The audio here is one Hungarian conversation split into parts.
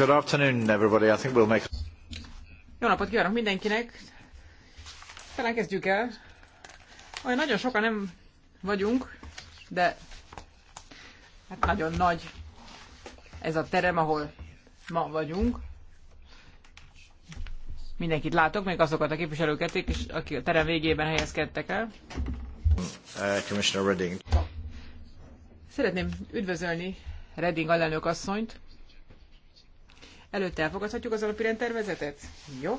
Good afternoon, everybody. I think we'll make... Jó napot kívánok mindenkinek! Talán kezdjük el. Olyan nagyon sokan nem vagyunk, de hát nagyon nagy ez a terem, ahol ma vagyunk. Mindenkit látok, még azokat a képviselőket, és akik a terem végében helyezkedtek el. Uh, Commissioner Redding. Szeretném üdvözölni Redding alelnök asszonyt, Előtte elfogadhatjuk az alapirend tervezetet? Jó.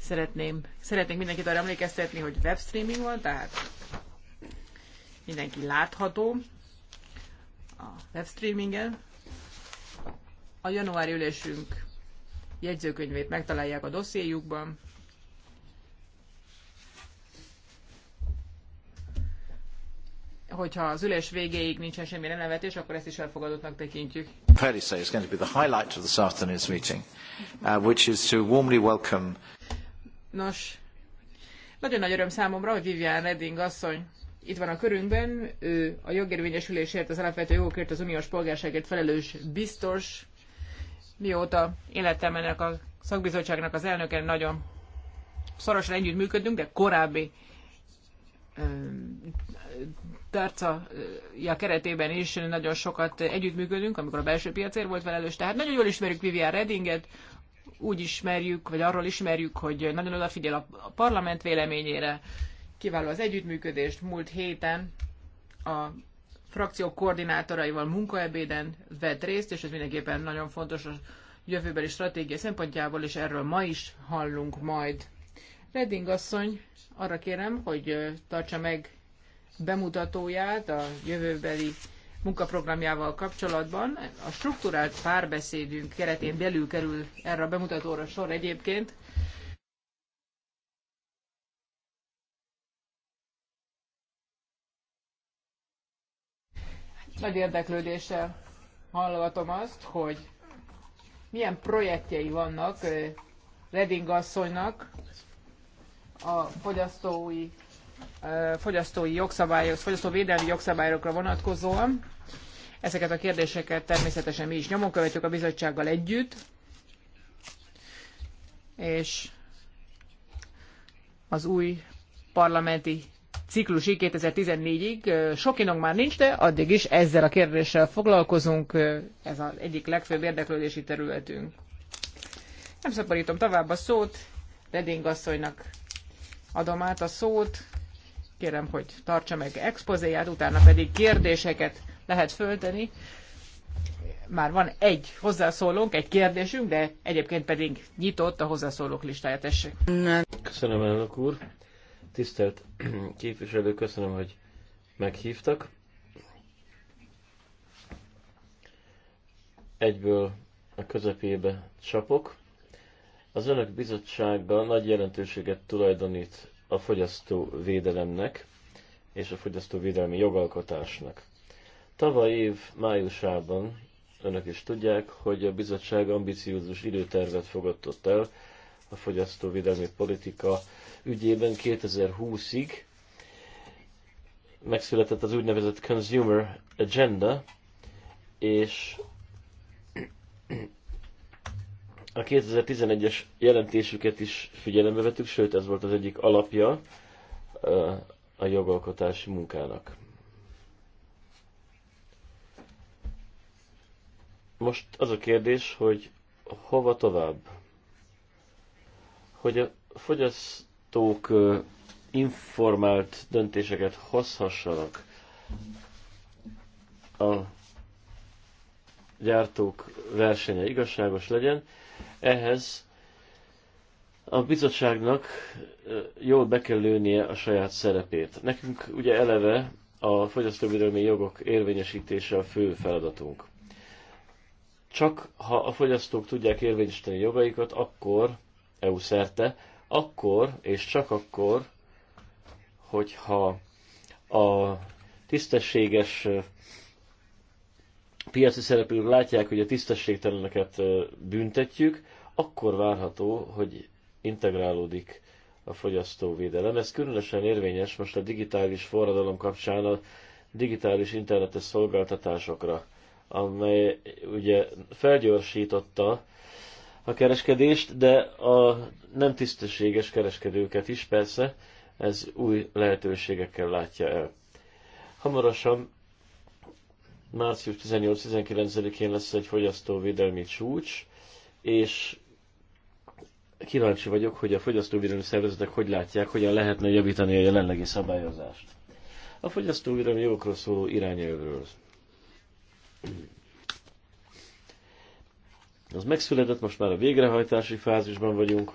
Szeretném, szeretnék mindenkit arra emlékeztetni, hogy webstreaming van, tehát mindenki látható a webstreamingen. A januári ülésünk jegyzőkönyvét megtalálják a dossziéjukban. hogyha az ülés végéig nincsen semmi elevetés, akkor ezt is elfogadottnak tekintjük. Fairly say it's going to be the highlight of this afternoon's meeting, uh, which is to warmly welcome. Nos, nagyon nagy öröm számomra, hogy Vivian Redding asszony itt van a körünkben, ő a jogérvényesülésért, az alapvető jogokért, az uniós polgárságért felelős biztos, mióta életem ennek a szakbizottságnak az elnöke nagyon szorosan együtt működünk, de korábbi ja, keretében is nagyon sokat együttműködünk, amikor a belső piacért volt felelős, tehát nagyon jól ismerjük Vivian Redinget, úgy ismerjük, vagy arról ismerjük, hogy nagyon odafigyel a parlament véleményére, kiváló az együttműködést. Múlt héten a frakció koordinátoraival munkaebéden vett részt, és ez mindenképpen nagyon fontos a jövőbeli stratégia szempontjából, és erről ma is hallunk majd. Redding asszony, arra kérem, hogy tartsa meg bemutatóját a jövőbeli munkaprogramjával kapcsolatban. A strukturált párbeszédünk keretén belül kerül erre a bemutatóra sor egyébként. Nagy érdeklődéssel hallgatom azt, hogy milyen projektjei vannak Reding asszonynak a fogyasztói fogyasztói jogszabályok, fogyasztóvédelmi jogszabályokra vonatkozóan. Ezeket a kérdéseket természetesen mi is nyomon követjük a bizottsággal együtt, és az új parlamenti ciklusig 2014-ig. Sokinok már nincs, de addig is ezzel a kérdéssel foglalkozunk. Ez az egyik legfőbb érdeklődési területünk. Nem szaporítom tovább a szót. Reding asszonynak adom át a szót. Kérem, hogy tartsa meg expozéját, utána pedig kérdéseket lehet fölteni. Már van egy hozzászólónk, egy kérdésünk, de egyébként pedig nyitott a hozzászólók listája, tessék. Köszönöm, elnök úr. Tisztelt képviselő, köszönöm, hogy meghívtak. Egyből a közepébe csapok. Az önök bizottsága nagy jelentőséget tulajdonít a fogyasztóvédelemnek és a fogyasztóvédelmi jogalkotásnak. Tavaly év májusában önök is tudják, hogy a bizottság ambiciózus időtervet fogadott el a fogyasztóvédelmi politika ügyében 2020-ig. Megszületett az úgynevezett Consumer Agenda, és a 2011-es jelentésüket is figyelembe vettük, sőt ez volt az egyik alapja a jogalkotási munkának. Most az a kérdés, hogy hova tovább? Hogy a fogyasztók informált döntéseket hozhassanak a gyártók versenye igazságos legyen, ehhez a bizottságnak jól be kell lőnie a saját szerepét. Nekünk ugye eleve a fogyasztóvédelmi jogok érvényesítése a fő feladatunk. Csak ha a fogyasztók tudják érvényesíteni jogaikat, akkor, EU szerte, akkor és csak akkor, hogyha a tisztességes piaci szereplők látják, hogy a tisztességteleneket büntetjük, akkor várható, hogy integrálódik a fogyasztóvédelem. Ez különösen érvényes most a digitális forradalom kapcsán a digitális internetes szolgáltatásokra, amely ugye felgyorsította a kereskedést, de a nem tisztességes kereskedőket is persze ez új lehetőségekkel látja el. Hamarosan március 18-19-én lesz egy fogyasztóvédelmi csúcs, és kíváncsi vagyok, hogy a fogyasztóvédelmi szervezetek hogy látják, hogyan lehetne javítani a jelenlegi szabályozást. A fogyasztóvédelmi jogokról szóló irányelvről. Az megszületett, most már a végrehajtási fázisban vagyunk.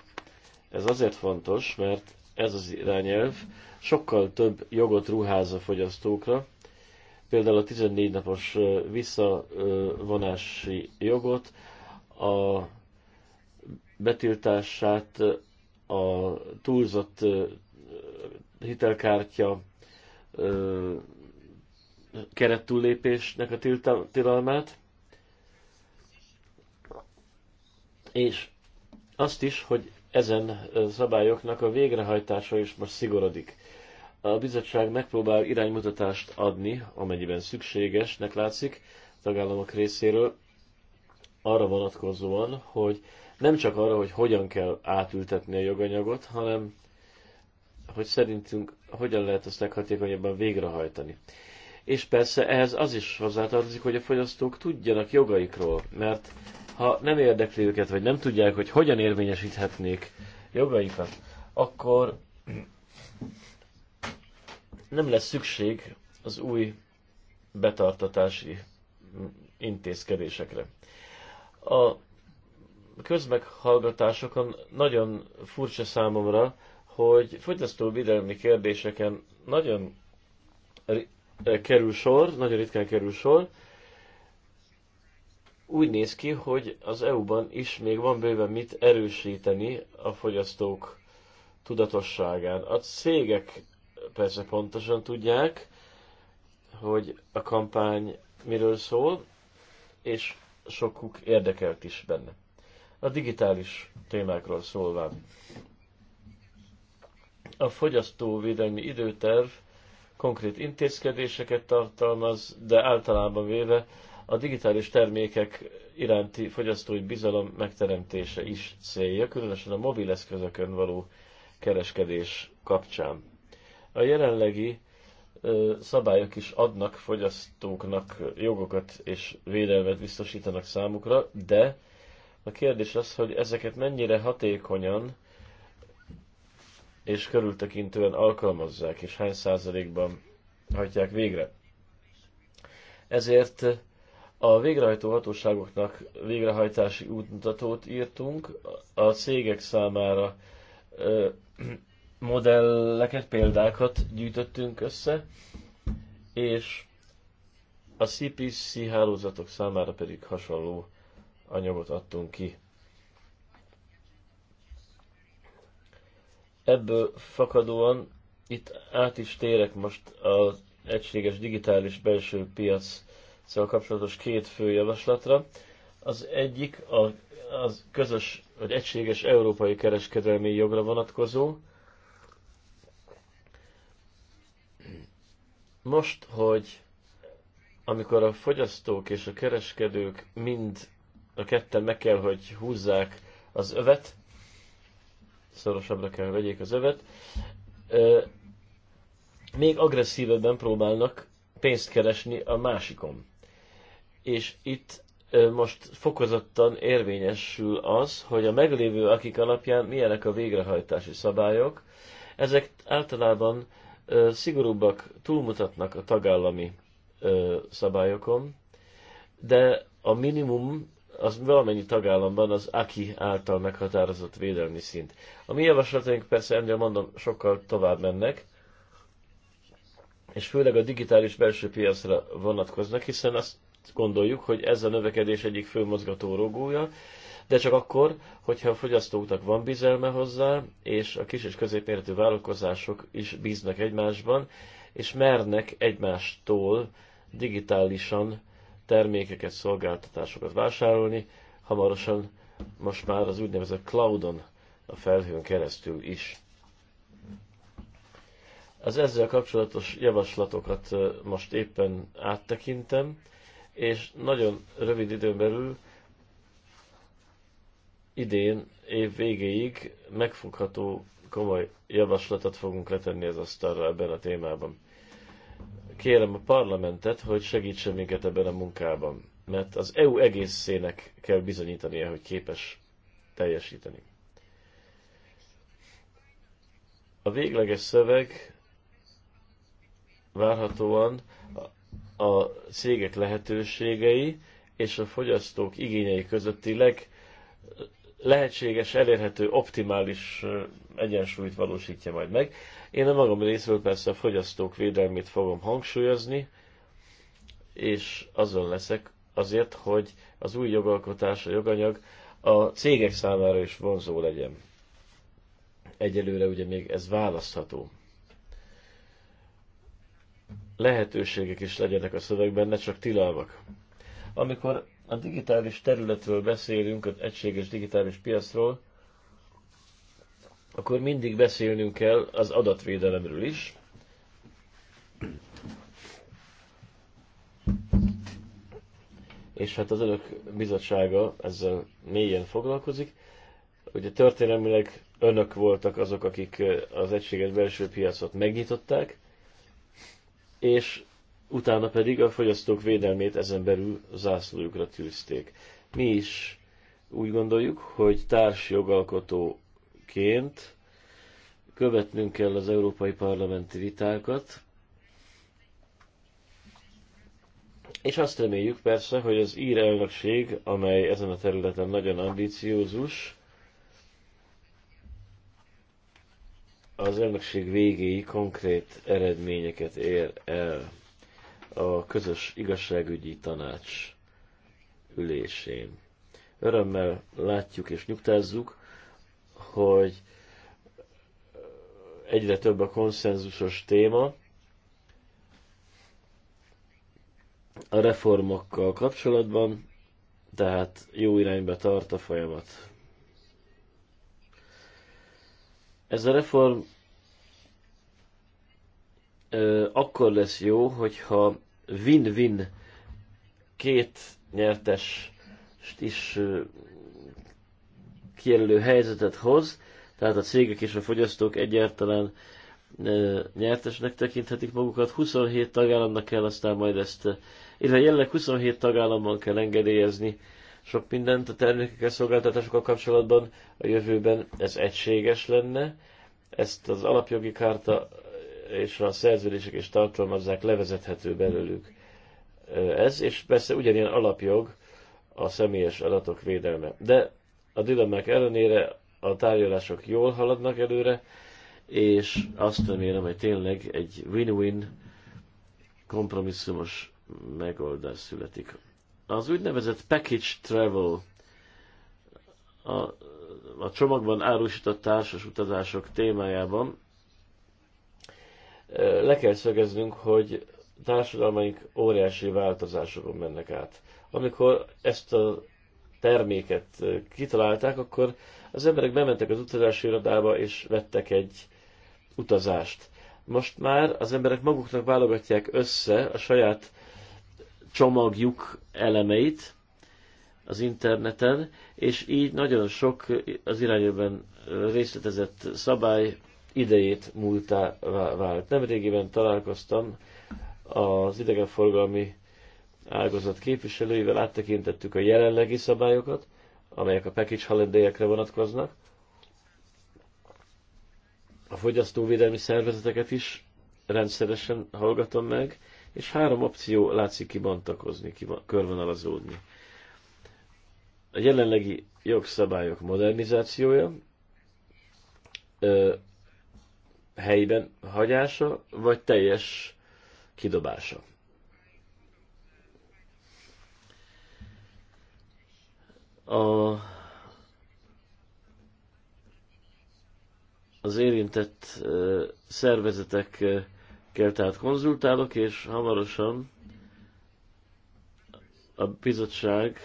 Ez azért fontos, mert ez az irányelv sokkal több jogot ruház a fogyasztókra, például a 14 napos visszavonási jogot, a betiltását a túlzott hitelkártya kerettúllépésnek a tilalmát, és azt is, hogy ezen szabályoknak a végrehajtása is most szigorodik. A bizottság megpróbál iránymutatást adni, amennyiben szükségesnek látszik, tagállamok részéről, arra vonatkozóan, hogy nem csak arra, hogy hogyan kell átültetni a joganyagot, hanem hogy szerintünk hogyan lehet ezt leghatékonyabban végrehajtani. És persze ehhez az is hozzátartozik, hogy a fogyasztók tudjanak jogaikról, mert ha nem érdekli őket, vagy nem tudják, hogy hogyan érvényesíthetnék jogaikat, akkor nem lesz szükség az új betartatási intézkedésekre. A közmeghallgatásokon nagyon furcsa számomra, hogy fogyasztóvédelmi kérdéseken nagyon eh, kerül sor, nagyon ritkán kerül sor, úgy néz ki, hogy az EU-ban is még van bőven mit erősíteni a fogyasztók tudatosságán. A cégek persze pontosan tudják, hogy a kampány miről szól, és sokuk érdekelt is benne a digitális témákról szólván. A fogyasztóvédelmi időterv konkrét intézkedéseket tartalmaz, de általában véve a digitális termékek iránti fogyasztói bizalom megteremtése is célja, különösen a mobileszközökön való kereskedés kapcsán. A jelenlegi szabályok is adnak fogyasztóknak jogokat és védelmet biztosítanak számukra, de a kérdés az, hogy ezeket mennyire hatékonyan és körültekintően alkalmazzák, és hány százalékban hajtják végre. Ezért a végrehajtó hatóságoknak végrehajtási útmutatót írtunk, a cégek számára ö, modelleket, példákat gyűjtöttünk össze, és a CPC hálózatok számára pedig hasonló anyagot adtunk ki. Ebből fakadóan itt át is térek most az egységes digitális belső piac kapcsolatos két fő javaslatra. Az egyik a, az közös vagy egységes európai kereskedelmi jogra vonatkozó. Most, hogy amikor a fogyasztók és a kereskedők mind a ketten meg kell, hogy húzzák az övet, szorosabbra kell, hogy vegyék az övet, még agresszívebben próbálnak pénzt keresni a másikon. És itt most fokozottan érvényesül az, hogy a meglévő akik alapján milyenek a végrehajtási szabályok, ezek általában szigorúbbak, túlmutatnak a tagállami szabályokon, de a minimum az valamennyi tagállamban az AKI által meghatározott védelmi szint. A mi javaslataink persze ennél mondom sokkal tovább mennek, és főleg a digitális belső piacra vonatkoznak, hiszen azt gondoljuk, hogy ez a növekedés egyik fő mozgató rogója, de csak akkor, hogyha a fogyasztóknak van bizelme hozzá, és a kis és középméretű vállalkozások is bíznak egymásban, és mernek egymástól digitálisan termékeket, szolgáltatásokat vásárolni, hamarosan most már az úgynevezett cloudon, a felhőn keresztül is. Az ezzel kapcsolatos javaslatokat most éppen áttekintem, és nagyon rövid időn belül idén, év végéig megfogható komoly javaslatot fogunk letenni az asztalra ebben a témában kérem a parlamentet, hogy segítsen minket ebben a munkában, mert az EU egészének kell bizonyítania, hogy képes teljesíteni. A végleges szöveg várhatóan a cégek lehetőségei és a fogyasztók igényei közötti leg lehetséges, elérhető, optimális egyensúlyt valósítja majd meg. Én a magam részről persze a fogyasztók védelmét fogom hangsúlyozni, és azon leszek azért, hogy az új jogalkotás, a joganyag a cégek számára is vonzó legyen. Egyelőre ugye még ez választható. Lehetőségek is legyenek a szövegben, ne csak tilalmak. Amikor a digitális területről beszélünk, az egységes digitális piacról, akkor mindig beszélnünk kell az adatvédelemről is. És hát az önök bizottsága ezzel mélyen foglalkozik. Ugye történelmileg önök voltak azok, akik az egységes belső piacot megnyitották, és utána pedig a fogyasztók védelmét ezen belül zászlójukra tűzték. Mi is úgy gondoljuk, hogy társjogalkotóként követnünk kell az európai parlamenti vitákat, és azt reméljük persze, hogy az ír elnökség, amely ezen a területen nagyon ambiciózus, az elnökség végéig konkrét eredményeket ér el a közös igazságügyi tanács ülésén. Örömmel látjuk és nyugtázzuk, hogy egyre több a konszenzusos téma a reformokkal kapcsolatban, tehát jó irányba tart a folyamat. Ez a reform ö, akkor lesz jó, hogyha win-win két nyertes is kijelölő helyzetet hoz, tehát a cégek és a fogyasztók egyáltalán nyertesnek tekinthetik magukat. 27 tagállamnak kell aztán majd ezt, illetve jelenleg 27 tagállamban kell engedélyezni sok mindent a termékekkel, szolgáltatásokkal kapcsolatban a jövőben ez egységes lenne. Ezt az alapjogi kárta és a szerződések és tartalmazzák, levezethető belőlük ez, és persze ugyanilyen alapjog a személyes adatok védelme. De a dilemmák ellenére a tárgyalások jól haladnak előre, és azt remélem, hogy tényleg egy win-win kompromisszumos megoldás születik. Az úgynevezett package travel, a, a csomagban árusított társas utazások témájában le kell szögeznünk, hogy társadalmaink óriási változásokon mennek át. Amikor ezt a terméket kitalálták, akkor az emberek bementek az utazási irodába és vettek egy utazást. Most már az emberek maguknak válogatják össze a saját csomagjuk elemeit az interneten, és így nagyon sok az irányában részletezett szabály idejét múltá vált. Nemrégiben találkoztam az idegenforgalmi ágazat képviselőivel, áttekintettük a jelenlegi szabályokat, amelyek a package halendélyekre vonatkoznak, a fogyasztóvédelmi szervezeteket is rendszeresen hallgatom meg, és három opció látszik kibontakozni, körvonalazódni. A jelenlegi jogszabályok modernizációja, helyben hagyása, vagy teljes kidobása. A, az érintett szervezetekkel tehát konzultálok, és hamarosan a bizottság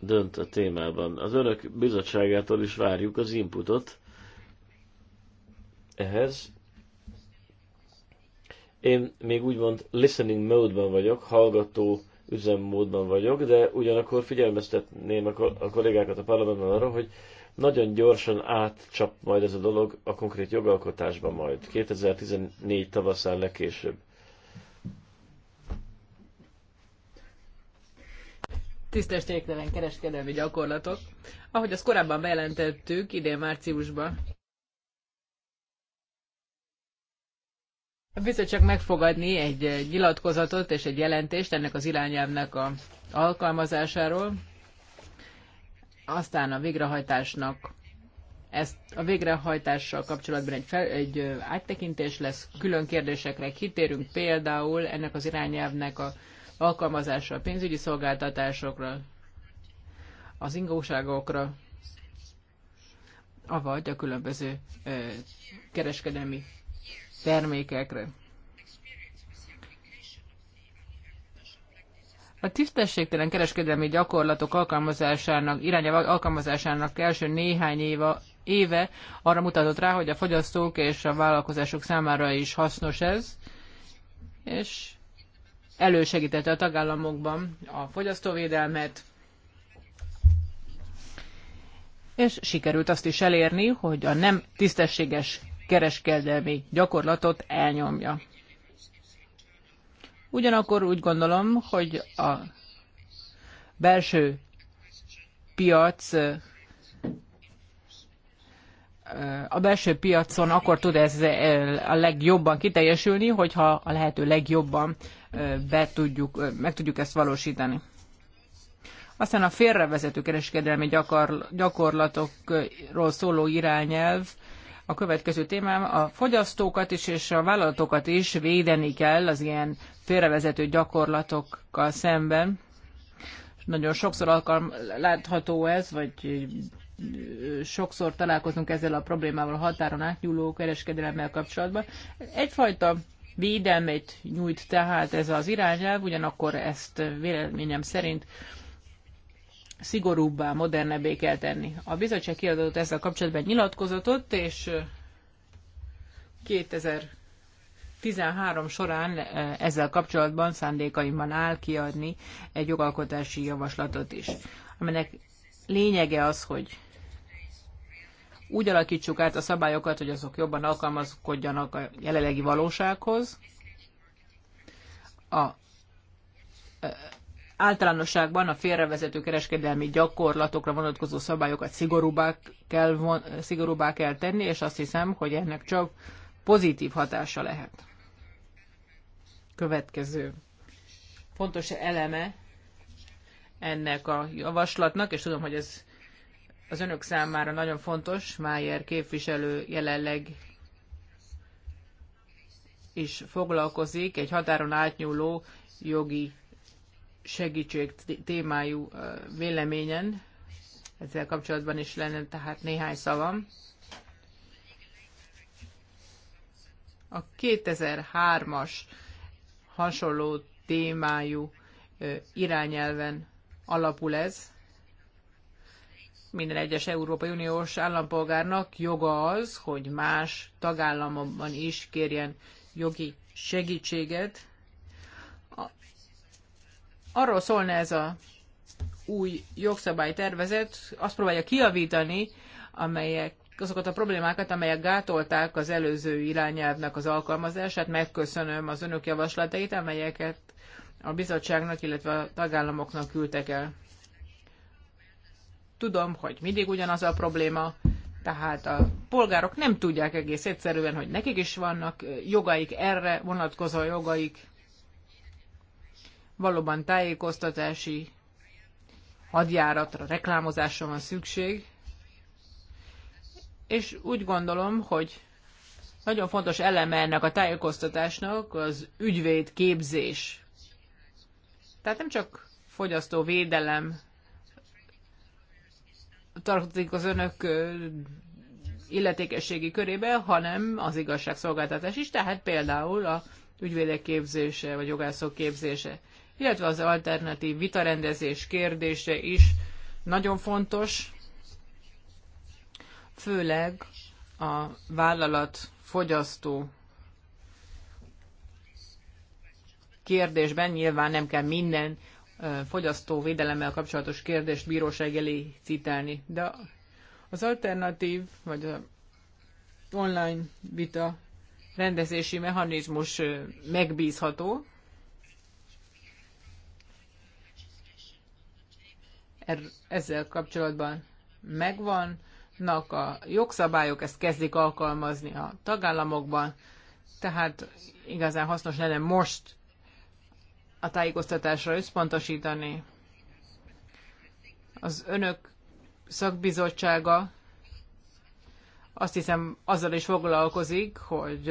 dönt a témában. Az önök bizottságától is várjuk az inputot, ehhez. Én még úgymond listening módban vagyok, hallgató üzemmódban vagyok, de ugyanakkor figyelmeztetném a kollégákat a parlamentben arra, hogy nagyon gyorsan átcsap majd ez a dolog a konkrét jogalkotásba majd, 2014 tavaszán legkésőbb. Tisztességtelen kereskedelmi gyakorlatok. Ahogy azt korábban bejelentettük, idén márciusban a bizottság megfogadni egy nyilatkozatot és egy jelentést ennek az irányelvnek a alkalmazásáról, aztán a végrehajtásnak ezt a végrehajtással kapcsolatban egy, fel, egy áttekintés lesz, külön kérdésekre kitérünk, például ennek az irányelvnek a alkalmazása a pénzügyi szolgáltatásokra, az ingóságokra, avagy a különböző ö, kereskedelmi termékekre. A tisztességtelen kereskedelmi gyakorlatok alkalmazásának, irányába alkalmazásának első néhány éve, éve arra mutatott rá, hogy a fogyasztók és a vállalkozások számára is hasznos ez, és elősegítette a tagállamokban a fogyasztóvédelmet, és sikerült azt is elérni, hogy a nem tisztességes kereskedelmi gyakorlatot elnyomja. Ugyanakkor úgy gondolom, hogy a belső piac a belső piacon akkor tud ez a legjobban kiteljesülni, hogyha a lehető legjobban be tudjuk, meg tudjuk ezt valósítani. Aztán a félrevezető kereskedelmi gyakorlatokról szóló irányelv a következő témám a fogyasztókat is és a vállalatokat is védeni kell az ilyen félrevezető gyakorlatokkal szemben. Nagyon sokszor alkalm, látható ez, vagy sokszor találkozunk ezzel a problémával a határon átnyúló kereskedelemmel kapcsolatban. Egyfajta védelmet nyújt tehát ez az irányelv, ugyanakkor ezt véleményem szerint szigorúbbá, modernebbé kell tenni. A bizottság kiadott ezzel kapcsolatban nyilatkozatot, és 2013 során ezzel kapcsolatban szándékaimban áll kiadni egy jogalkotási javaslatot is, aminek lényege az, hogy úgy alakítsuk át a szabályokat, hogy azok jobban alkalmazkodjanak a jelenlegi valósághoz. A általánosságban a félrevezető kereskedelmi gyakorlatokra vonatkozó szabályokat szigorúbbá kell, von, szigorúbbá kell tenni, és azt hiszem, hogy ennek csak pozitív hatása lehet. Következő fontos eleme ennek a javaslatnak, és tudom, hogy ez az önök számára nagyon fontos, Májer képviselő jelenleg is foglalkozik egy határon átnyúló jogi segítség témájú véleményen, ezzel kapcsolatban is lenne tehát néhány szavam. A 2003-as hasonló témájú irányelven alapul ez. Minden egyes Európai Uniós állampolgárnak joga az, hogy más tagállamokban is kérjen jogi segítséget, Arról szólna ez a új jogszabálytervezet, azt próbálja kiavítani, amelyek azokat a problémákat, amelyek gátolták az előző irányelvnek az alkalmazását. Megköszönöm az önök javaslatait, amelyeket a bizottságnak, illetve a tagállamoknak küldtek el. Tudom, hogy mindig ugyanaz a probléma, tehát a polgárok nem tudják egész egyszerűen, hogy nekik is vannak jogaik, erre vonatkozó jogaik valóban tájékoztatási hadjáratra, reklámozásra van szükség, és úgy gondolom, hogy nagyon fontos eleme ennek a tájékoztatásnak az ügyvéd képzés. Tehát nem csak fogyasztó védelem tartozik az önök illetékességi körébe, hanem az igazságszolgáltatás is, tehát például a ügyvédek képzése, vagy jogászok képzése illetve az alternatív vitarendezés kérdése is nagyon fontos, főleg a vállalat fogyasztó kérdésben nyilván nem kell minden fogyasztó védelemmel kapcsolatos kérdést bíróság elé citálni, de az alternatív, vagy a online vita rendezési mechanizmus megbízható, Er, ezzel kapcsolatban megvannak a jogszabályok, ezt kezdik alkalmazni a tagállamokban, tehát igazán hasznos lenne most a tájékoztatásra összpontosítani. Az önök szakbizottsága azt hiszem azzal is foglalkozik, hogy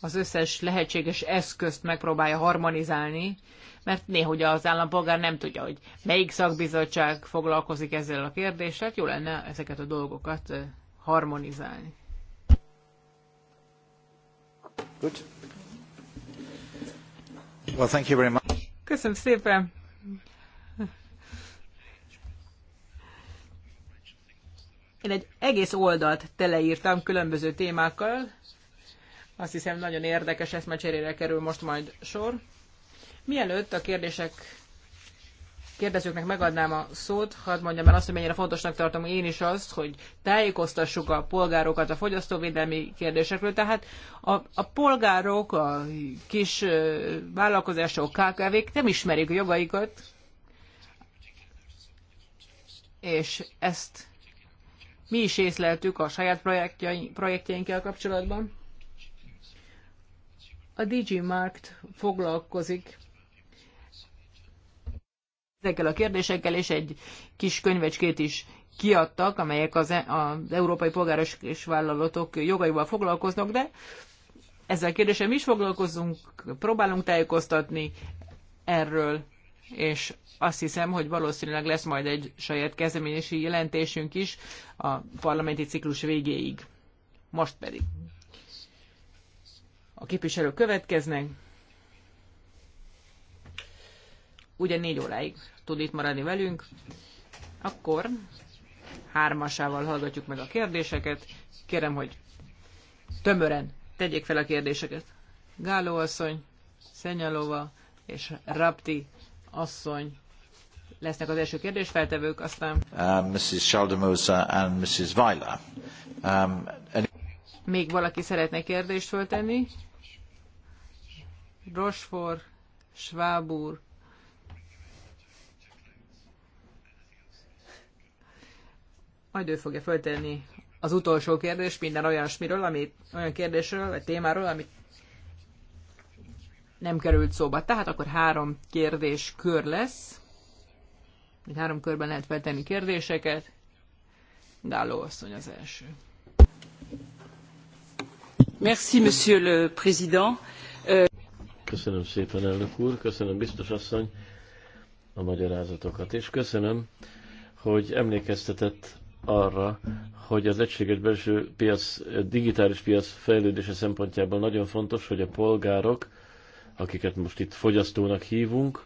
az összes lehetséges eszközt megpróbálja harmonizálni, mert néhogy az állampolgár nem tudja, hogy melyik szakbizottság foglalkozik ezzel a kérdéssel. Jó lenne ezeket a dolgokat harmonizálni. Good. Well, thank you very much. Köszönöm szépen. Én egy egész oldalt teleírtam különböző témákkal. Azt hiszem nagyon érdekes cserére kerül most majd sor. Mielőtt a kérdések kérdezőknek megadnám a szót, hadd mondjam el azt, hogy mennyire fontosnak tartom én is azt, hogy tájékoztassuk a polgárokat a fogyasztóvédelmi kérdésekről. Tehát a, a polgárok, a kis vállalkozások, KKV-k nem ismerik a jogaikat, és ezt mi is észleltük a saját projektjeinkkel kapcsolatban. A DigiMarkt foglalkozik ezekkel a kérdésekkel, és egy kis könyvecskét is kiadtak, amelyek az, e, az európai polgáros és vállalatok jogaival foglalkoznak, de ezzel a mi is foglalkozunk, próbálunk tájékoztatni erről, és azt hiszem, hogy valószínűleg lesz majd egy saját kezdeményezési jelentésünk is a parlamenti ciklus végéig. Most pedig a képviselők következnek. ugye négy óráig tud itt maradni velünk. Akkor hármasával hallgatjuk meg a kérdéseket. Kérem, hogy tömören tegyék fel a kérdéseket. Gáló asszony, Szenyalova és Rapti asszony lesznek az első kérdésfeltevők, aztán... Uh, Mrs. Shaldemosa and Mrs. Weiler. Um, any... Még valaki szeretne kérdést föltenni? Rochefort, Schwabur. Majd ő fogja föltenni az utolsó kérdés minden olyan smiről, amit, olyan kérdésről, vagy témáról, amit nem került szóba. Tehát akkor három kérdés kör lesz. Három körben lehet feltenni kérdéseket. Dáló asszony az első. Merci, monsieur le président. Köszönöm szépen, elnök úr, köszönöm biztos asszony a magyarázatokat, és köszönöm, hogy emlékeztetett arra, hogy az egységes belső piac, digitális piac fejlődése szempontjából nagyon fontos, hogy a polgárok, akiket most itt fogyasztónak hívunk,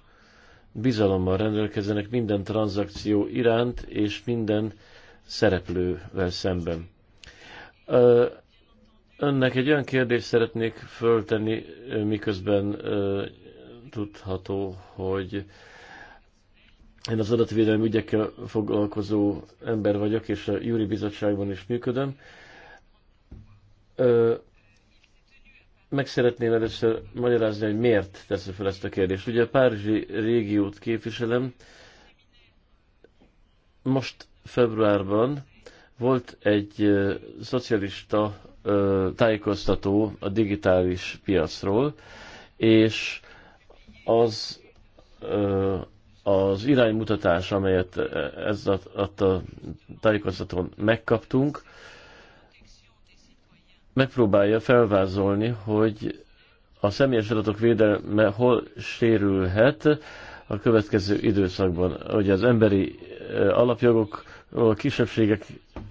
bizalommal rendelkezzenek minden tranzakció iránt és minden szereplővel szemben. Önnek egy olyan kérdést szeretnék föltenni, miközben tudható, hogy én az adatvédelmi ügyekkel foglalkozó ember vagyok, és a Júri Bizottságban is működöm. meg szeretném először magyarázni, hogy miért teszem fel ezt a kérdést. Ugye a Párizsi régiót képviselem. Most februárban volt egy szocialista tájékoztató a digitális piacról, és az az iránymutatás, amelyet eh, ez a, a tájékoztatón megkaptunk, megpróbálja felvázolni, hogy a személyes adatok védelme hol sérülhet a következő időszakban, hogy az emberi eh, alapjogok, a kisebbségek,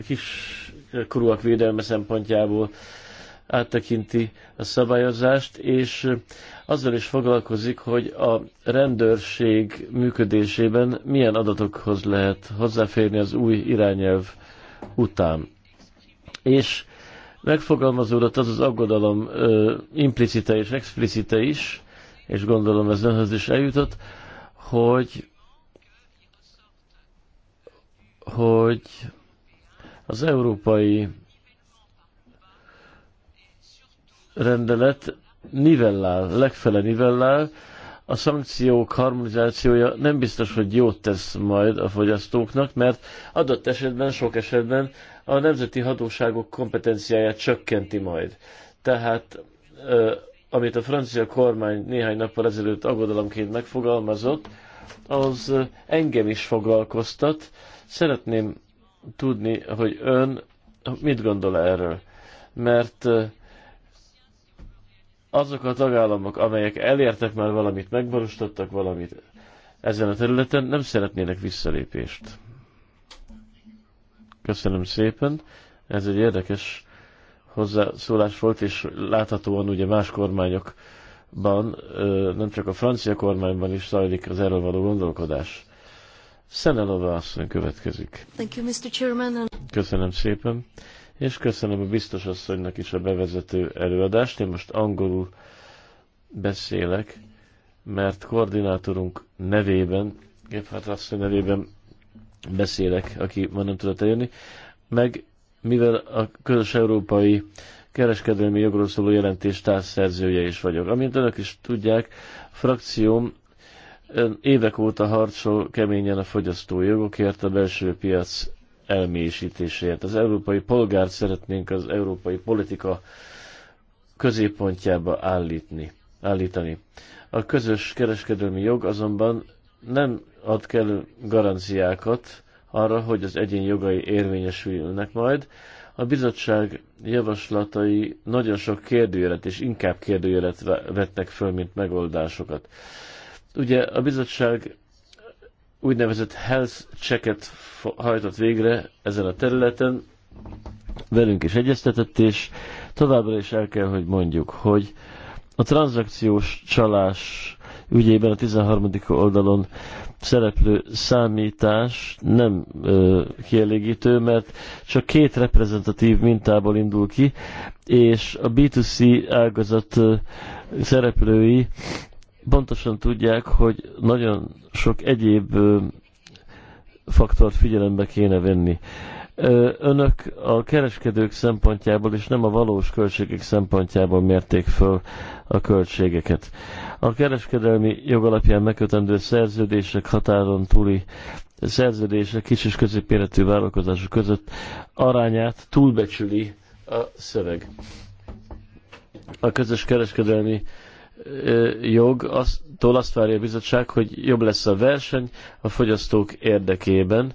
kiskorúak védelme szempontjából áttekinti a szabályozást, és azzal is foglalkozik, hogy a rendőrség működésében milyen adatokhoz lehet hozzáférni az új irányelv után. És megfogalmazódott az az aggodalom ö, implicite és explicite is, és gondolom ez önhöz is eljutott, hogy hogy az európai rendelet nivellál, legfele nivellál, a szankciók harmonizációja nem biztos, hogy jót tesz majd a fogyasztóknak, mert adott esetben, sok esetben a nemzeti hatóságok kompetenciáját csökkenti majd. Tehát amit a francia kormány néhány nappal ezelőtt aggodalomként megfogalmazott, az engem is foglalkoztat. Szeretném tudni, hogy ön mit gondol erről. Mert azok a tagállamok, amelyek elértek már valamit, megvalósítottak valamit ezen a területen, nem szeretnének visszalépést. Köszönöm szépen. Ez egy érdekes hozzászólás volt, és láthatóan ugye más kormányokban, nem csak a francia kormányban is zajlik az erről való gondolkodás. Szenelova asszony következik. Thank you, Mr. Chairman. Köszönöm szépen és köszönöm a biztos asszonynak is a bevezető előadást. Én most angolul beszélek, mert koordinátorunk nevében, Gephardt asszony nevében beszélek, aki ma nem tudott eljönni, meg mivel a közös európai kereskedelmi jogról szóló jelentés társszerzője is vagyok. Amint önök is tudják, frakcióm évek óta harcol keményen a fogyasztói jogokért, a belső piac elmélyítéséért. Az európai polgárt szeretnénk az európai politika középpontjába állítni, állítani. A közös kereskedelmi jog azonban nem ad kell garanciákat arra, hogy az egyén jogai érvényesülnek majd. A bizottság javaslatai nagyon sok kérdőjelet és inkább kérdőjelet vetnek föl, mint megoldásokat. Ugye a bizottság úgynevezett health checket hajtott végre ezen a területen, velünk is egyeztetett, és továbbra is el kell, hogy mondjuk, hogy a tranzakciós csalás ügyében a 13. oldalon szereplő számítás nem ö, kielégítő, mert csak két reprezentatív mintából indul ki, és a B2C ágazat ö, szereplői pontosan tudják, hogy nagyon sok egyéb faktort figyelembe kéne venni. Önök a kereskedők szempontjából és nem a valós költségek szempontjából mérték föl a költségeket. A kereskedelmi jogalapján megkötendő szerződések határon túli szerződések kis és középéretű vállalkozások között arányát túlbecsüli a szöveg. A közös kereskedelmi jog, aztól azt várja a bizottság, hogy jobb lesz a verseny a fogyasztók érdekében.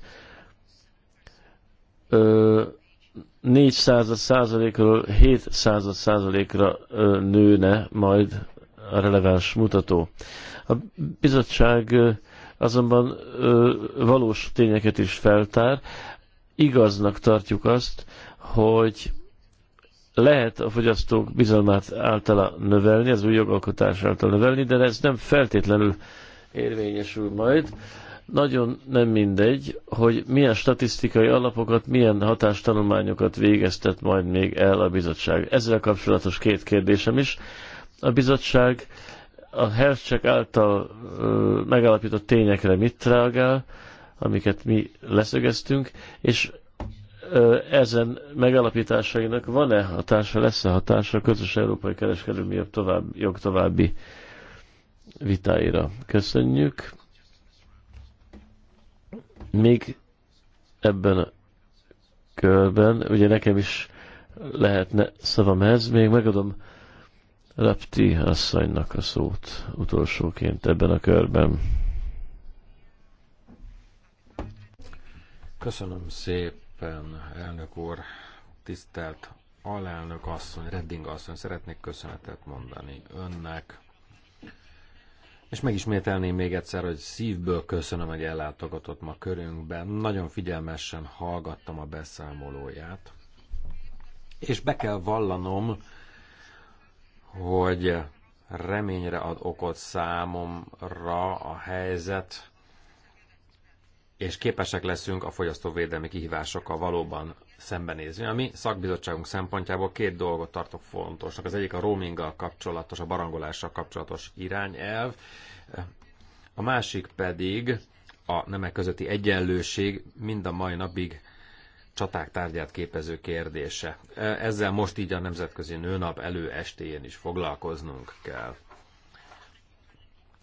4 század százalékról 7 század százalékra nőne majd a releváns mutató. A bizottság azonban valós tényeket is feltár. Igaznak tartjuk azt, hogy lehet a fogyasztók bizalmát általa növelni, az új jogalkotás által növelni, de ez nem feltétlenül érvényesül majd. Nagyon nem mindegy, hogy milyen statisztikai alapokat, milyen hatástanulmányokat végeztet majd még el a bizottság. Ezzel kapcsolatos két kérdésem is. A bizottság a Hercsek által ö, megállapított tényekre mit reagál, amiket mi leszögeztünk, és ezen megalapításainak van-e hatása, lesz-e hatása a közös európai kereskedelmi jog további, jog további vitáira? Köszönjük. Még ebben a körben, ugye nekem is lehetne szavam ez, még megadom repti asszonynak a szót utolsóként ebben a körben. Köszönöm szépen szépen, elnök úr, tisztelt alelnök asszony, Redding asszony, szeretnék köszönetet mondani önnek. És megismételném még egyszer, hogy szívből köszönöm, hogy ellátogatott ma körünkben. Nagyon figyelmesen hallgattam a beszámolóját. És be kell vallanom, hogy reményre ad okot számomra a helyzet, és képesek leszünk a fogyasztóvédelmi kihívásokkal valóban szembenézni. A mi szakbizottságunk szempontjából két dolgot tartok fontosnak. Az egyik a roaminggal kapcsolatos, a barangolással kapcsolatos irányelv, a másik pedig a nemek közötti egyenlőség mind a mai napig csaták tárgyát képező kérdése. Ezzel most így a Nemzetközi Nőnap előestéjén is foglalkoznunk kell.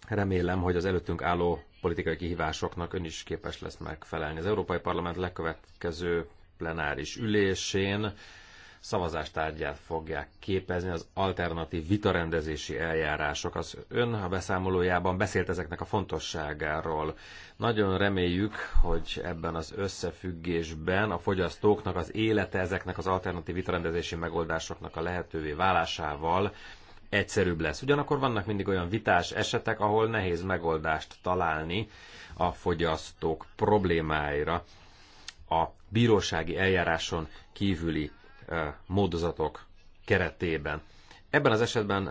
Remélem, hogy az előttünk álló politikai kihívásoknak ön is képes lesz megfelelni. Az Európai Parlament legkövetkező plenáris ülésén szavazástárgyát fogják képezni az alternatív vitarendezési eljárások. Az ön a beszámolójában beszélt ezeknek a fontosságáról. Nagyon reméljük, hogy ebben az összefüggésben a fogyasztóknak az élete ezeknek az alternatív vitarendezési megoldásoknak a lehetővé válásával egyszerűbb lesz. Ugyanakkor vannak mindig olyan vitás esetek, ahol nehéz megoldást találni a fogyasztók problémáira a bírósági eljáráson kívüli módozatok keretében. Ebben az esetben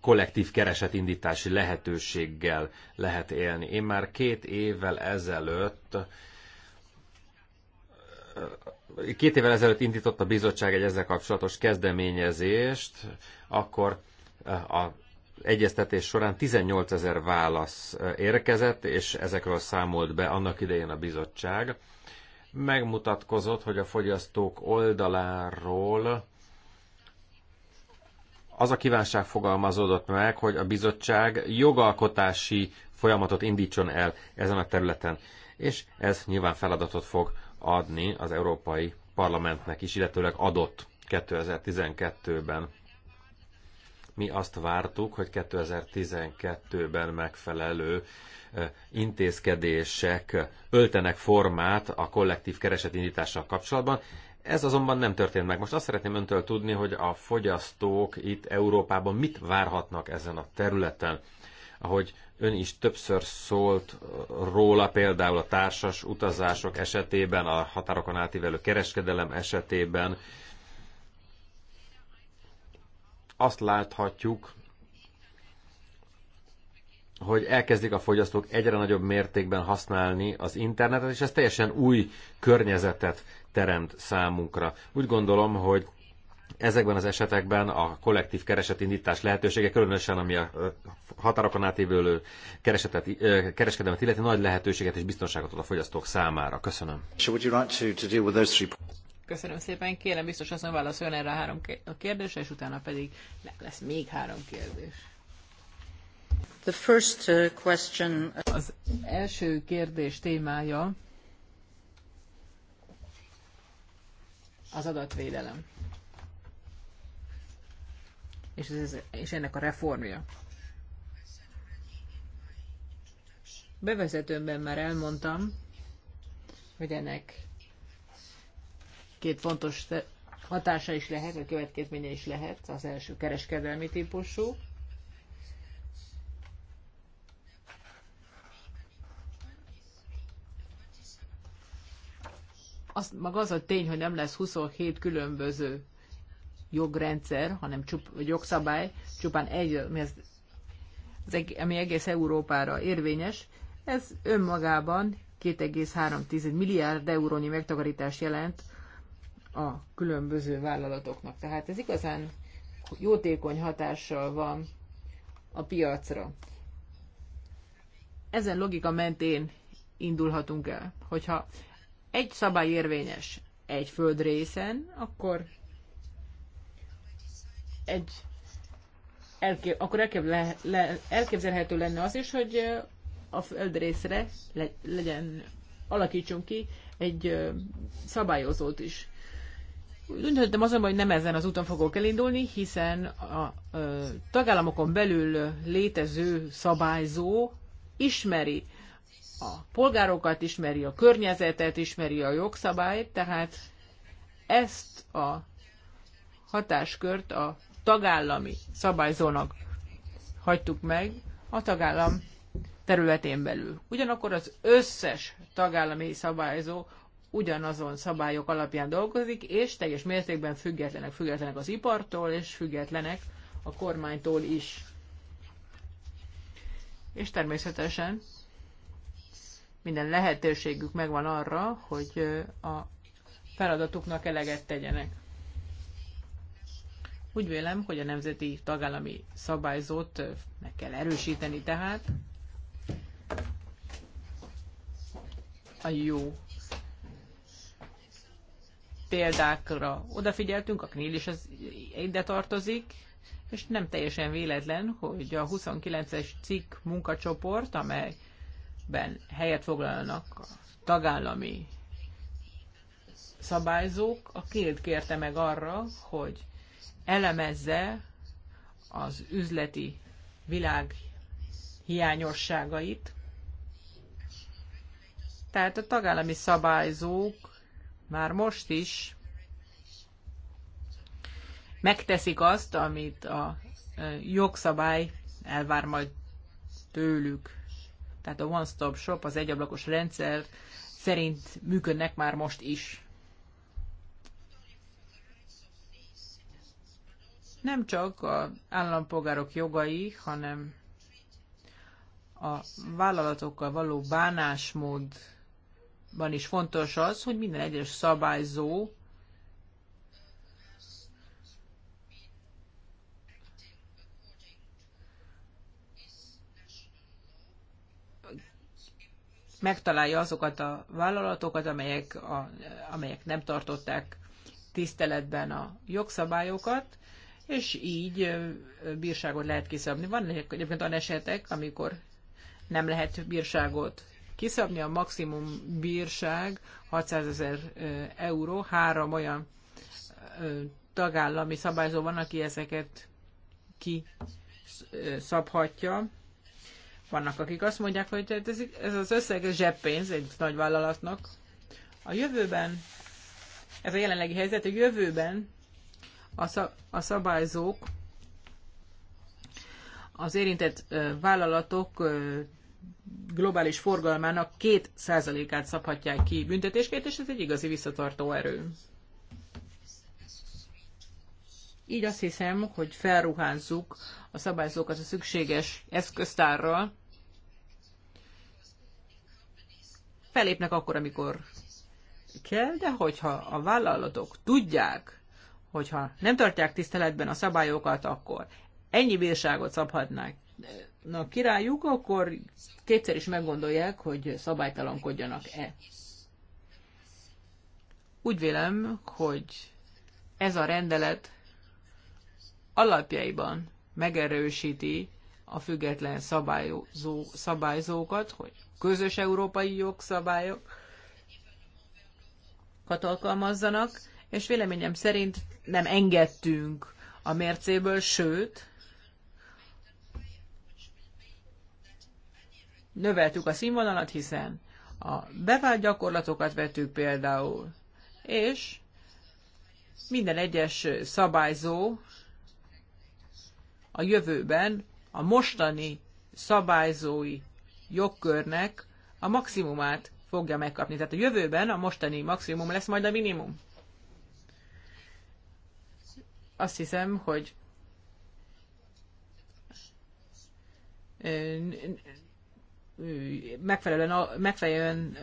kollektív keresetindítási lehetőséggel lehet élni. Én már két évvel ezelőtt két évvel ezelőtt indított a bizottság egy ezzel kapcsolatos kezdeményezést, akkor a egyeztetés során 18 ezer válasz érkezett, és ezekről számolt be annak idején a bizottság. Megmutatkozott, hogy a fogyasztók oldaláról az a kívánság fogalmazódott meg, hogy a bizottság jogalkotási folyamatot indítson el ezen a területen. És ez nyilván feladatot fog adni az Európai Parlamentnek is, illetőleg adott 2012-ben. Mi azt vártuk, hogy 2012-ben megfelelő intézkedések öltenek formát a kollektív keresetindítással kapcsolatban. Ez azonban nem történt meg. Most azt szeretném öntől tudni, hogy a fogyasztók itt Európában mit várhatnak ezen a területen. Ahogy ön is többször szólt róla, például a társas utazások esetében, a határokon átívelő kereskedelem esetében, azt láthatjuk, hogy elkezdik a fogyasztók egyre nagyobb mértékben használni az internetet, és ez teljesen új környezetet teremt számunkra. Úgy gondolom, hogy ezekben az esetekben a kollektív keresetindítás lehetősége, különösen ami a határokon átívülő keresetet, kereskedelmet illeti, nagy lehetőséget és biztonságot ad a fogyasztók számára. Köszönöm. Köszönöm szépen, kérem biztos azt mondom, válaszoljon erre a három kérdésre, és utána pedig lesz még három kérdés. The first uh, question... Uh, az első kérdés témája az adatvédelem. És, ez, és ennek a reformja. Bevezetőmben már elmondtam, hogy ennek két fontos hatása is lehet, vagy következménye is lehet az első kereskedelmi típusú. Az, maga az a tény, hogy nem lesz 27 különböző jogrendszer, hanem csup, vagy jogszabály, csupán egy, ami, az, az, ami egész Európára érvényes, ez önmagában 2,3 milliárd eurónyi megtakarítást jelent a különböző vállalatoknak. Tehát ez igazán jótékony hatással van a piacra. Ezen logika mentén indulhatunk el. Hogyha egy szabály érvényes egy földrészen, akkor egy elkép, akkor elképzelhe, le, elképzelhető lenne az is, hogy a földrészre le, legyen, alakítsunk ki egy szabályozót is. Úgy döntöttem azonban, hogy nem ezen az úton fogok elindulni, hiszen a ö, tagállamokon belül létező szabályzó ismeri a polgárokat, ismeri a környezetet, ismeri a jogszabályt, tehát ezt a hatáskört a tagállami szabályzónak hagytuk meg a tagállam területén belül. Ugyanakkor az összes tagállami szabályzó ugyanazon szabályok alapján dolgozik, és teljes mértékben függetlenek, függetlenek az ipartól, és függetlenek a kormánytól is. És természetesen minden lehetőségük megvan arra, hogy a feladatuknak eleget tegyenek. Úgy vélem, hogy a nemzeti tagállami szabályzót meg kell erősíteni tehát. A jó példákra odafigyeltünk, a knél is az ide tartozik, és nem teljesen véletlen, hogy a 29-es cikk munkacsoport, amelyben helyet foglalnak a tagállami szabályzók, a kélt kérte meg arra, hogy elemezze az üzleti világ hiányosságait. Tehát a tagállami szabályzók már most is megteszik azt, amit a e, jogszabály elvár majd tőlük. Tehát a One Stop Shop, az egyablakos rendszer szerint működnek már most is. Nem csak az állampolgárok jogai, hanem a vállalatokkal való bánásmód ban is fontos az, hogy minden egyes szabályzó megtalálja azokat a vállalatokat, amelyek, a, amelyek nem tartották tiszteletben a jogszabályokat, és így bírságot lehet kiszabni. Van egyébként olyan esetek, amikor nem lehet bírságot kiszabni a maximum bírság 600 ezer euró. Három olyan tagállami szabályzó van, aki ezeket ki Vannak, akik azt mondják, hogy hát ez, az összeg ez zseppénz egy nagy vállalatnak. A jövőben, ez a jelenlegi helyzet, a jövőben a szabályzók az érintett vállalatok globális forgalmának két százalékát szabhatják ki büntetésként, és ez egy igazi visszatartó erő. Így azt hiszem, hogy felruházzuk a szabályzókat a szükséges eszköztárral. Felépnek akkor, amikor kell, de hogyha a vállalatok tudják, hogyha nem tartják tiszteletben a szabályokat, akkor ennyi bírságot szabhatnák Na királyuk, akkor kétszer is meggondolják, hogy szabálytalankodjanak-e. Úgy vélem, hogy ez a rendelet alapjaiban megerősíti a független szabályozó, szabályzókat, hogy közös európai jogszabályokat alkalmazzanak, és véleményem szerint nem engedtünk a mércéből, sőt, növeltük a színvonalat, hiszen a bevált gyakorlatokat vettük például, és minden egyes szabályzó a jövőben a mostani szabályzói jogkörnek a maximumát fogja megkapni. Tehát a jövőben a mostani maximum lesz majd a minimum. Azt hiszem, hogy megfelelően, megfelelően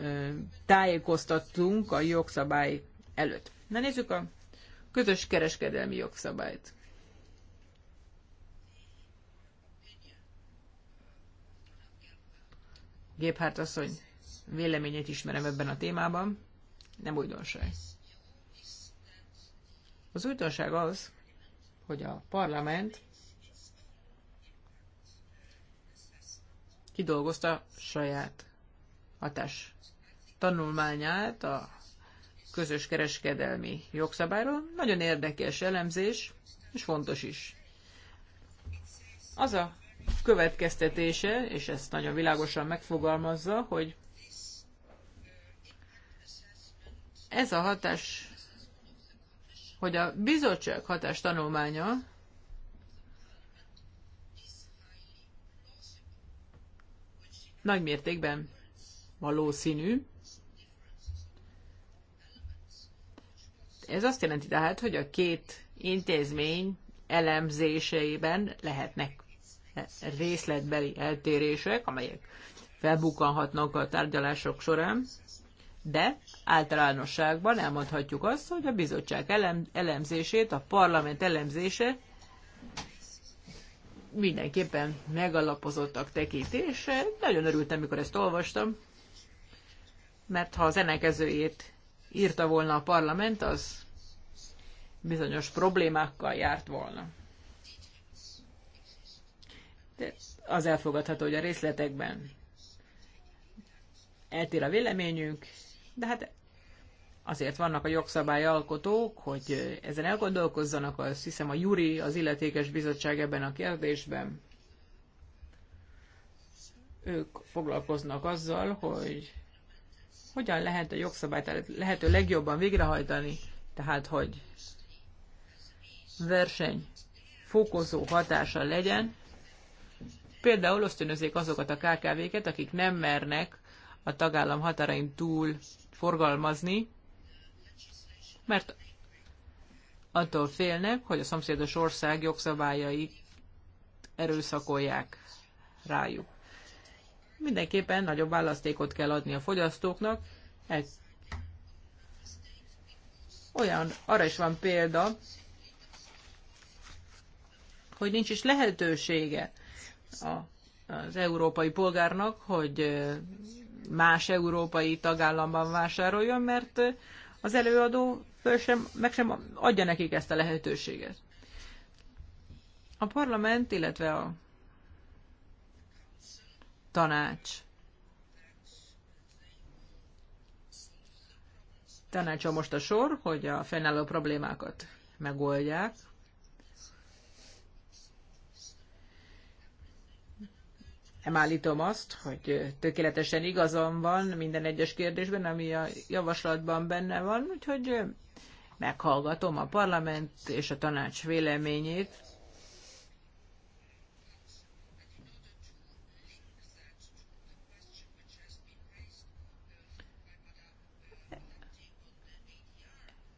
tájékoztattunk a jogszabály előtt. Na nézzük a közös kereskedelmi jogszabályt. Géphárt asszony véleményét ismerem ebben a témában, nem újdonság. Az újdonság az, hogy a parlament kidolgozta saját hatás tanulmányát a közös kereskedelmi jogszabályról. Nagyon érdekes elemzés, és fontos is. Az a következtetése, és ezt nagyon világosan megfogalmazza, hogy ez a hatás, hogy a bizottság hatás tanulmánya nagy mértékben valószínű. Ez azt jelenti tehát, hogy a két intézmény elemzéseiben lehetnek részletbeli eltérések, amelyek felbukkanhatnak a tárgyalások során, de általánosságban elmondhatjuk azt, hogy a bizottság elem, elemzését, a parlament elemzése mindenképpen megalapozottak tekintése. nagyon örültem, mikor ezt olvastam, mert ha az ellenkezőjét írta volna a parlament, az bizonyos problémákkal járt volna. De az elfogadható, hogy a részletekben eltér a véleményünk, de hát azért vannak a jogszabályalkotók, hogy ezen elgondolkozzanak, azt hiszem a Juri, az illetékes bizottság ebben a kérdésben. Ők foglalkoznak azzal, hogy hogyan lehet a jogszabályt lehető legjobban végrehajtani, tehát hogy verseny fokozó hatása legyen. Például ösztönözzék azokat a KKV-ket, akik nem mernek a tagállam határain túl forgalmazni, mert attól félnek, hogy a szomszédos ország jogszabályai erőszakolják rájuk. Mindenképpen nagyobb választékot kell adni a fogyasztóknak. Egy olyan, arra is van példa, hogy nincs is lehetősége a, az európai polgárnak, hogy más európai tagállamban vásároljon, mert az előadó föl sem, meg sem adja nekik ezt a lehetőséget. A parlament, illetve a tanács tanácsa most a sor, hogy a fennálló problémákat megoldják, nem állítom azt, hogy tökéletesen igazam van minden egyes kérdésben, ami a javaslatban benne van, úgyhogy meghallgatom a parlament és a tanács véleményét,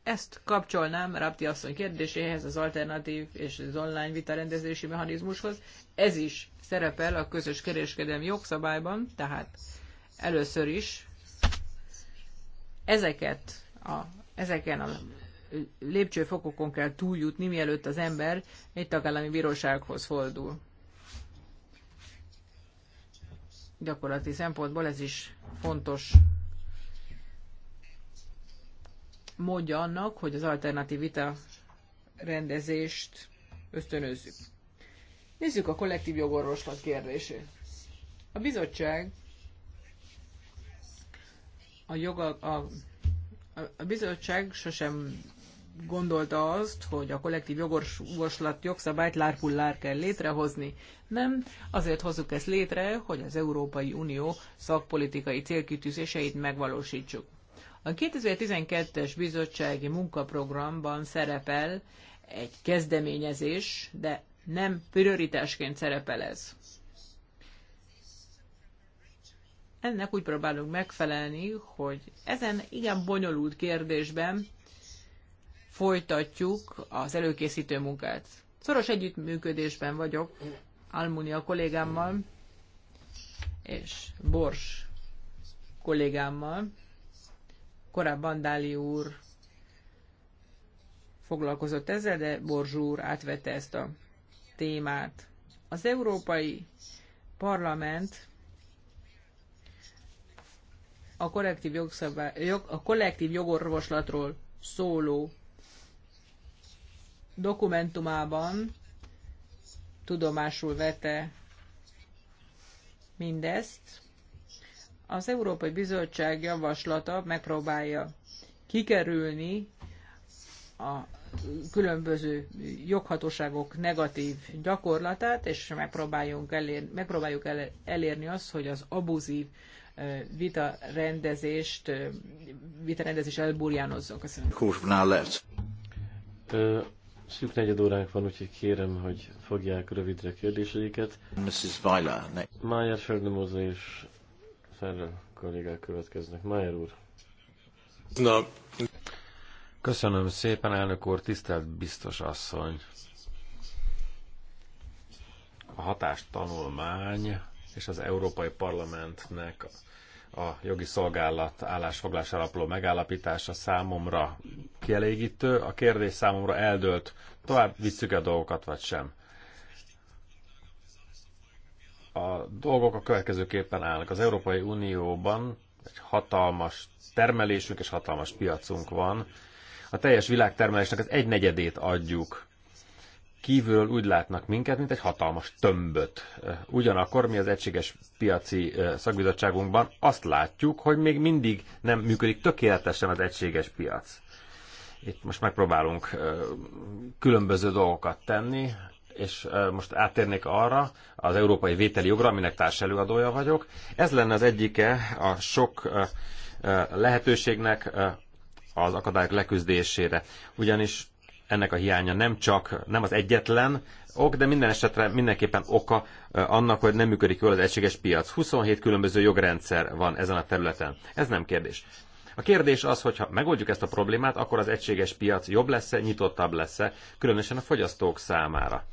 ezt kapcsolnám Rapti asszony kérdéséhez, az alternatív és az online vita rendezési mechanizmushoz. Ez is szerepel a közös kereskedelmi jogszabályban, tehát először is ezeket a, ezeken a lépcsőfokokon kell túljutni, mielőtt az ember egy tagállami bírósághoz fordul. Gyakorlati szempontból ez is fontos módja annak, hogy az alternatív vita rendezést ösztönözzük. Nézzük a kollektív jogorvoslat kérdését. A bizottság a, joga, a, a bizottság sosem gondolta azt, hogy a kollektív jogorvoslat jogszabályt lárpullár kell létrehozni. Nem, azért hozzuk ezt létre, hogy az Európai Unió szakpolitikai célkitűzéseit megvalósítsuk. A 2012-es bizottsági munkaprogramban szerepel egy kezdeményezés, de nem prioritásként szerepel ez. Ennek úgy próbálunk megfelelni, hogy ezen igen bonyolult kérdésben folytatjuk az előkészítő munkát. Szoros együttműködésben vagyok Almunia kollégámmal és Bors kollégámmal, korábban Dáli úr foglalkozott ezzel, de Borzsú úr átvette ezt a témát. Az Európai Parlament a kollektív, jog, a kollektív jogorvoslatról szóló dokumentumában tudomásul vette mindezt, az Európai Bizottság javaslata megpróbálja kikerülni a különböző joghatóságok negatív gyakorlatát, és megpróbáljunk elér, megpróbáljuk elérni azt, hogy az abuzív vita rendezést, vita rendezés elburjánozzon. Köszönöm. Szűk negyed óránk van, úgyhogy kérem, hogy fogják rövidre kérdéseiket. Mrs. Weiler. Májer Söldemóza és Ferrel kollégák következnek. Mayer úr. Na. Köszönöm szépen, elnök úr, tisztelt biztos asszony. A hatástanulmány és az Európai Parlamentnek a jogi szolgálat állásfoglás alapuló megállapítása számomra kielégítő. A kérdés számomra eldőlt, tovább visszük a dolgokat, vagy sem a dolgok a következőképpen állnak. Az Európai Unióban egy hatalmas termelésünk és hatalmas piacunk van. A teljes világtermelésnek az egy negyedét adjuk. Kívülről úgy látnak minket, mint egy hatalmas tömböt. Ugyanakkor mi az egységes piaci szakbizottságunkban azt látjuk, hogy még mindig nem működik tökéletesen az egységes piac. Itt most megpróbálunk különböző dolgokat tenni, és most áttérnék arra, az európai vételi jogra, aminek társelőadója vagyok. Ez lenne az egyike a sok lehetőségnek az akadályok leküzdésére. Ugyanis ennek a hiánya nem csak, nem az egyetlen ok, de minden esetre mindenképpen oka annak, hogy nem működik jól az egységes piac. 27 különböző jogrendszer van ezen a területen. Ez nem kérdés. A kérdés az, hogy ha megoldjuk ezt a problémát, akkor az egységes piac jobb lesz-e, nyitottabb lesz-e, különösen a fogyasztók számára.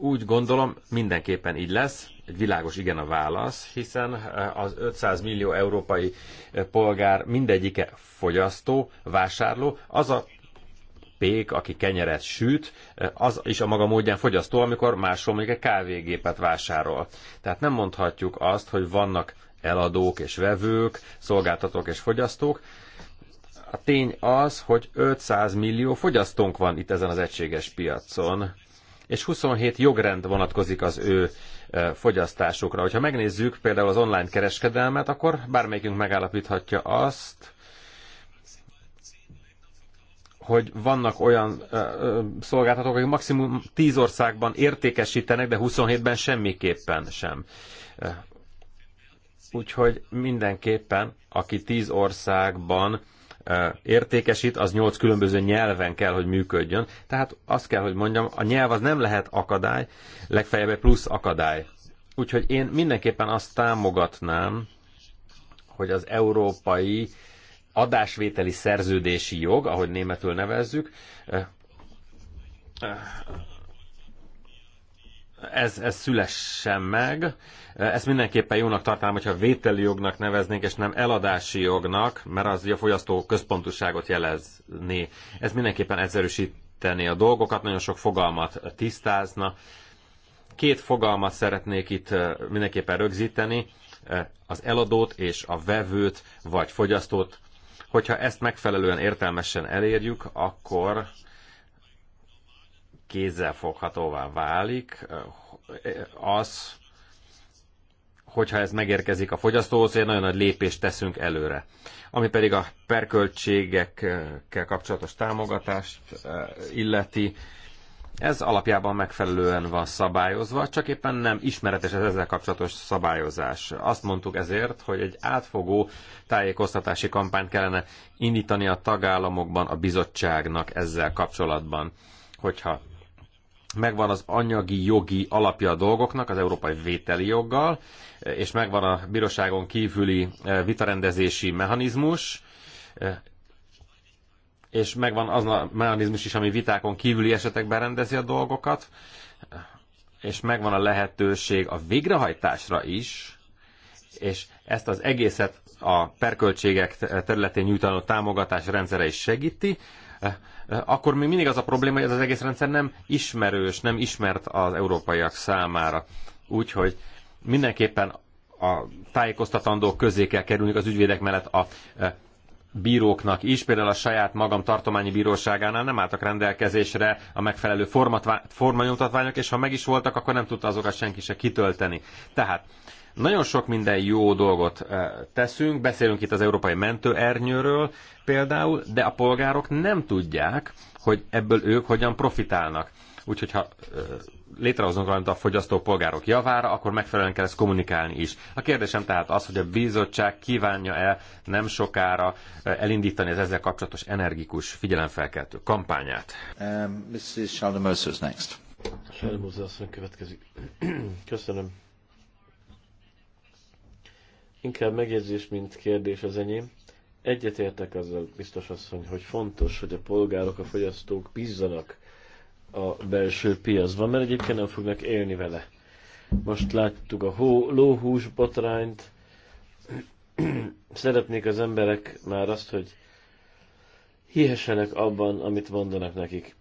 Úgy gondolom, mindenképpen így lesz. Egy világos igen a válasz, hiszen eh, az 500 millió európai eh, polgár mindegyike fogyasztó, vásárló, az a pék, aki kenyeret süt, eh, az is a maga módján fogyasztó, amikor máshol mondjuk egy kávégépet vásárol. Tehát nem mondhatjuk azt, hogy vannak eladók és vevők, szolgáltatók és fogyasztók. A tény az, hogy 500 millió fogyasztónk van itt ezen az egységes piacon és 27 jogrend vonatkozik az ő e, fogyasztásukra. Hogyha megnézzük például az online kereskedelmet, akkor bármelyikünk megállapíthatja azt, hogy vannak olyan ö, e, ö, e, szolgáltatók, akik maximum 10 országban értékesítenek, de 27-ben semmiképpen sem. Úgyhogy mindenképpen, aki 10 országban értékesít, az nyolc különböző nyelven kell, hogy működjön. Tehát azt kell, hogy mondjam, a nyelv az nem lehet akadály, legfeljebb egy plusz akadály. Úgyhogy én mindenképpen azt támogatnám, hogy az európai adásvételi szerződési jog, ahogy németül nevezzük, ez, ez szülessen meg. Ezt mindenképpen jónak tartanám, hogyha vételi jognak neveznénk, és nem eladási jognak, mert az a fogyasztó központosságot jelezné. Ez mindenképpen egyszerűsíteni a dolgokat, nagyon sok fogalmat tisztázna. Két fogalmat szeretnék itt eh, mindenképpen rögzíteni, eh, az eladót és a vevőt, vagy fogyasztót. Hogyha ezt megfelelően értelmesen elérjük, akkor foghatóvá válik az, hogyha ez megérkezik a fogyasztóhoz, egy nagyon nagy lépést teszünk előre. Ami pedig a perköltségekkel kapcsolatos támogatást eh, illeti, ez alapjában megfelelően van szabályozva, csak éppen nem ismeretes az ezzel kapcsolatos szabályozás. Azt mondtuk ezért, hogy egy átfogó tájékoztatási kampányt kellene indítani a tagállamokban a bizottságnak ezzel kapcsolatban. Hogyha megvan az anyagi jogi alapja a dolgoknak, az európai vételi joggal, és megvan a bíróságon kívüli e, vitarendezési mechanizmus, e, és megvan az a mechanizmus is, ami vitákon kívüli esetekben rendezi a dolgokat, és megvan a lehetőség a végrehajtásra is, és ezt az egészet a perköltségek területén nyújtanó támogatás rendszere is segíti, akkor még mindig az a probléma, hogy ez az egész rendszer nem ismerős, nem ismert az európaiak számára. Úgyhogy mindenképpen a tájékoztatandók közé kell kerülnünk az ügyvédek mellett a e, bíróknak is, például a saját magam tartományi bíróságánál nem álltak rendelkezésre a megfelelő formanyomtatványok, és ha meg is voltak, akkor nem tudta azokat senki se kitölteni. Tehát nagyon sok minden jó dolgot eh, teszünk, beszélünk itt az európai mentőernyőről például, de a polgárok nem tudják, hogy ebből ők hogyan profitálnak. Úgyhogy ha eh, létrehozunk valamit a fogyasztó polgárok javára, akkor megfelelően kell ezt kommunikálni is. A kérdésem tehát az, hogy a bizottság kívánja-e nem sokára eh, elindítani az ezzel kapcsolatos energikus figyelemfelkeltő kampányát. Um, Mrs. Sheldon next. Sheldon következik. Köszönöm. Inkább megjegyzés, mint kérdés az enyém. Egyetértek azzal, biztos asszony, hogy fontos, hogy a polgárok, a fogyasztók bízzanak a belső piacban, mert egyébként nem fognak élni vele. Most láttuk a lóhús botrányt. Szeretnék az emberek már azt, hogy hihessenek abban, amit mondanak nekik.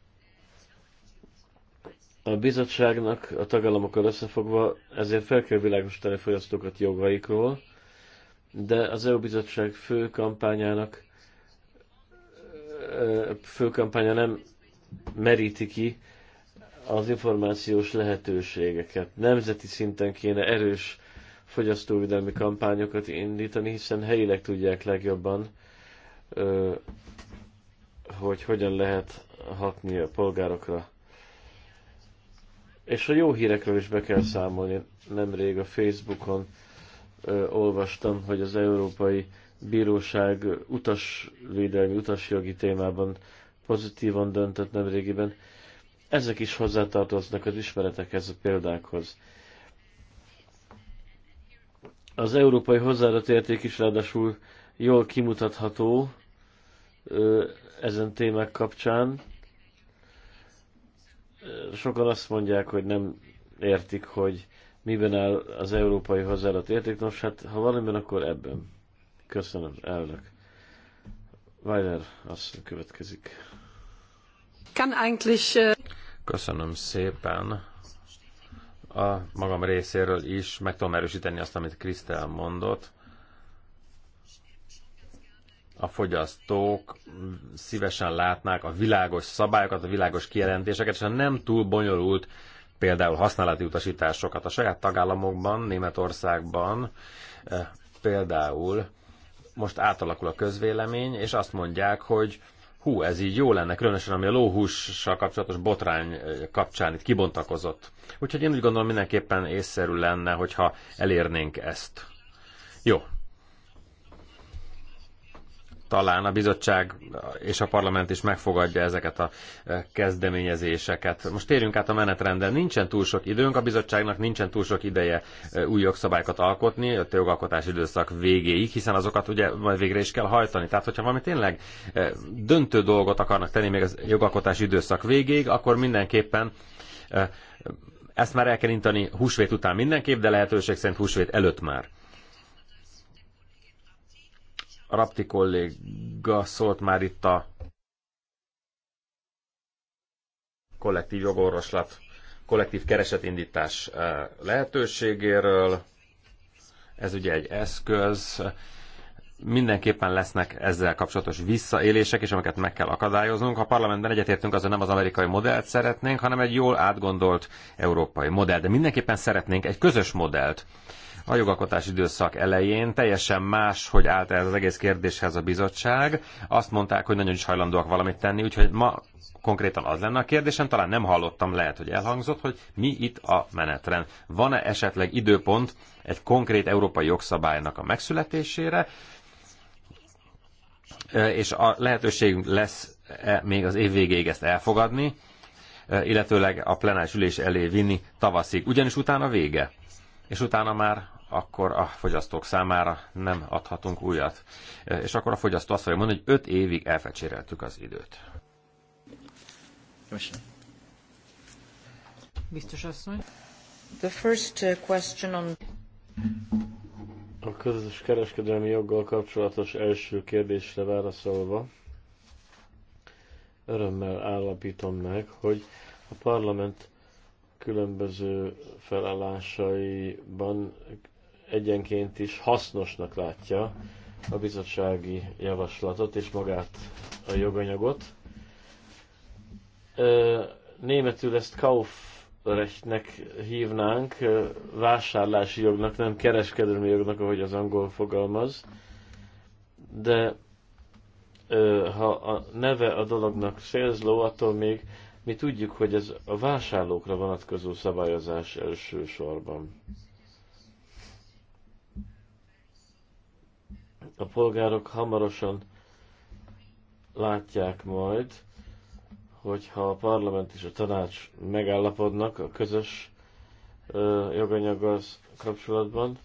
A bizottságnak a tagállamokkal összefogva ezért fel kell világosítani a fogyasztókat jogaikról, de az EU bizottság fő kampányának fő kampánya nem meríti ki az információs lehetőségeket. Nemzeti szinten kéne erős fogyasztóvédelmi kampányokat indítani, hiszen helyileg tudják legjobban, hogy hogyan lehet hatni a polgárokra. És a jó hírekről is be kell számolni. Nemrég a Facebookon olvastam, hogy az Európai Bíróság utasvédelmi, utasjogi témában pozitívan döntött nemrégiben. Ezek is hozzátartoznak az ismeretekhez, a példákhoz. Az európai hozzáadott érték is ráadásul jól kimutatható ezen témák kapcsán. Sokan azt mondják, hogy nem értik, hogy miben áll az európai hozzáadott érték. Nos, hát ha valamiben, akkor ebben. Köszönöm, elnök. Weiler azt következik. Kann eigentlich... Äh, Köszönöm szépen. A magam részéről is meg tudom erősíteni azt, amit Krisztel mondott a fogyasztók szívesen látnák a világos szabályokat, a világos kijelentéseket, és a nem túl bonyolult például használati utasításokat a saját tagállamokban, Németországban, eh, például most átalakul a közvélemény, és azt mondják, hogy hú, ez így jó lenne, különösen ami a lóhússal kapcsolatos botrány eh, kapcsán itt kibontakozott. Úgyhogy én úgy gondolom mindenképpen észszerű lenne, hogyha elérnénk ezt. Jó, talán a bizottság és a parlament is megfogadja ezeket a e, kezdeményezéseket. Most térjünk át a menetrenden. Nincsen túl sok időnk, a bizottságnak nincsen túl sok ideje e, új jogszabályokat alkotni a jogalkotási időszak végéig, hiszen azokat ugye majd végre is kell hajtani. Tehát, hogyha valami tényleg e, döntő dolgot akarnak tenni még a jogalkotási időszak végéig, akkor mindenképpen ezt már el kell intani húsvét után mindenképp, de lehetőség szerint húsvét előtt már. A Rapti kolléga szólt már itt a kollektív jogorvoslat, kollektív keresetindítás eh, lehetőségéről. Ez ugye egy eszköz. Mindenképpen lesznek ezzel kapcsolatos visszaélések, és amiket meg kell akadályoznunk. A parlamentben egyetértünk azon, nem az amerikai modellt szeretnénk, hanem egy jól átgondolt európai modellt. De mindenképpen szeretnénk egy közös modellt a jogalkotás időszak elején teljesen más, hogy állt ez az egész kérdéshez a bizottság. Azt mondták, hogy nagyon is hajlandóak valamit tenni, úgyhogy ma konkrétan az lenne a kérdésem, talán nem hallottam, lehet, hogy elhangzott, hogy mi itt a menetrend. Van-e esetleg időpont egy konkrét európai jogszabálynak a megszületésére, és a lehetőségünk lesz -e még az év végéig ezt elfogadni, illetőleg a plenáris ülés elé vinni tavaszig, ugyanis utána vége. És utána már akkor a fogyasztók számára nem adhatunk újat. És akkor a fogyasztó azt fogja mondani, hogy 5 évig elfecséreltük az időt. Biztos asszony. The first uh, question on... A közös kereskedelmi joggal kapcsolatos első kérdésre válaszolva, örömmel állapítom meg, hogy a parlament különböző felállásaiban egyenként is hasznosnak látja a bizottsági javaslatot és magát a joganyagot. Németül ezt Kaufrechtnek hívnánk, vásárlási jognak, nem kereskedelmi jognak, ahogy az angol fogalmaz. De ha a neve a dolognak szélzló, attól még mi tudjuk, hogy ez a vásárlókra vonatkozó szabályozás elsősorban. a polgárok hamarosan látják majd, hogyha a parlament és a tanács megállapodnak a közös joganyaggal kapcsolatban,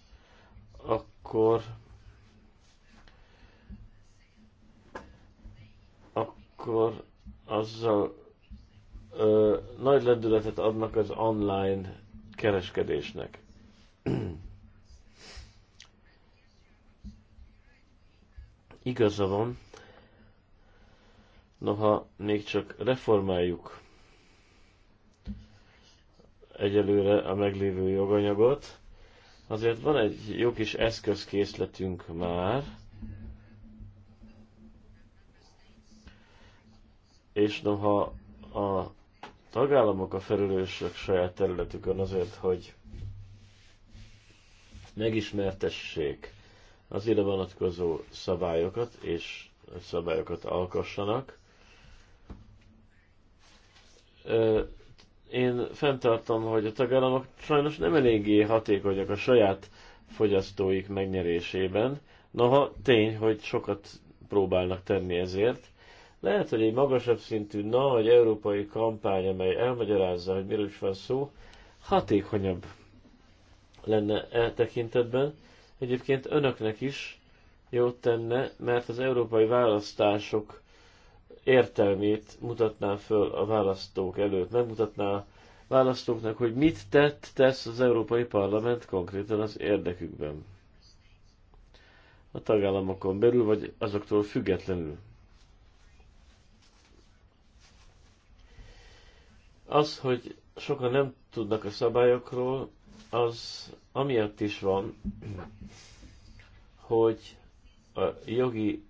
akkor akkor azzal ö, nagy lendületet adnak az online kereskedésnek. Igaza van, noha még csak reformáljuk egyelőre a meglévő joganyagot, azért van egy jó kis eszközkészletünk már, és noha a tagállamok a felelősök saját területükön azért, hogy megismertessék az ide vonatkozó szabályokat és szabályokat alkossanak. Én fenntartom, hogy a tagállamok sajnos nem eléggé hatékonyak a saját fogyasztóik megnyerésében. Noha tény, hogy sokat próbálnak tenni ezért. Lehet, hogy egy magasabb szintű nagy európai kampány, amely elmagyarázza, hogy miről is van szó, hatékonyabb lenne e tekintetben Egyébként önöknek is jót tenne, mert az európai választások értelmét mutatná föl a választók előtt. Megmutatná a választóknak, hogy mit tett, tesz az Európai Parlament konkrétan az érdekükben. A tagállamokon belül, vagy azoktól függetlenül. Az, hogy sokan nem tudnak a szabályokról, az amiatt is van, hogy a jogi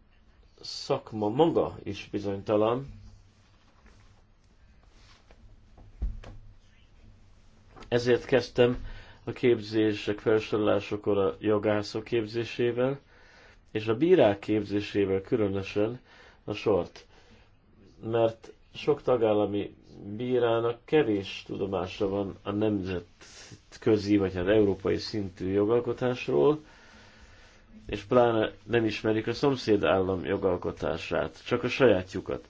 szakma maga is bizonytalan. Ezért kezdtem a képzések, felsorolásokor a jogászok képzésével, és a bírák képzésével különösen a sort. Mert sok tagállami bírának kevés tudomása van a nemzetközi vagy hát európai szintű jogalkotásról, és pláne nem ismerik a szomszéd állam jogalkotását, csak a sajátjukat.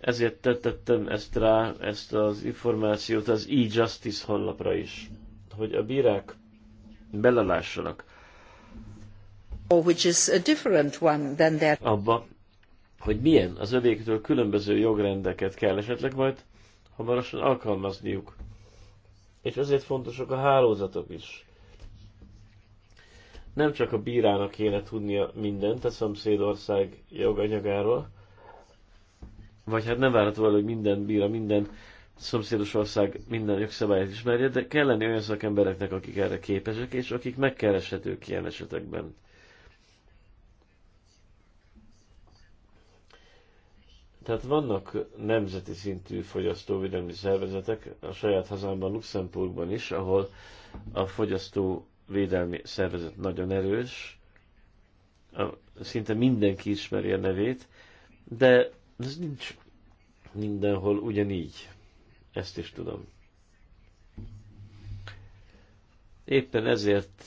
Ezért tettettem ezt rá, ezt az információt az e-justice honlapra is, hogy a bírák belelássanak. Which is a different one than that. Abba, hogy milyen az övéktől különböző jogrendeket kell esetleg majd hamarosan alkalmazniuk. És ezért fontosak a hálózatok is. Nem csak a bírának kéne tudnia mindent a szomszédország joganyagáról, vagy hát nem várható el, hogy minden bíra, minden szomszédos ország minden jogszabályát ismerje, de kell lenni olyan szakembereknek, akik erre képesek, és akik megkereshetők ilyen esetekben. Tehát vannak nemzeti szintű fogyasztóvédelmi szervezetek, a saját hazámban, Luxemburgban is, ahol a fogyasztóvédelmi szervezet nagyon erős, a, szinte mindenki ismeri a nevét, de ez nincs mindenhol ugyanígy. Ezt is tudom. Éppen ezért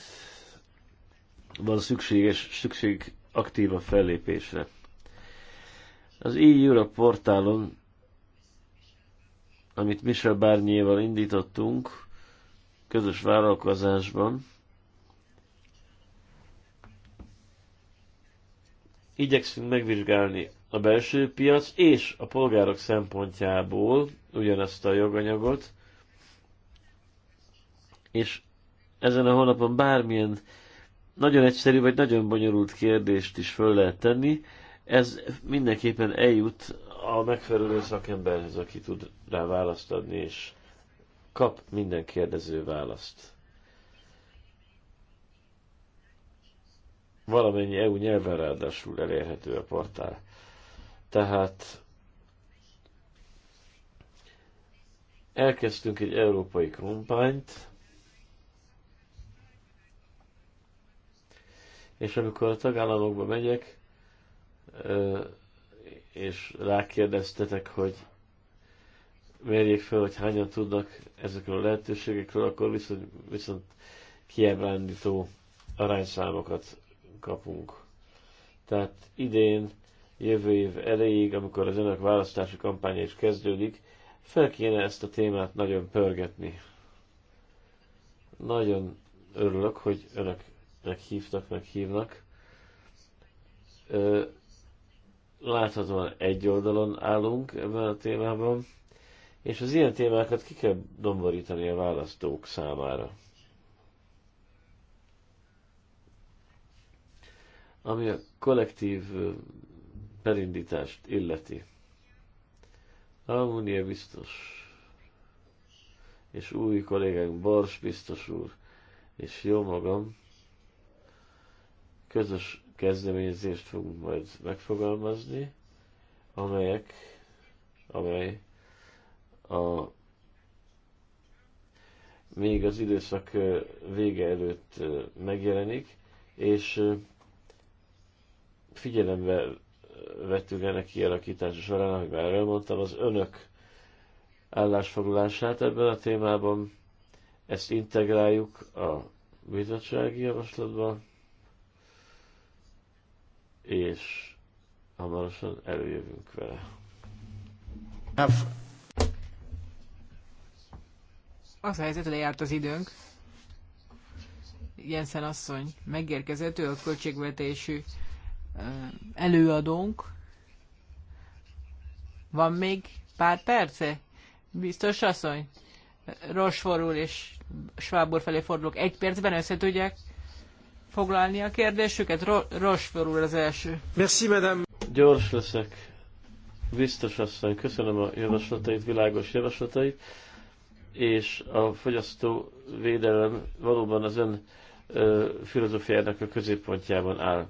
van szükséges, szükség aktíva fellépésre. Az e-Europe portálon, amit Michel Barnier-val indítottunk, közös vállalkozásban, igyekszünk megvizsgálni a belső piac és a polgárok szempontjából ugyanezt a joganyagot, és ezen a honlapon bármilyen nagyon egyszerű vagy nagyon bonyolult kérdést is föl lehet tenni, ez mindenképpen eljut a megfelelő szakemberhez, aki tud rá választ adni, és kap minden kérdező választ. Valamennyi EU nyelven ráadásul elérhető a portál. Tehát elkezdtünk egy európai kampányt, és amikor a tagállamokba megyek, és rákérdeztetek, hogy mérjék fel, hogy hányan tudnak ezekről a lehetőségekről, akkor viszont, viszont kiebrándító arányszámokat kapunk. Tehát idén, jövő év elejéig, amikor az önök választási kampánya is kezdődik, fel kéne ezt a témát nagyon pörgetni. Nagyon örülök, hogy önöknek hívtak, meg hívnak láthatóan egy oldalon állunk ebben a témában, és az ilyen témákat ki kell domborítani a választók számára. Ami a kollektív perindítást illeti. Almunia biztos, és új kollégánk Bors biztos úr, és jó magam, közös kezdeményezést fogunk majd megfogalmazni, amelyek, amely a még az időszak vége előtt megjelenik, és figyelembe vettük ennek kialakítása során, ahogy már elmondtam, az önök állásfoglalását ebben a témában, ezt integráljuk a bizottsági javaslatban, és hamarosan előjövünk vele. Az a helyzet, lejárt az időnk. Jensen asszony megérkezett, ő a költségvetésű előadónk. Van még pár perce? Biztos asszony? Rosforul és Schwab felé fordulok. Egy percben össze tudják foglalni a kérdésüket. Rosfor úr az első. Merci, madame. Gyors leszek. Biztos asszony, köszönöm a javaslatait, világos javaslatait, és a fogyasztó védelem valóban az ön ö, filozófiának a középpontjában áll.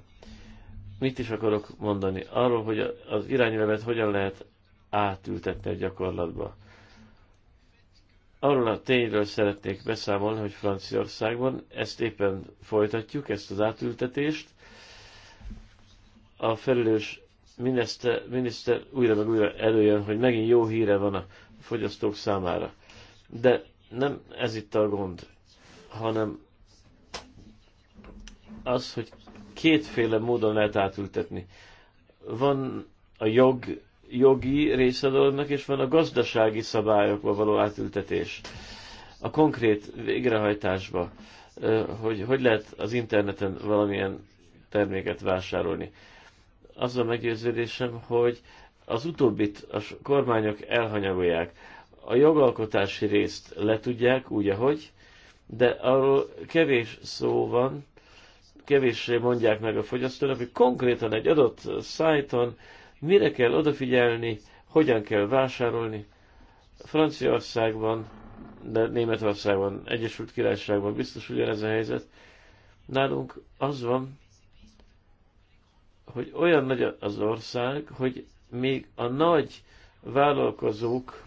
Mit is akarok mondani? Arról, hogy az irányelvet hogyan lehet átültetni a gyakorlatba arról a tényről szeretnék beszámolni, hogy Franciaországban ezt éppen folytatjuk, ezt az átültetést. A felelős miniszter, miniszter újra meg újra előjön, hogy megint jó híre van a fogyasztók számára. De nem ez itt a gond, hanem az, hogy kétféle módon lehet átültetni. Van a jog jogi része dolognak, és van a gazdasági szabályokba való átültetés. A konkrét végrehajtásba, hogy hogy lehet az interneten valamilyen terméket vásárolni. Az a meggyőződésem, hogy az utóbbit a kormányok elhanyagolják. A jogalkotási részt letudják úgy, ahogy, de arról kevés szó van, kevéssé mondják meg a fogyasztónak, hogy konkrétan egy adott szájton, Mire kell odafigyelni, hogyan kell vásárolni? Franciaországban, de Németországban, Egyesült Királyságban biztos ugyanez a helyzet. Nálunk az van, hogy olyan nagy az ország, hogy még a nagy vállalkozók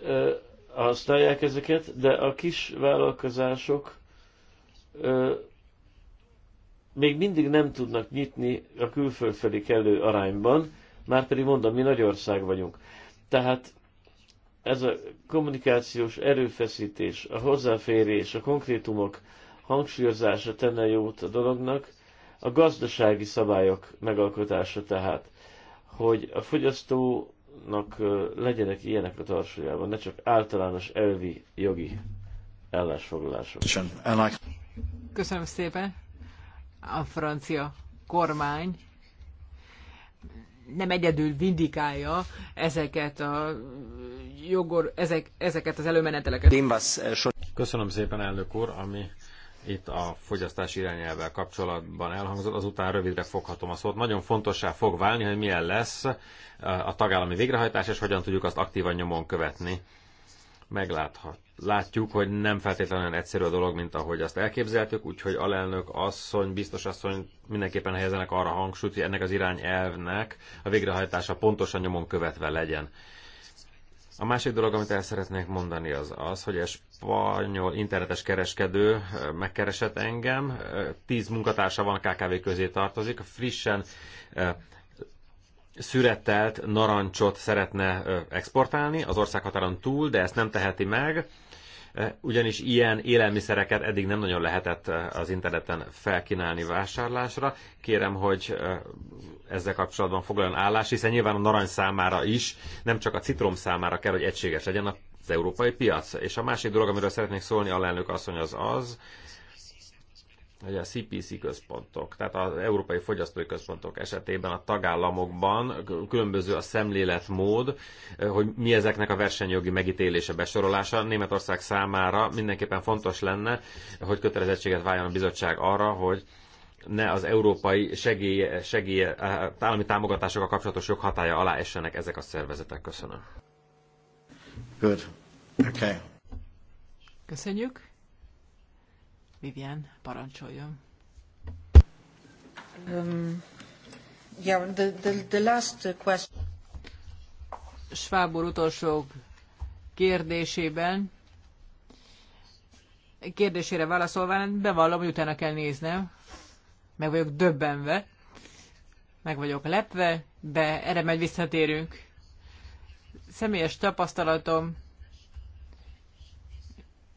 ö, használják ezeket, de a kis vállalkozások ö, még mindig nem tudnak nyitni a külföld felé kellő arányban, már pedig mondom, mi nagy ország vagyunk. Tehát ez a kommunikációs erőfeszítés, a hozzáférés, a konkrétumok hangsúlyozása tenne jót a dolognak, a gazdasági szabályok megalkotása tehát, hogy a fogyasztónak legyenek ilyenek a tarsójában, ne csak általános elvi jogi állásfoglalások. Köszönöm szépen a francia kormány nem egyedül vindikálja ezeket a jogor, ezek, ezeket az előmeneteleket. Köszönöm szépen, elnök úr, ami itt a fogyasztás irányelvvel kapcsolatban elhangzott, azután rövidre foghatom a szót. Nagyon fontossá fog válni, hogy milyen lesz a tagállami végrehajtás, és hogyan tudjuk azt aktívan nyomon követni megláthat. Látjuk, hogy nem feltétlenül olyan egyszerű a dolog, mint ahogy azt elképzeltük, úgyhogy alelnök asszony, biztos asszony mindenképpen helyezenek arra hangsúlyt, hogy ennek az irányelvnek a végrehajtása pontosan nyomon követve legyen. A másik dolog, amit el szeretnék mondani, az az, hogy egy spanyol internetes kereskedő megkeresett engem, tíz munkatársa van, a KKV közé tartozik, frissen szüretelt narancsot szeretne exportálni az országhatáron túl, de ezt nem teheti meg, ugyanis ilyen élelmiszereket eddig nem nagyon lehetett az interneten felkínálni vásárlásra. Kérem, hogy ezzel kapcsolatban foglaljon állást, hiszen nyilván a narancs számára is, nem csak a citrom számára kell, hogy egységes legyen a az európai piac. És a másik dolog, amiről szeretnék szólni, lelnök asszony, az az, hogy a CPC központok, tehát az Európai Fogyasztói Központok esetében a tagállamokban különböző a szemléletmód, hogy mi ezeknek a versenyjogi megítélése, besorolása. Németország számára mindenképpen fontos lenne, hogy kötelezettséget váljon a bizottság arra, hogy ne az európai segélye, segélye, állami támogatásokkal kapcsolatos joghatája alá essenek ezek a szervezetek. Köszönöm. Good. Okay. Köszönjük. Vivian, parancsoljon. Um, yeah, the, the, the last question. Schwab úr utolsó kérdésében kérdésére válaszolva, bevallom, utána kell néznem. Meg vagyok döbbenve, meg vagyok lepve, de erre megy visszatérünk. Személyes tapasztalatom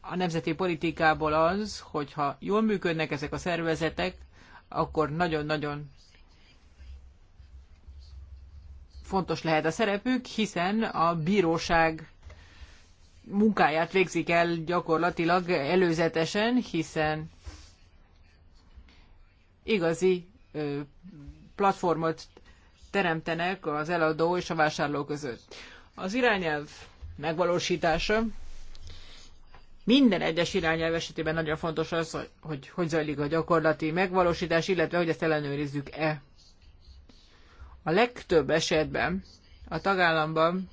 a nemzeti politikából az, hogyha jól működnek ezek a szervezetek, akkor nagyon-nagyon fontos lehet a szerepük, hiszen a bíróság munkáját végzik el gyakorlatilag előzetesen, hiszen igazi platformot teremtenek az eladó és a vásárló között. Az irányelv megvalósítása minden egyes irányelv esetében nagyon fontos az, hogy hogy, hogy zajlik a gyakorlati megvalósítás, illetve hogy ezt ellenőrizzük-e. A legtöbb esetben a tagállamban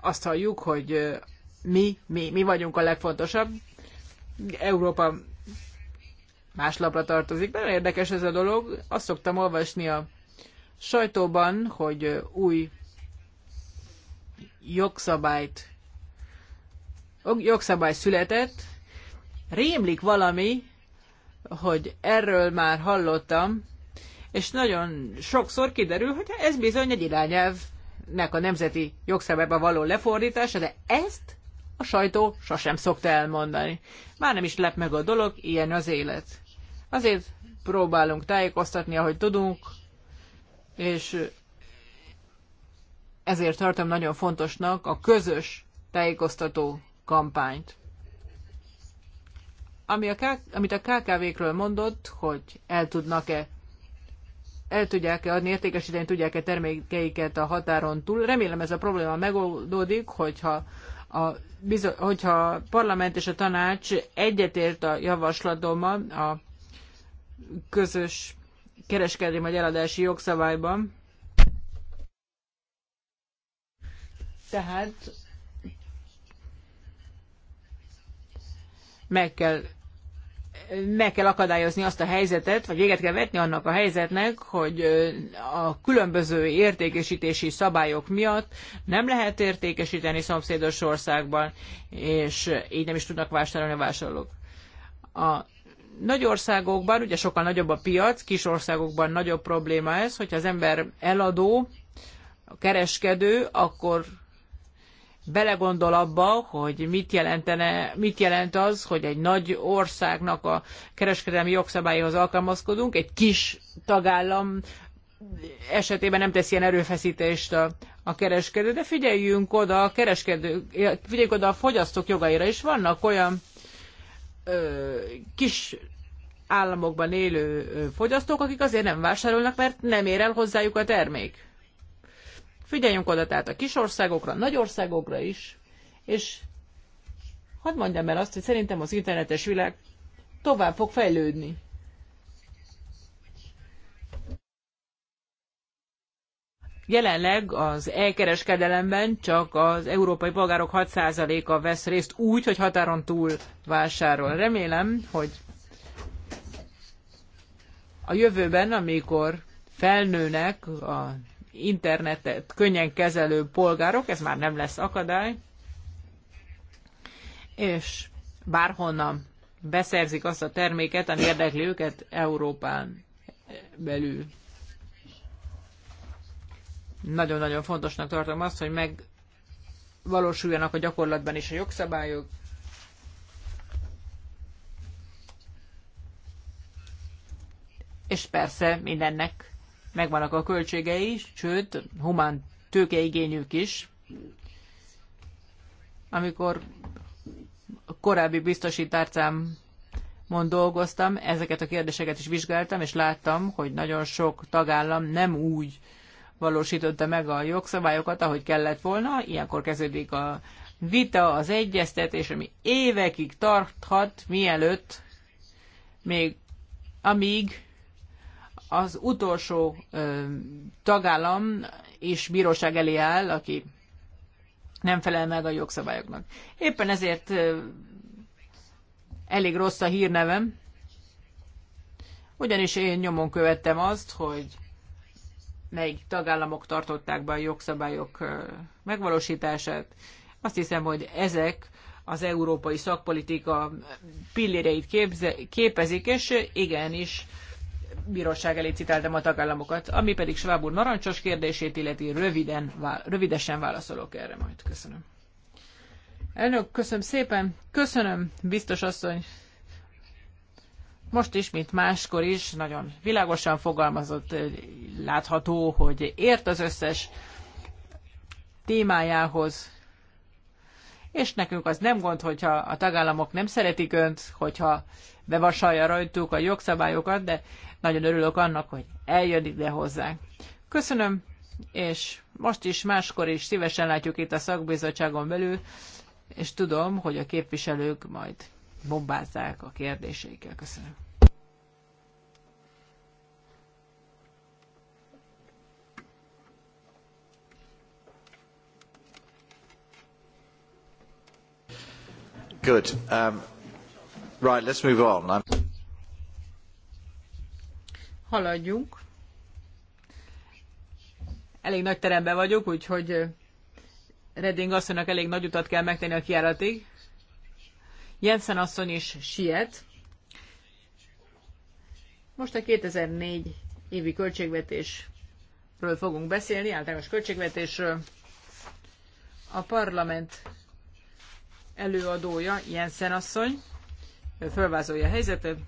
azt halljuk, hogy mi, mi, mi vagyunk a legfontosabb. Európa más lapra tartozik. Nagyon érdekes ez a dolog. Azt szoktam olvasni a sajtóban, hogy új jogszabályt jogszabály született, rémlik valami, hogy erről már hallottam, és nagyon sokszor kiderül, hogy ez bizony egy irányelvnek a nemzeti jogszabályba való lefordítása, de ezt a sajtó sosem szokta elmondani. Már nem is lep meg a dolog, ilyen az élet. Azért próbálunk tájékoztatni, ahogy tudunk, és ezért tartom nagyon fontosnak a közös tájékoztató kampányt. Ami a K- amit a KKV-kről mondott, hogy el tudnak-e el tudják-e adni, értékesíteni tudják-e termékeiket a határon túl. Remélem ez a probléma megoldódik, hogyha a, bizo- hogyha a parlament és a tanács egyetért a javaslatommal a közös kereskedelmi vagy eladási jogszabályban. Tehát meg kell, meg kell akadályozni azt a helyzetet, vagy véget kell vetni annak a helyzetnek, hogy a különböző értékesítési szabályok miatt nem lehet értékesíteni szomszédos országban, és így nem is tudnak vásárolni a vásárlók. A nagy országokban, ugye sokkal nagyobb a piac, kis országokban nagyobb probléma ez, hogyha az ember eladó, kereskedő, akkor belegondol abba, hogy mit, jelentene, mit jelent az, hogy egy nagy országnak a kereskedelmi jogszabályhoz alkalmazkodunk, egy kis tagállam esetében nem tesz ilyen erőfeszítést a, a kereskedő, de figyeljünk oda a kereskedő, figyeljünk oda a fogyasztók jogaira is. Vannak olyan ö, kis államokban élő fogyasztók, akik azért nem vásárolnak, mert nem ér el hozzájuk a termék. Figyeljünk oda tehát a kis országokra, a nagy országokra is, és hadd mondjam el azt, hogy szerintem az internetes világ tovább fog fejlődni. Jelenleg az elkereskedelemben csak az európai polgárok 6%-a vesz részt úgy, hogy határon túl vásárol. Remélem, hogy a jövőben, amikor felnőnek a internetet könnyen kezelő polgárok, ez már nem lesz akadály, és bárhonnan beszerzik azt a terméket, ami érdekli őket Európán belül. Nagyon-nagyon fontosnak tartom azt, hogy megvalósuljanak a gyakorlatban is a jogszabályok, és persze mindennek megvannak a költségei is, sőt, humán tőkeigényük is. Amikor korábbi biztosi tárcámon dolgoztam, ezeket a kérdéseket is vizsgáltam, és láttam, hogy nagyon sok tagállam nem úgy valósította meg a jogszabályokat, ahogy kellett volna. Ilyenkor kezdődik a vita, az egyeztetés, ami évekig tarthat, mielőtt még amíg az utolsó ö, tagállam és bíróság elé áll, aki nem felel meg a jogszabályoknak. Éppen ezért ö, elég rossz a hírnevem, ugyanis én nyomon követtem azt, hogy melyik tagállamok tartották be a jogszabályok ö, megvalósítását. Azt hiszem, hogy ezek az európai szakpolitika pilléreit képzi, képezik, és igenis bíróság elé citáltam a tagállamokat. Ami pedig Schwab úr narancsos kérdését illeti, röviden, rövidesen válaszolok erre majd. Köszönöm. Elnök, köszönöm szépen. Köszönöm, biztos asszony. Most is, mint máskor is, nagyon világosan fogalmazott, eh, látható, hogy ért az összes témájához, és nekünk az nem gond, hogyha a tagállamok nem szeretik önt, hogyha bevasalja rajtuk a jogszabályokat, de nagyon örülök annak, hogy eljön ide hozzánk. Köszönöm, és most is, máskor is szívesen látjuk itt a szakbizottságon belül, és tudom, hogy a képviselők majd bombázzák a kérdéseikkel. Köszönöm. Good. Um, right, let's move on. I'm haladjunk. Elég nagy teremben vagyok, úgyhogy Redding asszonynak elég nagy utat kell megtenni a kiáratig. Jensen asszony is siet. Most a 2004 évi költségvetésről fogunk beszélni, általános költségvetésről. A parlament előadója Jensen asszony, fölvázolja a helyzetet.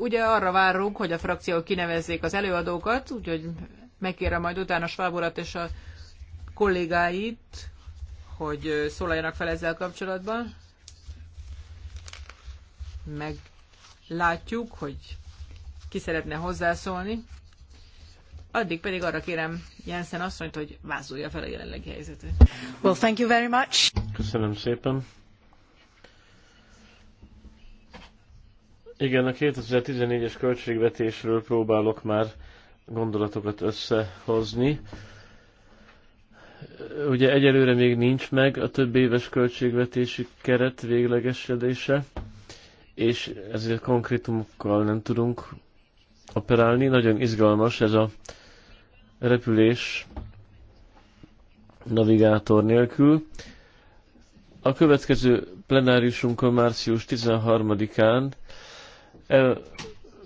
Ugye arra várunk, hogy a frakciók kinevezzék az előadókat, úgyhogy megkérem majd utána Schwaburat és a kollégáit, hogy szólaljanak fel ezzel kapcsolatban. Meg látjuk, hogy ki szeretne hozzászólni. Addig pedig arra kérem Jensen asszonyt, hogy vázolja fel a jelenlegi helyzetet. Well, thank you very much. Köszönöm szépen. Igen, a 2014-es költségvetésről próbálok már gondolatokat összehozni. Ugye egyelőre még nincs meg a több éves költségvetési keret véglegesedése, és ezért konkrétumokkal nem tudunk operálni. Nagyon izgalmas ez a repülés navigátor nélkül. A következő plenáriusunkon március 13-án el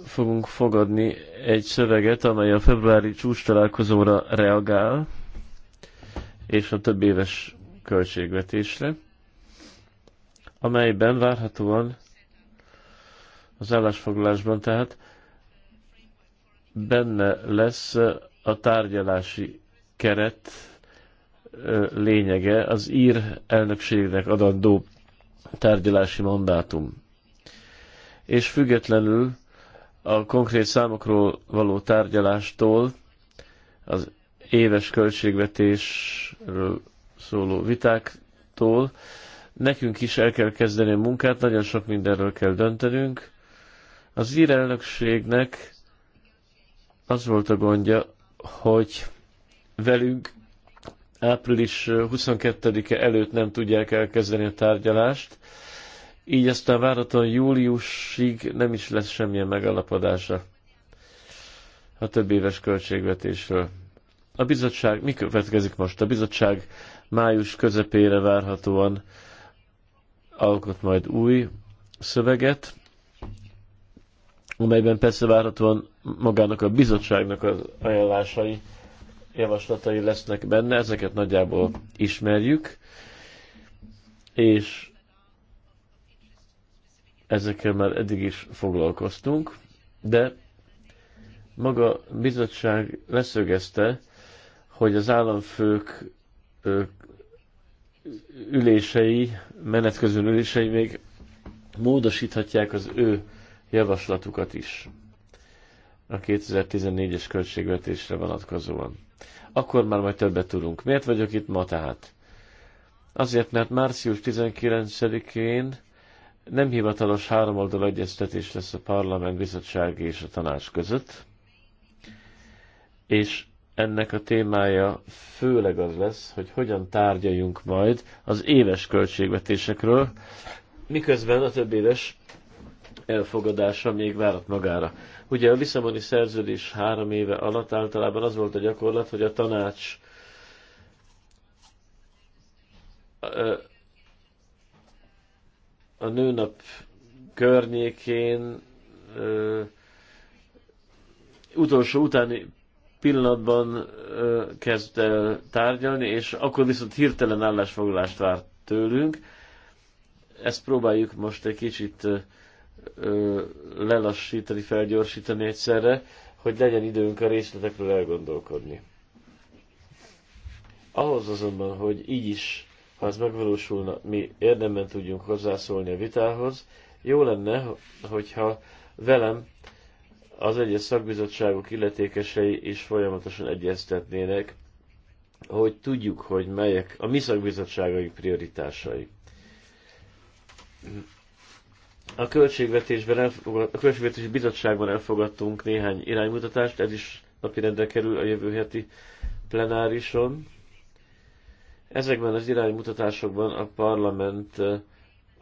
fogunk fogadni egy szöveget, amely a februári csúcs találkozóra reagál, és a több éves költségvetésre, amelyben várhatóan az állásfoglalásban tehát benne lesz a tárgyalási keret lényege, az ír elnökségnek adandó tárgyalási mandátum és függetlenül a konkrét számokról való tárgyalástól az éves költségvetésről szóló vitáktól nekünk is el kell kezdeni a munkát, nagyon sok mindenről kell döntenünk. Az ír elnökségnek az volt a gondja, hogy velünk április 22-e előtt nem tudják elkezdeni a tárgyalást, így aztán várhatóan júliusig nem is lesz semmilyen megalapodása a több éves költségvetésről. A bizottság, mi következik most? A bizottság május közepére várhatóan alkot majd új szöveget, amelyben persze várhatóan magának a bizottságnak az ajánlásai, javaslatai lesznek benne, ezeket nagyjából ismerjük, és ezekkel már eddig is foglalkoztunk, de maga bizottság leszögezte, hogy az államfők ülései, menetközön ülései még módosíthatják az ő javaslatukat is a 2014-es költségvetésre vonatkozóan. Akkor már majd többet tudunk. Miért vagyok itt ma tehát? Azért, mert március 19-én nem hivatalos háromoldal egyeztetés lesz a parlament, bizottság és a tanács között, és ennek a témája főleg az lesz, hogy hogyan tárgyaljunk majd az éves költségvetésekről, miközben a több éves elfogadása még várat magára. Ugye a Lisszaboni szerződés három éve alatt általában az volt a gyakorlat, hogy a tanács a nőnap környékén uh, utolsó utáni pillanatban uh, kezd el tárgyalni, és akkor viszont hirtelen állásfoglalást várt tőlünk. Ezt próbáljuk most egy kicsit uh, lelassítani, felgyorsítani egyszerre, hogy legyen időnk a részletekről elgondolkodni. Ahhoz azonban, hogy így is ha ez megvalósulna, mi érdemben tudjunk hozzászólni a vitához. Jó lenne, hogyha velem az egyes szakbizottságok illetékesei is folyamatosan egyeztetnének, hogy tudjuk, hogy melyek a mi szakbizottságai prioritásai. A költségvetésben elfogad, a költségvetési bizottságban elfogadtunk néhány iránymutatást, ez is napirendre kerül a jövő heti plenárison. Ezekben az iránymutatásokban a parlament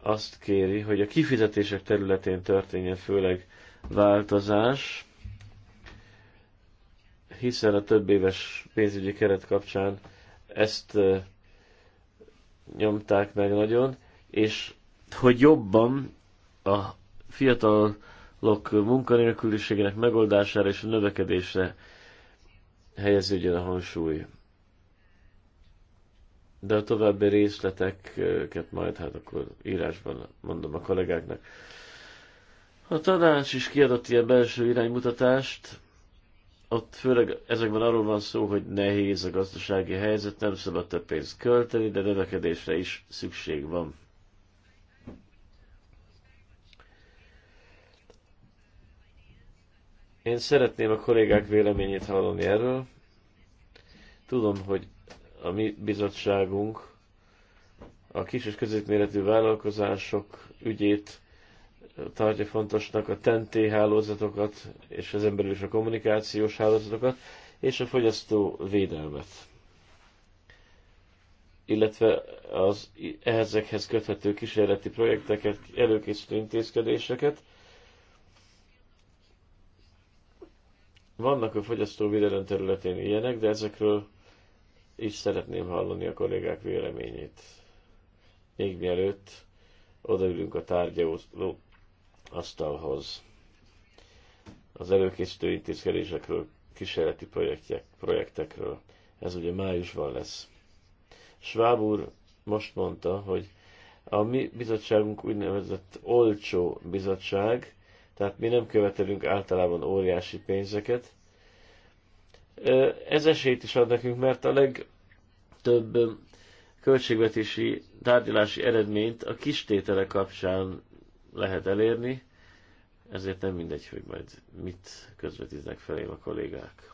azt kéri, hogy a kifizetések területén történjen főleg változás, hiszen a több éves pénzügyi keret kapcsán ezt nyomták meg nagyon, és hogy jobban a fiatalok munkanélküliségének megoldására és a növekedésre helyeződjön a hangsúly de a további részleteket majd hát akkor írásban mondom a kollégáknak. A tanács is kiadott ilyen belső iránymutatást, ott főleg ezekben arról van szó, hogy nehéz a gazdasági helyzet, nem szabad több pénzt költeni, de növekedésre is szükség van. Én szeretném a kollégák véleményét hallani erről. Tudom, hogy a mi bizottságunk a kis és középméretű vállalkozások ügyét tartja fontosnak a tenté hálózatokat, és az belül is a kommunikációs hálózatokat, és a fogyasztó védelmet. Illetve az ehhezekhez köthető kísérleti projekteket, előkészítő intézkedéseket. Vannak a fogyasztóvédelem területén ilyenek, de ezekről és szeretném hallani a kollégák véleményét. Még mielőtt odaülünk a tárgyaló asztalhoz. Az előkészítő intézkedésekről, kísérleti projektek, projektekről. Ez ugye májusban lesz. Schwab úr most mondta, hogy a mi bizottságunk úgynevezett olcsó bizottság, tehát mi nem követelünk általában óriási pénzeket, ez esélyt is ad nekünk, mert a legtöbb költségvetési tárgyalási eredményt a kis tétele kapcsán lehet elérni, ezért nem mindegy, hogy majd mit közvetíznek felém a kollégák.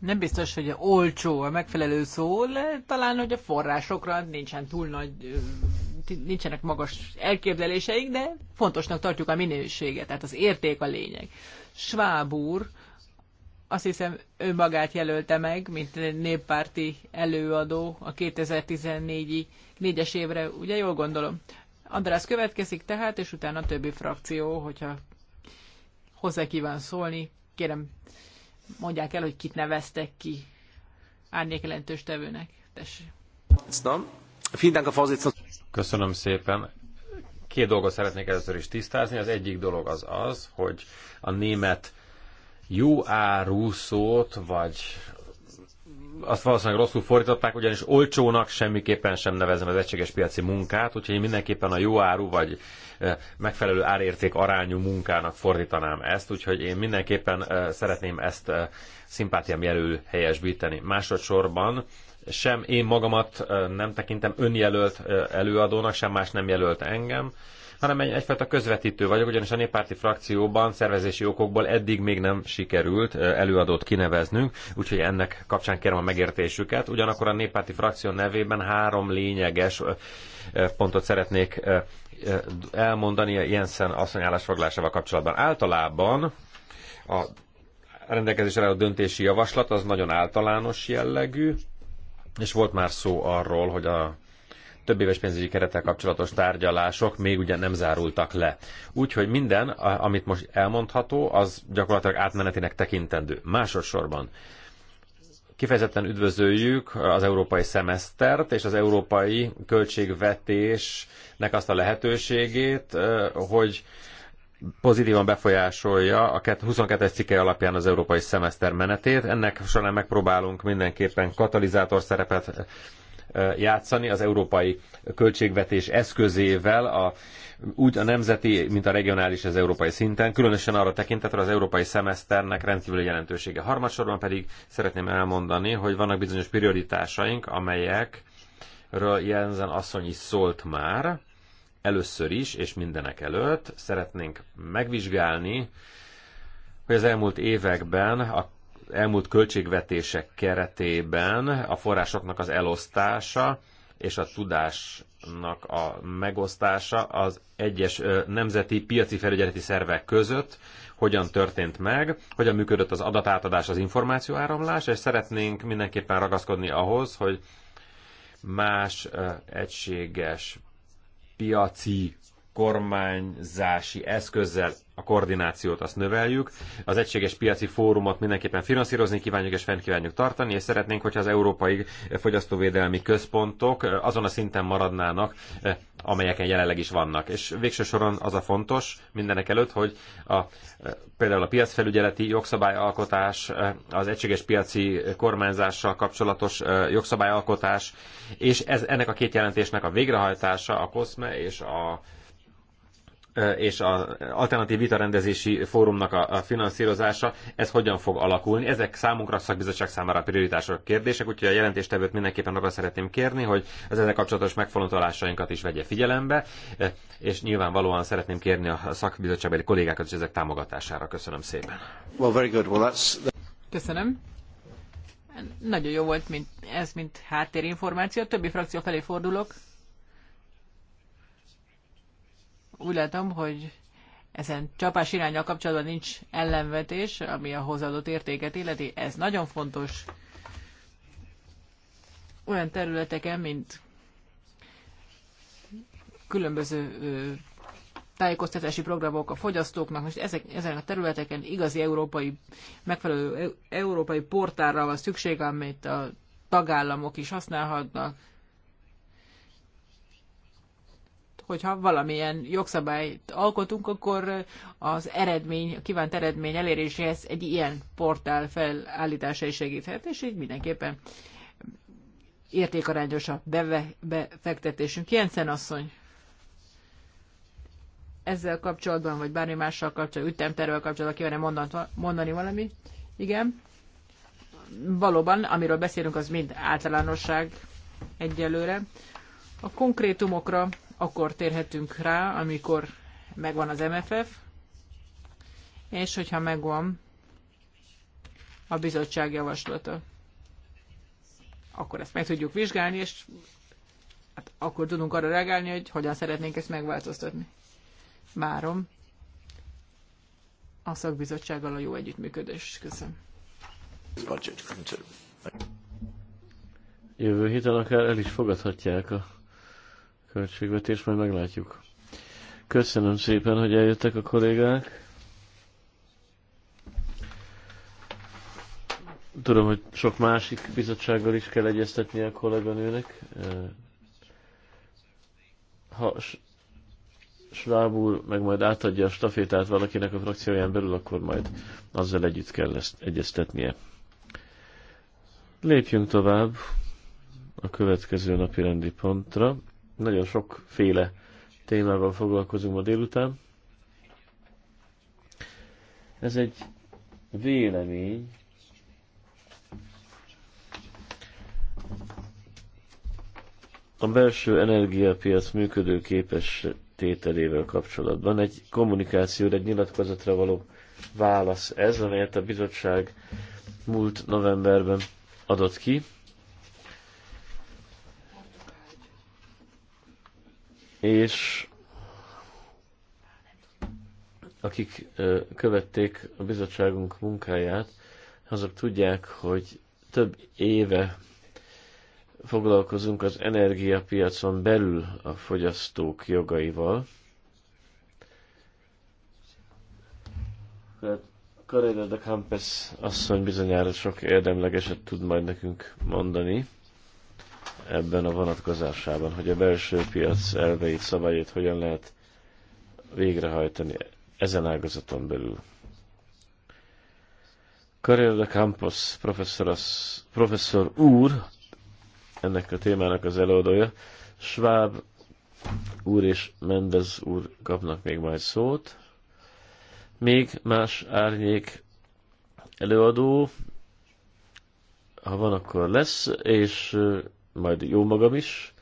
Nem biztos, hogy a olcsó a megfelelő szó, de talán, hogy a forrásokra nincsen túl nagy, nincsenek magas elképzeléseik, de fontosnak tartjuk a minőséget, tehát az érték a lényeg. Schwab úr azt hiszem ő magát jelölte meg, mint néppárti előadó a 2014-i négyes évre, ugye jól gondolom? András következik tehát, és utána a többi frakció, hogyha hozzá kíván szólni, kérem mondják el, hogy kit neveztek ki árnyék jelentős tevőnek. Tessék. Köszönöm szépen. Két dolgot szeretnék először is tisztázni. Az egyik dolog az az, hogy a német jó áru szót, vagy azt valószínűleg rosszul fordították, ugyanis olcsónak semmiképpen sem nevezem az egységes piaci munkát, úgyhogy én mindenképpen a jó áru vagy eh, megfelelő árérték arányú munkának fordítanám ezt, úgyhogy én mindenképpen eh, szeretném ezt eh, szimpátiám jelöl helyesbíteni. Másodszorban sem én magamat nem tekintem önjelölt előadónak, sem más nem jelölt engem, hanem egy, egyfajta közvetítő vagyok, ugyanis a néppárti frakcióban szervezési okokból eddig még nem sikerült előadót kineveznünk, úgyhogy ennek kapcsán kérem a megértésüket. Ugyanakkor a néppárti frakció nevében három lényeges pontot szeretnék elmondani a Jensen asszony állásfoglalásával kapcsolatban. Általában a rendelkezésre álló döntési javaslat az nagyon általános jellegű, és volt már szó arról, hogy a több éves pénzügyi kerettel kapcsolatos tárgyalások még ugye nem zárultak le. Úgyhogy minden, amit most elmondható, az gyakorlatilag átmenetének tekintendő. Másodszorban kifejezetten üdvözöljük az európai szemesztert és az európai költségvetésnek azt a lehetőségét, hogy pozitívan befolyásolja a 22-es cikke alapján az európai szemeszter menetét. Ennek során megpróbálunk mindenképpen katalizátor szerepet játszani az európai költségvetés eszközével a, úgy a nemzeti, mint a regionális az európai szinten, különösen arra tekintetre az európai szemeszternek rendkívüli jelentősége. Harmadsorban pedig szeretném elmondani, hogy vannak bizonyos prioritásaink, amelyekről Jensen asszony is szólt már, először is, és mindenek előtt szeretnénk megvizsgálni, hogy az elmúlt években a elmúlt költségvetések keretében a forrásoknak az elosztása és a tudásnak a megosztása az egyes nemzeti piaci felügyeleti szervek között hogyan történt meg, hogyan működött az adatátadás, az információáramlás, és szeretnénk mindenképpen ragaszkodni ahhoz, hogy más egységes piaci kormányzási eszközzel a koordinációt azt növeljük. Az egységes piaci fórumot mindenképpen finanszírozni kívánjuk és fent kívánjuk tartani, és szeretnénk, hogyha az európai fogyasztóvédelmi központok eh, azon a szinten maradnának, eh, amelyeken jelenleg is vannak. És végső soron az a fontos mindenek előtt, hogy a, eh, például a piacfelügyeleti jogszabályalkotás, az egységes piaci kormányzással kapcsolatos jogszabályalkotás, és ez, ennek a két jelentésnek a végrehajtása, a COSME és a és az alternatív vitarendezési fórumnak a finanszírozása, ez hogyan fog alakulni. Ezek számunkra a szakbizottság számára prioritások kérdések, úgyhogy a jelentéstevőt mindenképpen arra szeretném kérni, hogy az ezzel kapcsolatos megfontolásainkat is vegye figyelembe, és nyilvánvalóan szeretném kérni a szakbizottságbeli kollégákat is ezek támogatására. Köszönöm szépen. Well, very good. Well, that's... Köszönöm. Nagyon jó volt mint, ez, mint háttérinformáció. Többi frakció felé fordulok. Úgy látom, hogy ezen csapás irányjal kapcsolatban nincs ellenvetés, ami a hozzáadott értéket illeti. Ez nagyon fontos olyan területeken, mint különböző tájékoztatási programok a fogyasztóknak, most ezek, ezen a területeken igazi európai, megfelelő európai portálra van szükség, amit a tagállamok is használhatnak. hogyha valamilyen jogszabályt alkotunk, akkor az eredmény, a kívánt eredmény eléréséhez egy ilyen portál felállítása is segíthet, és így mindenképpen értékarányos a befektetésünk. Jensen asszony, ezzel kapcsolatban, vagy bármi mással kapcsolatban, ütemtervel kapcsolatban kívánne mondani, mondani valamit? Igen. Valóban, amiről beszélünk, az mind általánosság egyelőre. A konkrétumokra akkor térhetünk rá, amikor megvan az MFF, és hogyha megvan a bizottság javaslata, akkor ezt meg tudjuk vizsgálni, és hát akkor tudunk arra reagálni, hogy hogyan szeretnénk ezt megváltoztatni. Várom a szakbizottsággal a jó együttműködés. Köszönöm. Jövő héten akár el is fogadhatják a költségvetés, majd meglátjuk. Köszönöm szépen, hogy eljöttek a kollégák. Tudom, hogy sok másik bizottsággal is kell egyeztetni a kolléganőnek. Eh, ha úr meg majd átadja a stafétát valakinek a frakcióján belül, akkor majd azzal együtt kell ezt egyeztetnie. Lépjünk tovább a következő napi rendi pontra. Nagyon sokféle témával foglalkozunk ma délután. Ez egy vélemény, a belső energiapiac működő képes tételével kapcsolatban. Egy kommunikációra, egy nyilatkozatra való válasz ez, amelyet a bizottság múlt novemberben adott ki. és akik követték a bizottságunk munkáját, azok tudják, hogy több éve foglalkozunk az energiapiacon belül a fogyasztók jogaival. Hát, Carrera de Campes asszony bizonyára sok érdemlegeset tud majd nekünk mondani ebben a vonatkozásában, hogy a belső piac elveit, szabályait hogyan lehet végrehajtani ezen ágazaton belül. Karel de Campos professzor, professzor úr, ennek a témának az előadója, Schwab úr és Mendez úr kapnak még majd szót. Még más árnyék előadó, ha van, akkor lesz, és majd jó magam is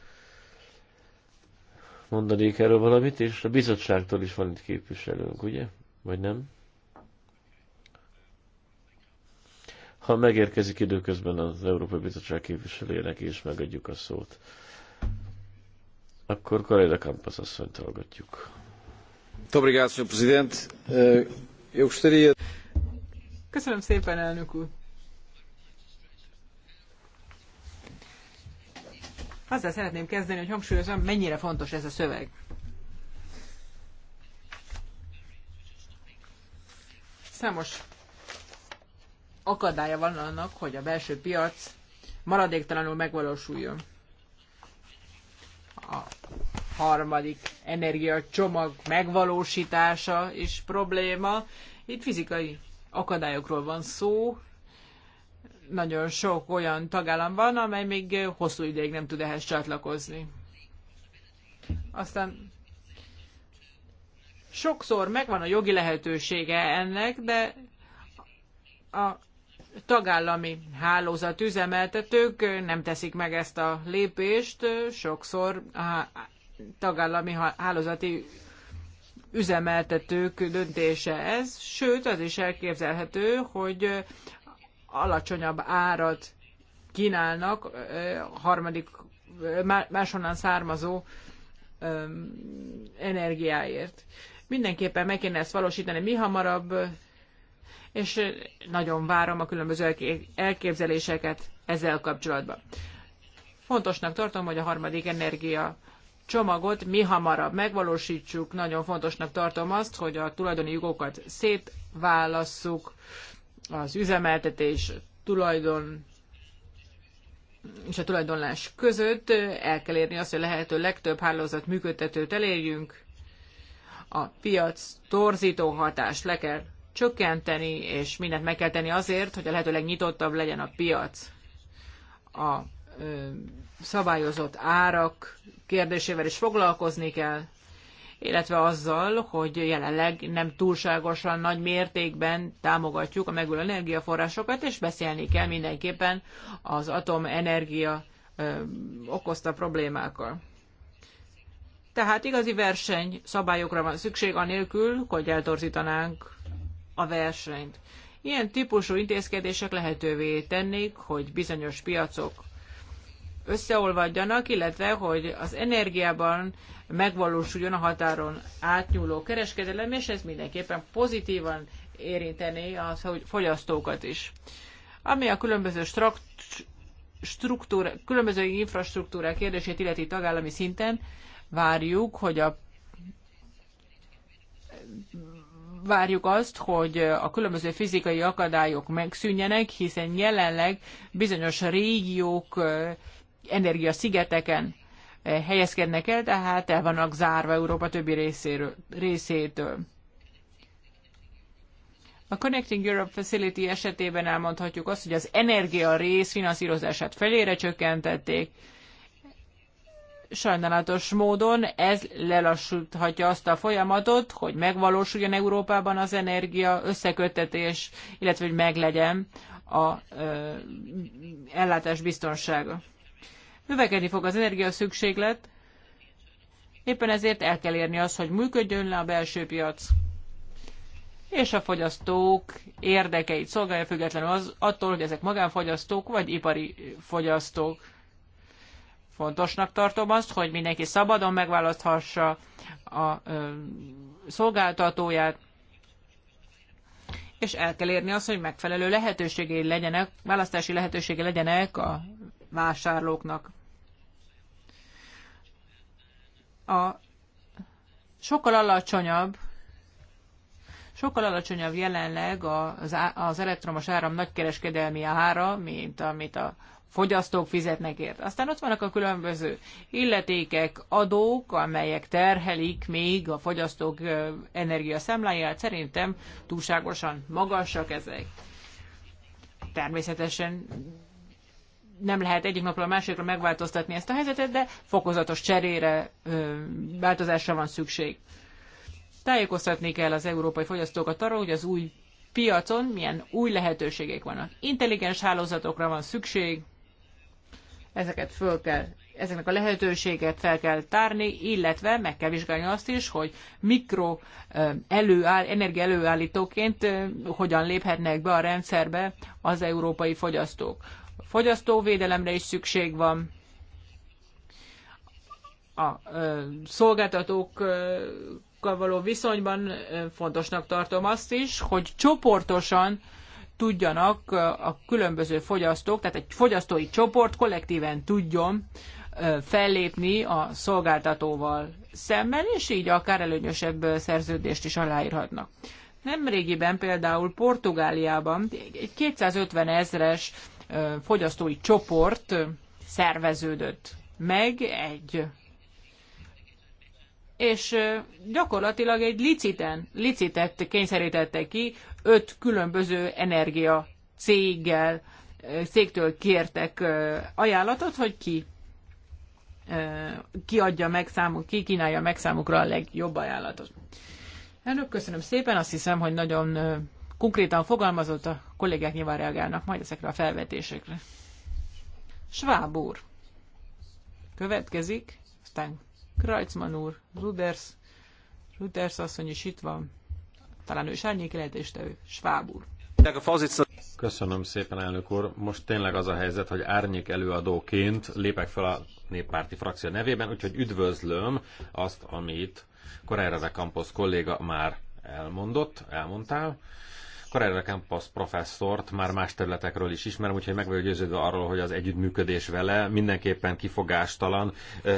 mondanék erről valamit, és a bizottságtól is van itt képviselőnk, ugye? Vagy nem? Ha megérkezik időközben az Európai Bizottság képviselőjének és megadjuk a szót, akkor Karajda Kampasz asszonyt hallgatjuk. Eh, Köszönöm szépen, elnök úr! Azzal szeretném kezdeni, hogy hangsúlyozom, mennyire fontos ez a szöveg. Számos akadálya van annak, hogy a belső piac maradéktalanul megvalósuljon. A harmadik energiacsomag megvalósítása is probléma. Itt fizikai akadályokról van szó, nagyon sok olyan tagállam van, amely még hosszú ideig nem tud ehhez csatlakozni. Aztán sokszor megvan a jogi lehetősége ennek, de a tagállami hálózat üzemeltetők nem teszik meg ezt a lépést, sokszor a tagállami hálózati üzemeltetők döntése ez, sőt az is elképzelhető, hogy alacsonyabb árat kínálnak harmadik, máshonnan származó energiáért. Mindenképpen meg kéne ezt valósítani mi hamarabb, és nagyon várom a különböző elképzeléseket ezzel kapcsolatban. Fontosnak tartom, hogy a harmadik energia csomagot mi hamarabb megvalósítsuk. Nagyon fontosnak tartom azt, hogy a tulajdoni jogokat szétválasszuk, az üzemeltetés, tulajdon és a tulajdonlás között el kell érni azt, hogy lehető legtöbb hálózat működtetőt elérjünk, a piac torzító hatást le kell csökkenteni, és mindent meg kell tenni azért, hogy a lehető legnyitottabb legyen a piac. A ö, szabályozott árak kérdésével is foglalkozni kell, illetve azzal, hogy jelenleg nem túlságosan nagy mértékben támogatjuk a megújuló energiaforrásokat, és beszélni kell mindenképpen az atomenergia ö, okozta problémákkal. Tehát igazi verseny szabályokra van szükség, anélkül, hogy eltorzítanánk a versenyt. Ilyen típusú intézkedések lehetővé tennék, hogy bizonyos piacok összeolvadjanak, illetve hogy az energiában megvalósuljon a határon átnyúló kereskedelem, és ez mindenképpen pozitívan érinteni a fogyasztókat is. Ami a különböző struktúra, különböző infrastruktúrák kérdését illeti tagállami szinten, várjuk, hogy a várjuk azt, hogy a különböző fizikai akadályok megszűnjenek, hiszen jelenleg bizonyos régiók energiaszigeteken eh, helyezkednek el, tehát el vannak zárva Európa többi részéről, részétől. A Connecting Europe Facility esetében elmondhatjuk azt, hogy az energia rész finanszírozását felére csökkentették. Sajnálatos módon ez lelassulhatja azt a folyamatot, hogy megvalósuljon Európában az energia összeköttetés, illetve hogy meglegyen a ö, ellátás biztonsága növekedni fog az energia szükséglet, éppen ezért el kell érni azt, hogy működjön le a belső piac, és a fogyasztók érdekeit szolgálja függetlenül az, attól, hogy ezek magánfogyasztók vagy ipari fogyasztók. Fontosnak tartom azt, hogy mindenki szabadon megválaszthassa a ö, szolgáltatóját, és el kell érni azt, hogy megfelelő lehetőségei legyenek, választási lehetőségei legyenek a vásárlóknak. A sokkal alacsonyabb sokkal alacsonyabb jelenleg az, az elektromos áram nagykereskedelmi ára, mint amit a fogyasztók fizetnek ért. Aztán ott vannak a különböző illetékek, adók, amelyek terhelik még a fogyasztók energiaszámláját. Szerintem túlságosan magasak ezek. Természetesen nem lehet egyik napról a másikra megváltoztatni ezt a helyzetet, de fokozatos cserére, változásra van szükség. Tájékoztatni kell az európai fogyasztókat arról, hogy az új piacon milyen új lehetőségek vannak. Intelligens hálózatokra van szükség, ezeket föl kell, ezeknek a lehetőséget fel kell tárni, illetve meg kell vizsgálni azt is, hogy mikro előáll, energia előállítóként hogyan léphetnek be a rendszerbe az európai fogyasztók fogyasztóvédelemre is szükség van, a ö, szolgáltatókkal való viszonyban fontosnak tartom azt is, hogy csoportosan tudjanak a különböző fogyasztók, tehát egy fogyasztói csoport kollektíven tudjon fellépni a szolgáltatóval szemben, és így akár előnyösebb szerződést is aláírhatnak. Nemrégiben például Portugáliában egy 250 ezres fogyasztói csoport szerveződött meg egy és gyakorlatilag egy liciten, licitet kényszerítette ki, öt különböző energia céggel, cégtől kértek ajánlatot, hogy ki kiadja meg számuk, ki kínálja meg számukra a legjobb ajánlatot. Elnök, köszönöm szépen, azt hiszem, hogy nagyon konkrétan fogalmazott, a kollégák nyilván reagálnak majd ezekre a felvetésekre. Schwab úr. Következik, aztán Kreuzmann úr, Ruders, Ruders asszony is itt van. Talán ő is árnyékjelentéstevő, Schwab úr. Köszönöm szépen, elnök úr. Most tényleg az a helyzet, hogy árnyék előadóként lépek fel a néppárti frakció nevében, úgyhogy üdvözlöm azt, amit Korájra de Campos kolléga már elmondott, elmondtál. Carrera Campos professzort már más területekről is ismerem, úgyhogy meg vagyok győződve arról, hogy az együttműködés vele mindenképpen kifogástalan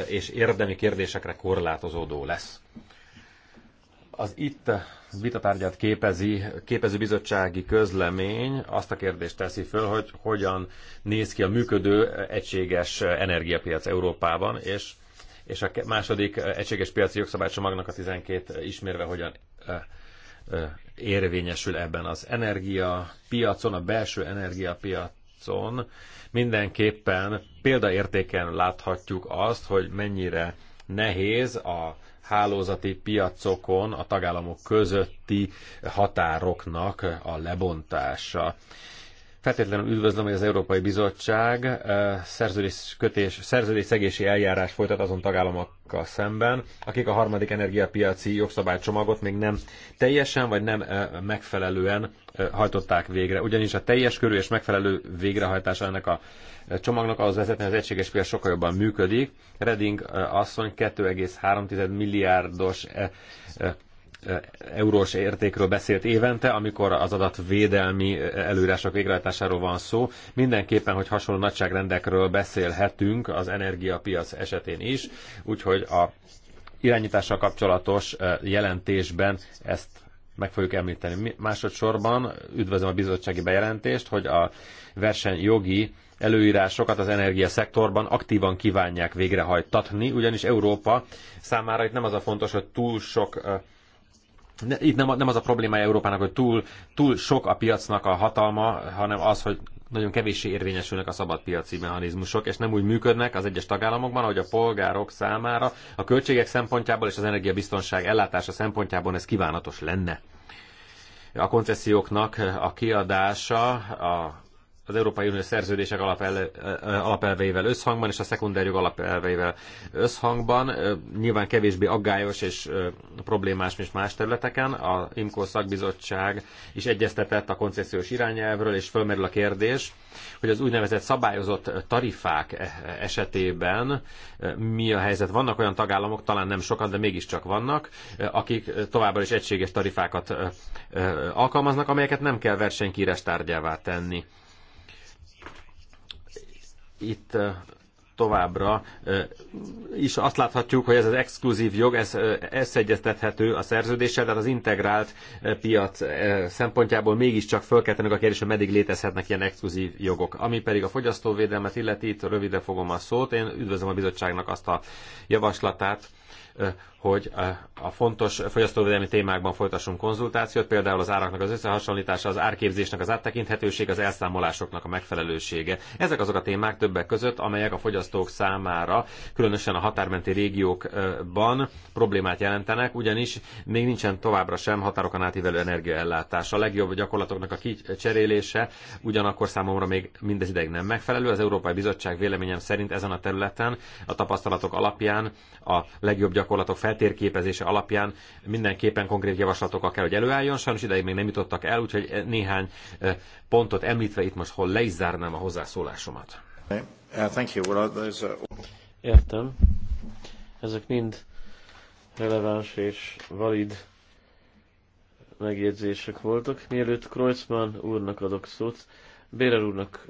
és érdemi kérdésekre korlátozódó lesz. Az itt vitatárgyat képezi, képező bizottsági közlemény azt a kérdést teszi föl, hogy hogyan néz ki a működő egységes energiapiac Európában, és, és a második egységes piaci jogszabálycsomagnak a 12 ismérve hogyan érvényesül ebben az energia piacon, a belső energiapiacon mindenképpen példaértéken láthatjuk azt, hogy mennyire nehéz a hálózati piacokon a tagállamok közötti határoknak a lebontása feltétlenül üdvözlöm, hogy az Európai Bizottság eh, szerződés, szerződésszegési eljárás folytat azon tagállamokkal szemben, akik a harmadik energiapiaci jogszabálycsomagot még nem teljesen vagy nem eh, megfelelően eh, hajtották végre. Ugyanis a teljes körű és megfelelő végrehajtása ennek a csomagnak az vezetne, hogy az egységes piac sokkal jobban működik. Reding asszony 2,3 milliárdos eurós értékről beszélt évente, amikor az adatvédelmi előírások végrehajtásáról van szó. Mindenképpen, hogy hasonló nagyságrendekről beszélhetünk az energiapiac esetén is, úgyhogy a irányítással kapcsolatos jelentésben ezt meg fogjuk említeni. Másodszorban üdvözlöm a bizottsági bejelentést, hogy a versenyjogi előírásokat az energiaszektorban aktívan kívánják végrehajtatni, ugyanis Európa számára itt nem az a fontos, hogy túl sok itt nem, nem az a problémája Európának, hogy túl, túl sok a piacnak a hatalma, hanem az, hogy nagyon kevéssé érvényesülnek a szabadpiaci mechanizmusok, és nem úgy működnek az egyes tagállamokban, hogy a polgárok számára a költségek szempontjából és az energiabiztonság ellátása szempontjából ez kívánatos lenne. A koncesszióknak a kiadása a az Európai Unió szerződések alapelveivel összhangban, és a szekundárjog alapelveivel összhangban. Nyilván kevésbé aggályos és problémás, mint más területeken. A IMCO szakbizottság is egyeztetett a koncesziós irányelvről, és fölmerül a kérdés, hogy az úgynevezett szabályozott tarifák e, esetében mi a helyzet. Vannak olyan tagállamok, talán nem sokan, de mégiscsak vannak, akik továbbra is egységes tarifákat alkalmaznak, amelyeket nem kell versenykírás tárgyává tenni itt továbbra is azt láthatjuk, hogy ez az exkluzív jog, ez összeegyeztethető a szerződéssel, tehát az integrált piac szempontjából mégiscsak föl kell tennünk a kérdés, hogy meddig létezhetnek ilyen exkluzív jogok. Ami pedig a fogyasztóvédelmet illeti, itt röviden fogom a szót, én üdvözlöm a bizottságnak azt a javaslatát, hogy eh, a fontos fogyasztóvédelmi témákban folytassunk konzultációt, például az áraknak az összehasonlítása, az árképzésnek az áttekinthetőség, az elszámolásoknak a megfelelősége. Ezek azok a témák többek között, amelyek a fogyasztók számára, különösen a határmenti régiókban problémát jelentenek, ugyanis még nincsen továbbra sem határokon átívelő energiaellátás. A legjobb gyakorlatoknak a kicserélése ugyanakkor számomra még mindez ideig nem megfelelő. Az Európai Bizottság véleményem szerint ezen a területen a tapasztalatok alapján a legjobb gyakorlatok gyakorlatok feltérképezése alapján mindenképpen konkrét javaslatokkal kell, hogy előálljon. Sajnos ideig még nem jutottak el, úgyhogy néhány eh, pontot említve itt most hol le is zárnám a hozzászólásomat. Uh, uh, Értem. Ezek mind releváns és valid megjegyzések voltak. Mielőtt Kreuzmann úrnak adok szót, Bérel úrnak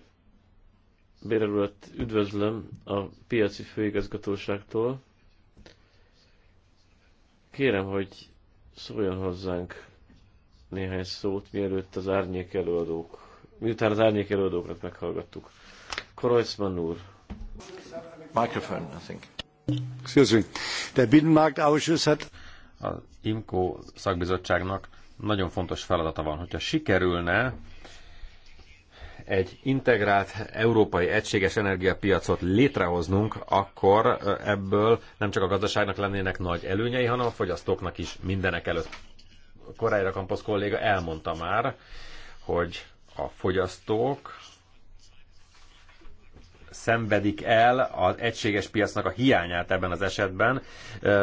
Bérel üdvözlöm a piaci főigazgatóságtól. Kérem, hogy szóljon hozzánk néhány szót, mielőtt az árnyék előadók, miután az árnyék előadókat meghallgattuk. Korojcman úr. Microphone, I think. Excuse me. a Binnenmarktausschuss hat... Az IMCO szakbizottságnak nagyon fontos feladata van, hogyha sikerülne egy integrált európai egységes energiapiacot létrehoznunk, akkor ebből nem csak a gazdaságnak lennének nagy előnyei, hanem a fogyasztóknak is mindenek előtt. Korályra Kampos kolléga elmondta már, hogy a fogyasztók szenvedik el az egységes piacnak a hiányát ebben az esetben,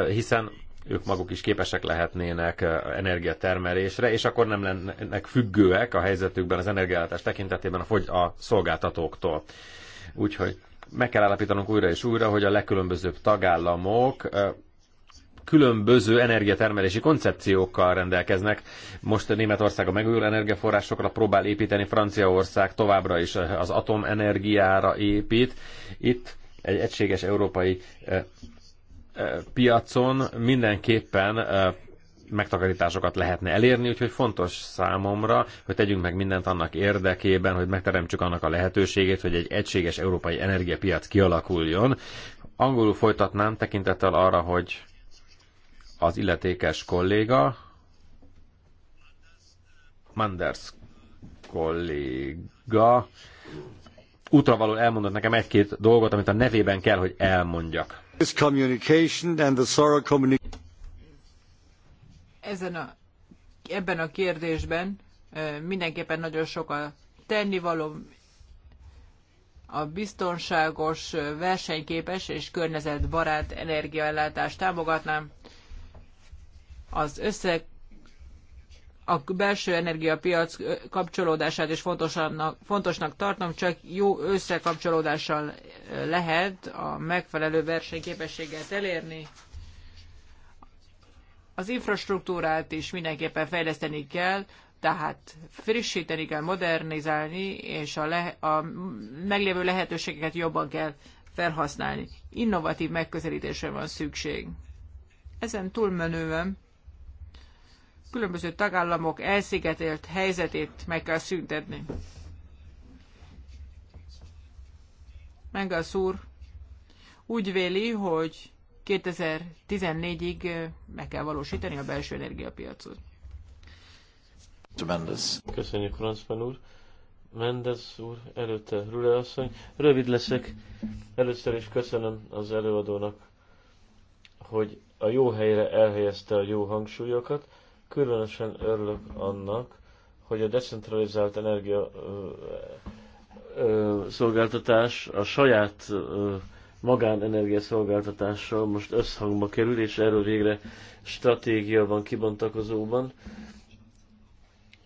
hiszen ők maguk is képesek lehetnének eh, energiatermelésre, és akkor nem lennek függőek a helyzetükben az energiállátás tekintetében a, fogy- a szolgáltatóktól. Úgyhogy meg kell állapítanunk újra és újra, hogy a legkülönbözőbb tagállamok eh, különböző energiatermelési koncepciókkal rendelkeznek. Most Németország a megújuló energiaforrásokra próbál építeni, Franciaország továbbra is eh, az atomenergiára épít. Itt egy egységes európai piacon mindenképpen megtakarításokat lehetne elérni, úgyhogy fontos számomra, hogy tegyünk meg mindent annak érdekében, hogy megteremtsük annak a lehetőségét, hogy egy egységes európai energiapiac kialakuljon. Angolul folytatnám tekintettel arra, hogy az illetékes kolléga, Manders kolléga való elmondott nekem egy-két dolgot, amit a nevében kell, hogy elmondjak ebben a kérdésben mindenképpen nagyon sok a tennivaló, a biztonságos, versenyképes és környezetbarát energiaellátást támogatnám. Az össze a belső energiapiac kapcsolódását is fontosnak, fontosnak tartom, csak jó összekapcsolódással lehet a megfelelő versenyképességet elérni. Az infrastruktúrát is mindenképpen fejleszteni kell, tehát frissíteni kell, modernizálni, és a, le, a meglévő lehetőségeket jobban kell felhasználni. Innovatív megközelítésre van szükség. Ezen túlmenően különböző tagállamok elszigetelt helyzetét meg kell szüntetni. Mengasz úr úgy véli, hogy 2014-ig eh, meg kell valósítani a belső energiapiacot. Tremendous. Köszönjük, Franzman úr. Mendez úr, előtte Rüle asszony. Rövid leszek. Először is köszönöm az előadónak, hogy a jó helyre elhelyezte a jó hangsúlyokat. Különösen örülök annak, hogy a decentralizált energia ö, ö, szolgáltatás a saját ö, magánenergia szolgáltatással most összhangba kerül, és erről végre stratégia van kibontakozóban,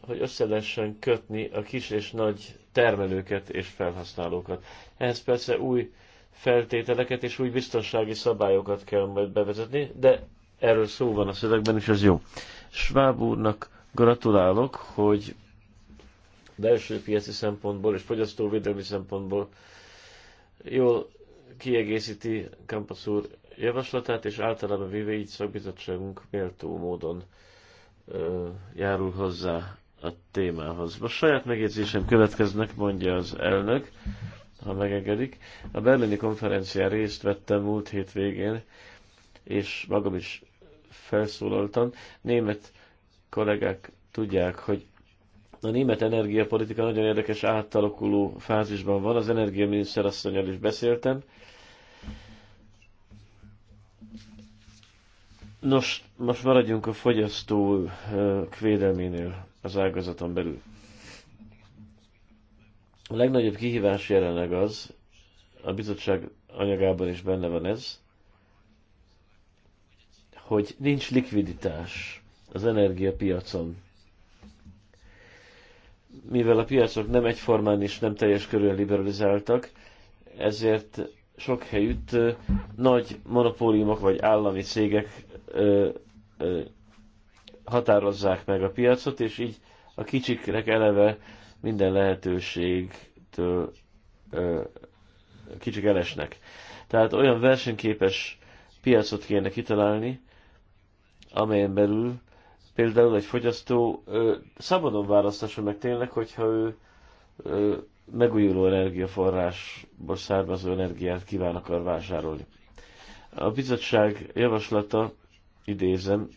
hogy össze lehessen kötni a kis és nagy termelőket és felhasználókat. Ehhez persze új feltételeket és új biztonsági szabályokat kell majd bevezetni, de erről szó van a szövegben, és ez jó. Schwab úrnak gratulálok, hogy belső piaci szempontból és fogyasztóvédelmi szempontból jól kiegészíti Kampasz úr javaslatát, és általában véve így szakbizottságunk méltó módon ö, járul hozzá a témához. Most saját megjegyzésem következnek, mondja az elnök, ha megengedik. A berlini konferencián részt vettem múlt hétvégén, és magam is felszólaltam. Német kollégák tudják, hogy a német energiapolitika nagyon érdekes átalakuló fázisban van. Az energiaminiszter asszonyal is beszéltem. Nos, most maradjunk a fogyasztó védelménél az ágazaton belül. A legnagyobb kihívás jelenleg az, a bizottság anyagában is benne van ez, hogy nincs likviditás az energiapiacon. Mivel a piacok nem egyformán és nem teljes körül liberalizáltak, ezért sok helyütt nagy monopóliumok vagy állami cégek határozzák meg a piacot, és így a kicsiknek eleve minden lehetőségtől kicsik elesnek. Tehát olyan versenyképes piacot kéne kitalálni, amelyen belül például egy fogyasztó ö, szabadon választhasson meg tényleg, hogyha ő ö, megújuló energiaforrásból származó energiát kíván akar vásárolni. A bizottság javaslata, idézem,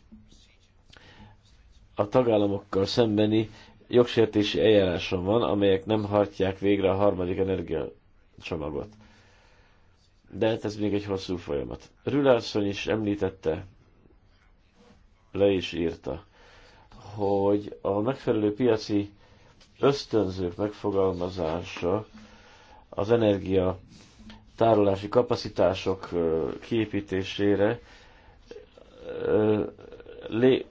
a tagállamokkal szembeni jogsértési eljáráson van, amelyek nem hartják végre a harmadik energiacsomagot. De hát ez még egy hosszú folyamat. Rülászony is említette le is írta, hogy a megfelelő piaci ösztönzők megfogalmazása az energia tárolási kapacitások kiépítésére lé,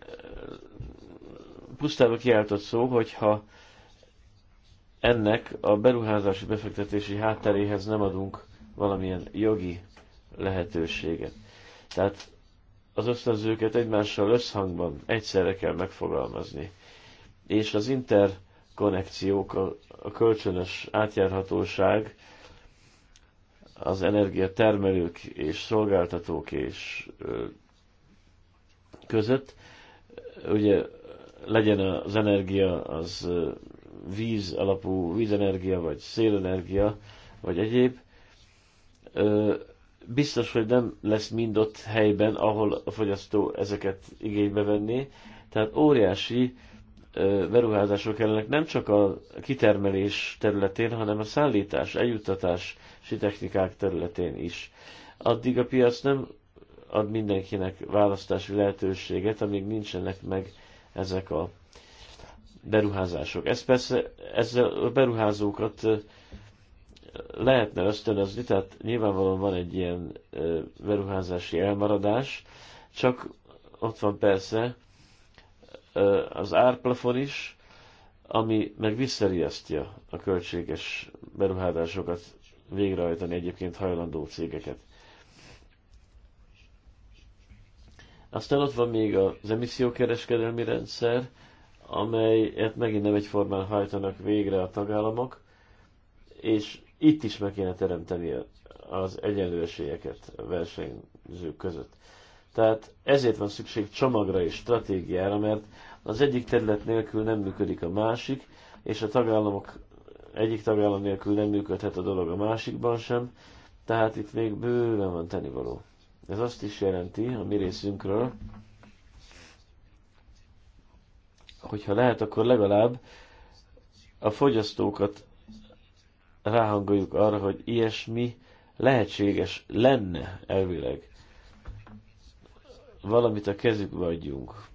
pusztába kiáltott szó, hogyha ennek a beruházási befektetési hátteréhez nem adunk valamilyen jogi lehetőséget. Tehát az ösztönzőket egymással összhangban egyszerre kell megfogalmazni. És az interkonnekciók, a, a kölcsönös átjárhatóság az energiatermelők és szolgáltatók és ö, között, ugye legyen az energia az víz alapú vízenergia, vagy szélenergia, vagy egyéb, ö, biztos, hogy nem lesz mind ott helyben, ahol a fogyasztó ezeket igénybe venné. Tehát óriási beruházások kellenek nem csak a kitermelés területén, hanem a szállítás, eljuttatási technikák területén is. Addig a piac nem ad mindenkinek választási lehetőséget, amíg nincsenek meg ezek a beruházások. Ez persze, ezzel a beruházókat lehetne ösztönözni, tehát nyilvánvalóan van egy ilyen beruházási elmaradás, csak ott van persze az árplafon is, ami meg visszariasztja a költséges beruházásokat végrehajtani egyébként hajlandó cégeket. Aztán ott van még az emissziókereskedelmi rendszer, amelyet megint nem egyformán hajtanak végre a tagállamok, és itt is meg kéne teremteni az egyenlő esélyeket a versenyzők között. Tehát ezért van szükség csomagra és stratégiára, mert az egyik terület nélkül nem működik a másik, és a tagállamok egyik tagállam nélkül nem működhet a dolog a másikban sem, tehát itt még bőven van tennivaló. Ez azt is jelenti a mi részünkről, hogyha lehet, akkor legalább a fogyasztókat ráhangoljuk arra, hogy ilyesmi lehetséges lenne elvileg. Valamit a kezükbe adjunk.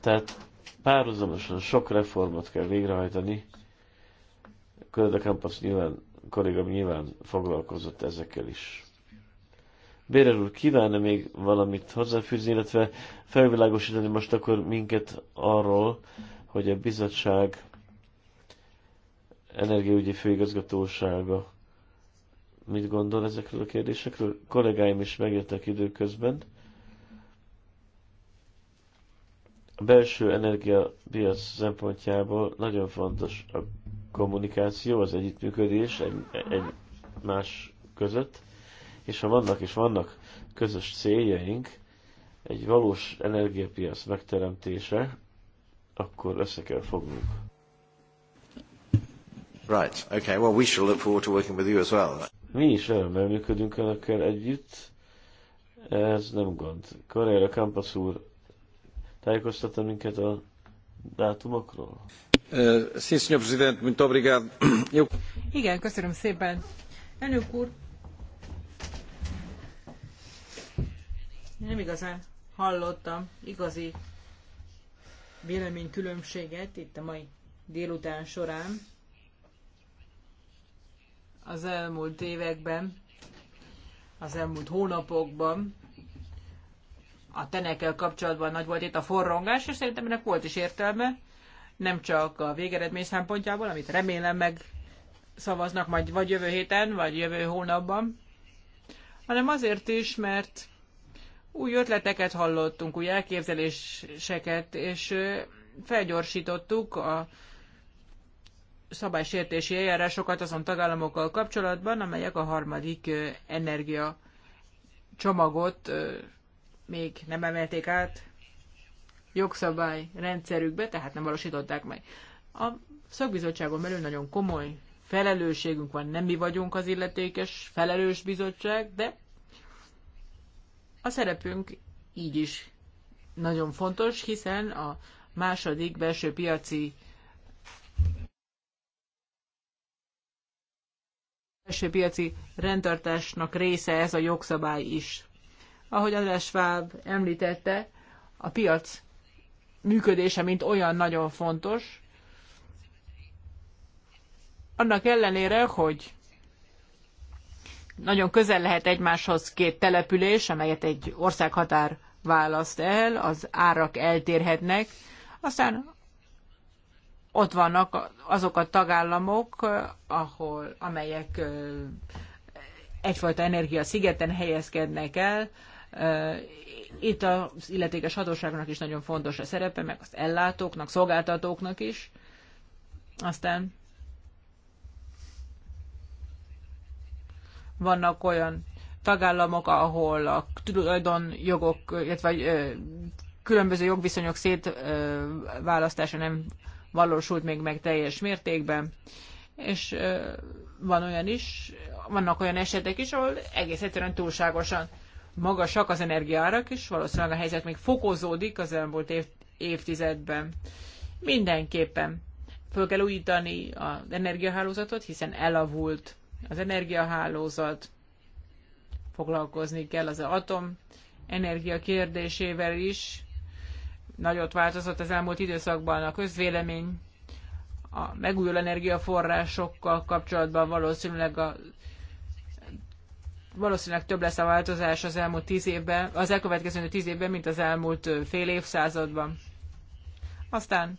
Tehát párhuzamosan sok reformot kell végrehajtani. Körde Kampasz nyilván, kollégám nyilván foglalkozott ezekkel is. Bérer úr, kívánna még valamit hozzáfűzni, illetve felvilágosítani most akkor minket arról, hogy a bizottság energiaügyi főigazgatósága mit gondol ezekről a kérdésekről. Kollégáim is megjöttek időközben. A belső energiapiac szempontjából nagyon fontos a kommunikáció, az együttműködés egy, egy más között, és ha vannak és vannak közös céljaink, egy valós energiapiac megteremtése, akkor össze kell fognunk. Right, okay, well we shall look forward to working with you as well. Mi is örömmel működünk önökkel együtt, ez nem gond. Koreira Kampasz úr tájékoztatta minket a dátumokról? Sim, eh, Sr. Presidente, muito obrigado. Igen, köszönöm szépen. Elnök úr, nem igazán hallottam igazi véleménykülönbséget itt a mai délután során az elmúlt években, az elmúlt hónapokban a tenekkel kapcsolatban nagy volt itt a forrongás, és szerintem ennek volt is értelme, nem csak a végeredmény szempontjából, amit remélem meg szavaznak majd vagy jövő héten, vagy jövő hónapban, hanem azért is, mert új ötleteket hallottunk, új elképzeléseket, és felgyorsítottuk a szabálysértési eljárásokat azon tagállamokkal kapcsolatban, amelyek a harmadik energia csomagot még nem emelték át jogszabály rendszerükbe, tehát nem valósították meg. A szakbizottságon belül nagyon komoly felelősségünk van, nem mi vagyunk az illetékes felelős bizottság, de a szerepünk így is nagyon fontos, hiszen a második belső piaci belső piaci rendtartásnak része ez a jogszabály is. Ahogy András Schwab említette, a piac működése, mint olyan nagyon fontos. Annak ellenére, hogy nagyon közel lehet egymáshoz két település, amelyet egy országhatár választ el, az árak eltérhetnek, aztán ott vannak azok a tagállamok, ahol, amelyek egyfajta energia szigeten helyezkednek el. Itt az illetékes hatóságnak is nagyon fontos a szerepe, meg az ellátóknak, szolgáltatóknak is. Aztán vannak olyan tagállamok, ahol a tulajdonjogok, illetve különböző jogviszonyok szétválasztása nem valósult még meg teljes mértékben, és van olyan is, vannak olyan esetek is, ahol egész egyszerűen túlságosan magasak az energiárak, és valószínűleg a helyzet még fokozódik az elmúlt év, évtizedben. Mindenképpen föl kell újítani az energiahálózatot, hiszen elavult az energiahálózat, foglalkozni kell az atom energia kérdésével is, Nagyot változott az elmúlt időszakban a közvélemény, a megújuló energiaforrásokkal kapcsolatban valószínűleg a valószínűleg több lesz a változás az elmúlt tíz évben, az elkövetkező tíz évben, mint az elmúlt fél évszázadban. Aztán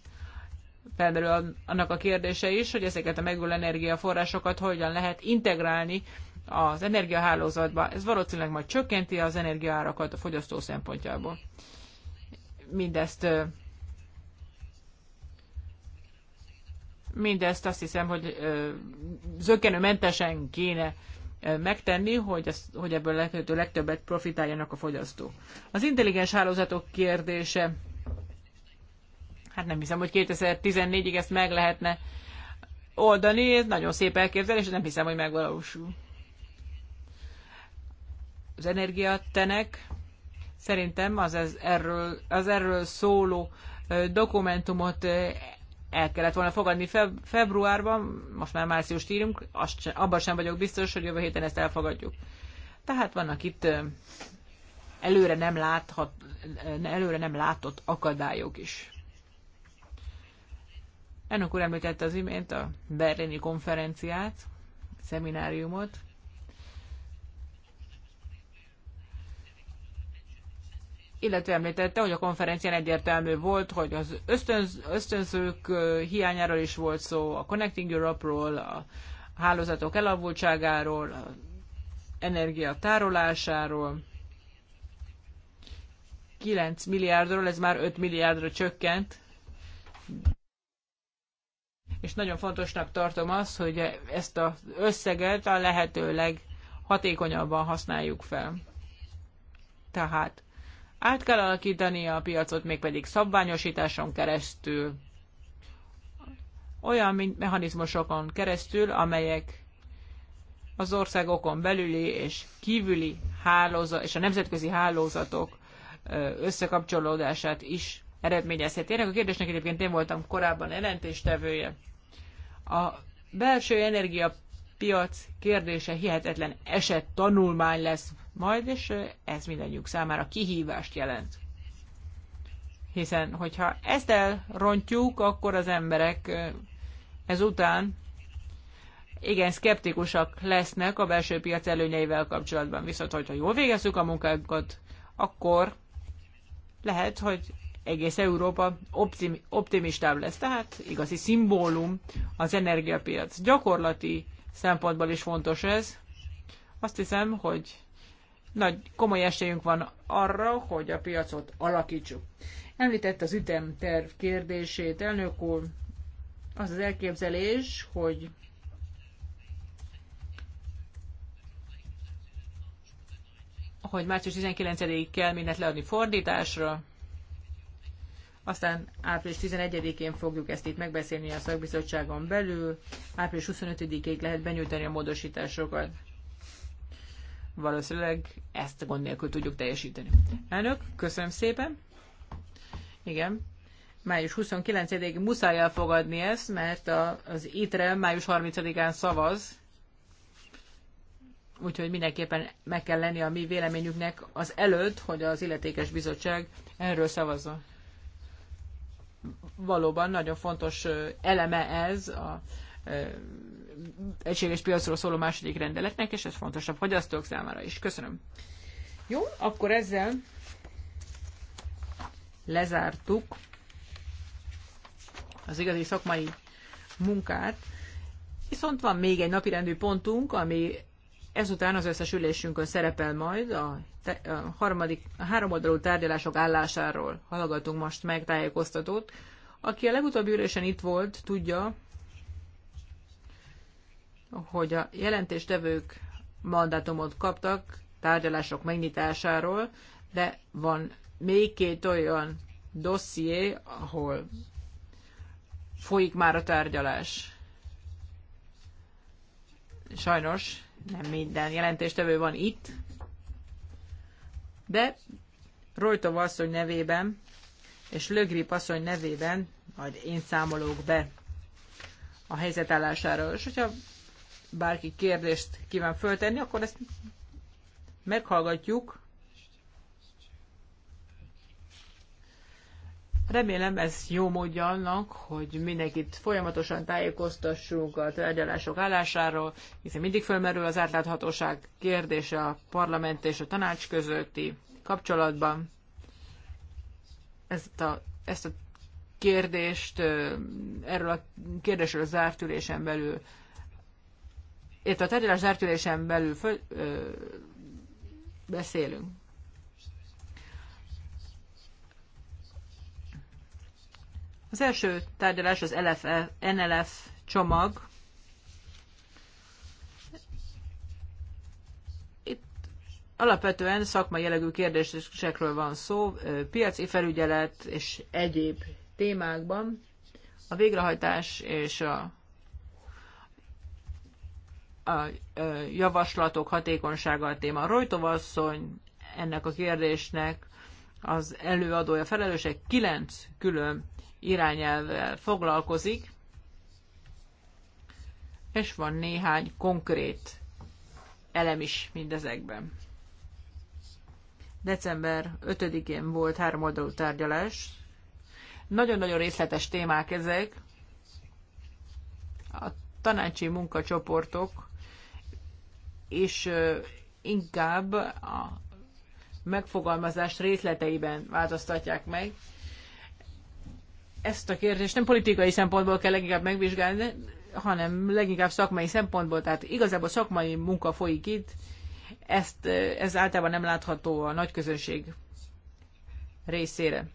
felmerül annak a kérdése is, hogy ezeket a megújuló energiaforrásokat hogyan lehet integrálni az energiahálózatba. Ez valószínűleg majd csökkenti az energiaárakat a fogyasztó szempontjából mindezt mindezt azt hiszem, hogy zöggenőmentesen kéne megtenni, hogy, ez, hogy ebből lehető legtöbbet profitáljanak a fogyasztók. Az intelligens hálózatok kérdése, hát nem hiszem, hogy 2014-ig ezt meg lehetne oldani, ez nagyon szép elképzelés, nem hiszem, hogy megvalósul. Az energiatenek, Szerintem az, ez erről, az erről szóló dokumentumot el kellett volna fogadni feb- februárban, most már március írunk, azt abban sem vagyok biztos, hogy jövő héten ezt elfogadjuk. Tehát vannak itt előre nem, láthat, előre nem látott akadályok is. Ennek úr említette az imént a berlini konferenciát, szemináriumot. illetve említette, hogy a konferencián egyértelmű volt, hogy az ösztönz, ösztönzők hiányáról is volt szó, a Connecting Europe-ról, a hálózatok elavultságáról, a energia tárolásáról, 9 milliárdról, ez már 5 milliárdra csökkent, és nagyon fontosnak tartom azt, hogy ezt az összeget a lehetőleg hatékonyabban használjuk fel. Tehát át kell alakítani a piacot, mégpedig szabványosításon keresztül, olyan mechanizmusokon keresztül, amelyek az országokon belüli és kívüli hálózat és a nemzetközi hálózatok összekapcsolódását is eredményezheti. Ennek a kérdésnek egyébként én voltam korábban jelentéstevője. A belső energiapiac kérdése hihetetlen eset tanulmány lesz majd, és ez mindannyiunk számára kihívást jelent. Hiszen, hogyha ezt elrontjuk, akkor az emberek ezután igen szkeptikusak lesznek a belső piac előnyeivel kapcsolatban. Viszont, hogyha jól végezzük a munkánkat, akkor lehet, hogy egész Európa optim, optimistább lesz. Tehát igazi szimbólum az energiapiac. Gyakorlati szempontból is fontos ez. Azt hiszem, hogy nagy komoly esélyünk van arra, hogy a piacot alakítsuk. Említett az ütemterv kérdését, elnök úr, az az elképzelés, hogy hogy március 19-ig kell mindent leadni fordításra, aztán április 11-én fogjuk ezt itt megbeszélni a szakbizottságon belül, április 25-ig lehet benyújtani a módosításokat valószínűleg ezt gond nélkül tudjuk teljesíteni. Elnök, köszönöm szépen. Igen. Május 29-ig muszáj elfogadni ezt, mert a, az ITRE május 30-án szavaz, úgyhogy mindenképpen meg kell lenni a mi véleményünknek az előtt, hogy az illetékes bizottság erről szavazza. Valóban nagyon fontos eleme ez a egységes piacról szóló második rendeletnek, és ez fontosabb fogyasztók számára is. Köszönöm. Jó, akkor ezzel lezártuk az igazi szakmai munkát. Viszont van még egy napirendű pontunk, ami ezután az összes ülésünkön szerepel majd a, te, a harmadik, a háromoldalú tárgyalások állásáról hallgatunk most meg tájékoztatót. Aki a legutóbbi ülésen itt volt, tudja, hogy a jelentéstevők mandátumot kaptak tárgyalások megnyitásáról, de van még két olyan dosszié, ahol folyik már a tárgyalás. Sajnos nem minden jelentéstevő van itt, de Rojtov asszony nevében és Lögri asszony nevében majd én számolok be a helyzetállásáról. És hogyha bárki kérdést kíván föltenni, akkor ezt meghallgatjuk. Remélem ez jó módja annak, hogy mindenkit folyamatosan tájékoztassunk a tárgyalások állásáról, hiszen mindig fölmerül az átláthatóság kérdése a parlament és a tanács közötti kapcsolatban. Ezt a, ezt a kérdést, erről a kérdésről zárt ülésen belül itt a tárgyalás zártülésen belül föl, ö, beszélünk. Az első tárgyalás az LF, e, NLF csomag. Itt alapvetően szakmai jellegű kérdésekről van szó, piaci felügyelet és egyéb témákban. A végrehajtás és a a javaslatok hatékonysága a téma. Rojtov asszony ennek a kérdésnek az előadója felelőse kilenc külön irányelvvel foglalkozik, és van néhány konkrét elem is mindezekben. December 5-én volt háromoldalú tárgyalás. Nagyon-nagyon részletes témák ezek. A tanácsi munkacsoportok és inkább a megfogalmazás részleteiben változtatják meg. Ezt a kérdést nem politikai szempontból kell leginkább megvizsgálni, hanem leginkább szakmai szempontból, tehát igazából szakmai munka folyik itt, ezt, ez általában nem látható a nagy közönség részére.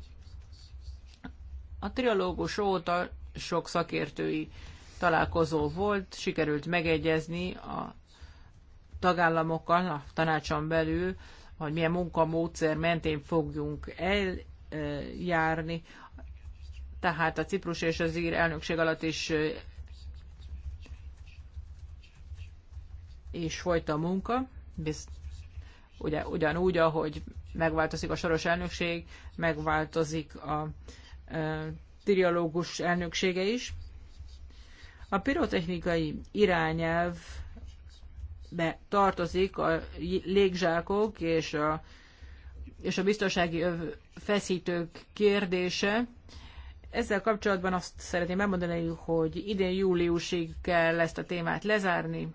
A trialógus óta sok szakértői találkozó volt, sikerült megegyezni a tagállamokkal, a tanácson belül, hogy milyen munkamódszer mentén fogjunk eljárni. Tehát a Ciprus és az ír elnökség alatt is és folyt a munka, bizt, ugye, ugyanúgy, ahogy megváltozik a soros elnökség, megváltozik a e, triológus elnöksége is. A pirotechnikai irányelv be tartozik a légzsákok és a, és a biztonsági feszítők kérdése. Ezzel kapcsolatban azt szeretném megmondani, hogy idén júliusig kell ezt a témát lezárni.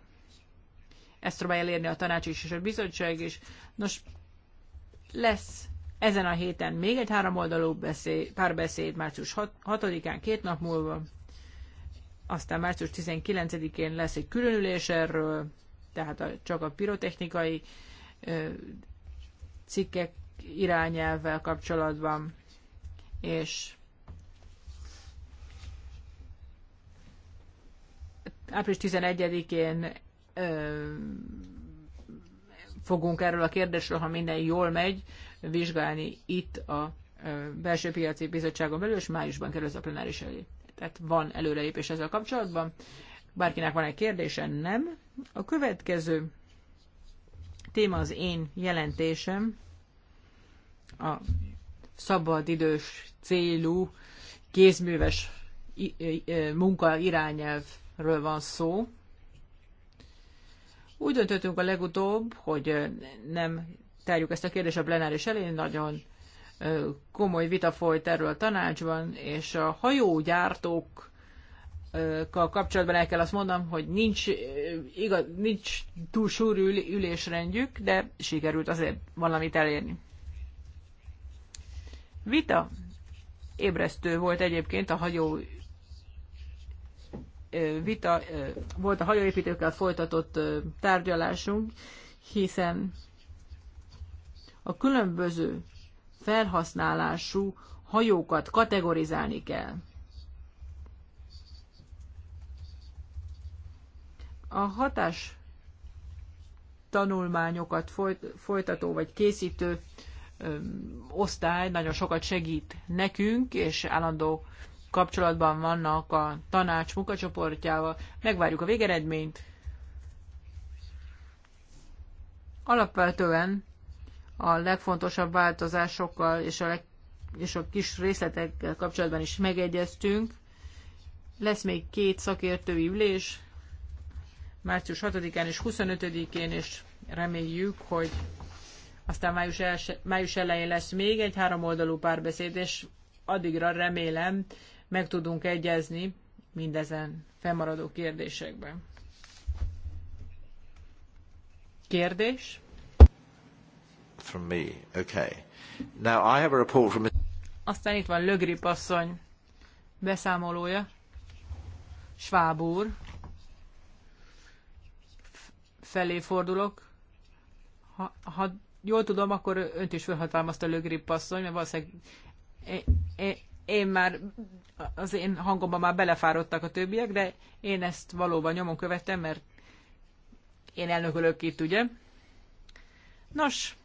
Ezt próbálja elérni a tanács is és a bizottság is. Nos, lesz ezen a héten még egy három oldalú beszéd, párbeszéd március 6-án, két nap múlva. Aztán március 19-én lesz egy különülés erről, tehát a, csak a pirotechnikai ö, cikkek irányelvvel kapcsolatban, és április 11-én fogunk erről a kérdésről, ha minden jól megy, vizsgálni itt a belső piaci bizottságon belül, és májusban kerül ez a plenáris elé. Tehát van előrelépés ezzel kapcsolatban. Bárkinek van egy kérdése? Nem. A következő téma az én jelentésem, a szabadidős célú kézműves e, munka irányelvről van szó. Úgy döntöttünk a legutóbb, hogy e, nem terjük ezt a kérdést a plenáris elé, nagyon e, komoly vita folyt erről a tanácsban, és a hajógyártók kapcsolatban el kell azt mondanom, hogy nincs, igaz, nincs túl sűrű ülésrendjük, de sikerült azért valamit elérni. Vita ébresztő volt egyébként a hajó vita, volt a hajóépítőkkel folytatott tárgyalásunk, hiszen a különböző felhasználású hajókat kategorizálni kell. A hatás tanulmányokat folytató vagy készítő osztály nagyon sokat segít nekünk, és állandó kapcsolatban vannak a tanács munkacsoportjával. Megvárjuk a végeredményt. Alapvetően a legfontosabb változásokkal és a, leg, és a kis részletekkel kapcsolatban is megegyeztünk. Lesz még két szakértői ülés, március 6-án és 25-én, és reméljük, hogy aztán május, els, május elején lesz még egy háromoldalú párbeszéd, és addigra remélem meg tudunk egyezni mindezen fennmaradó kérdésekben. Kérdés? From me. Okay. Now I have a report from... Aztán itt van Lögri asszony beszámolója. Schwab úr felé fordulok. Ha, ha jól tudom, akkor önt is felhatalmazta Lögrip asszony, mert valószínűleg én, én már, az én hangomban már belefáradtak a többiek, de én ezt valóban nyomon követtem, mert én elnökölök itt, ugye? Nos,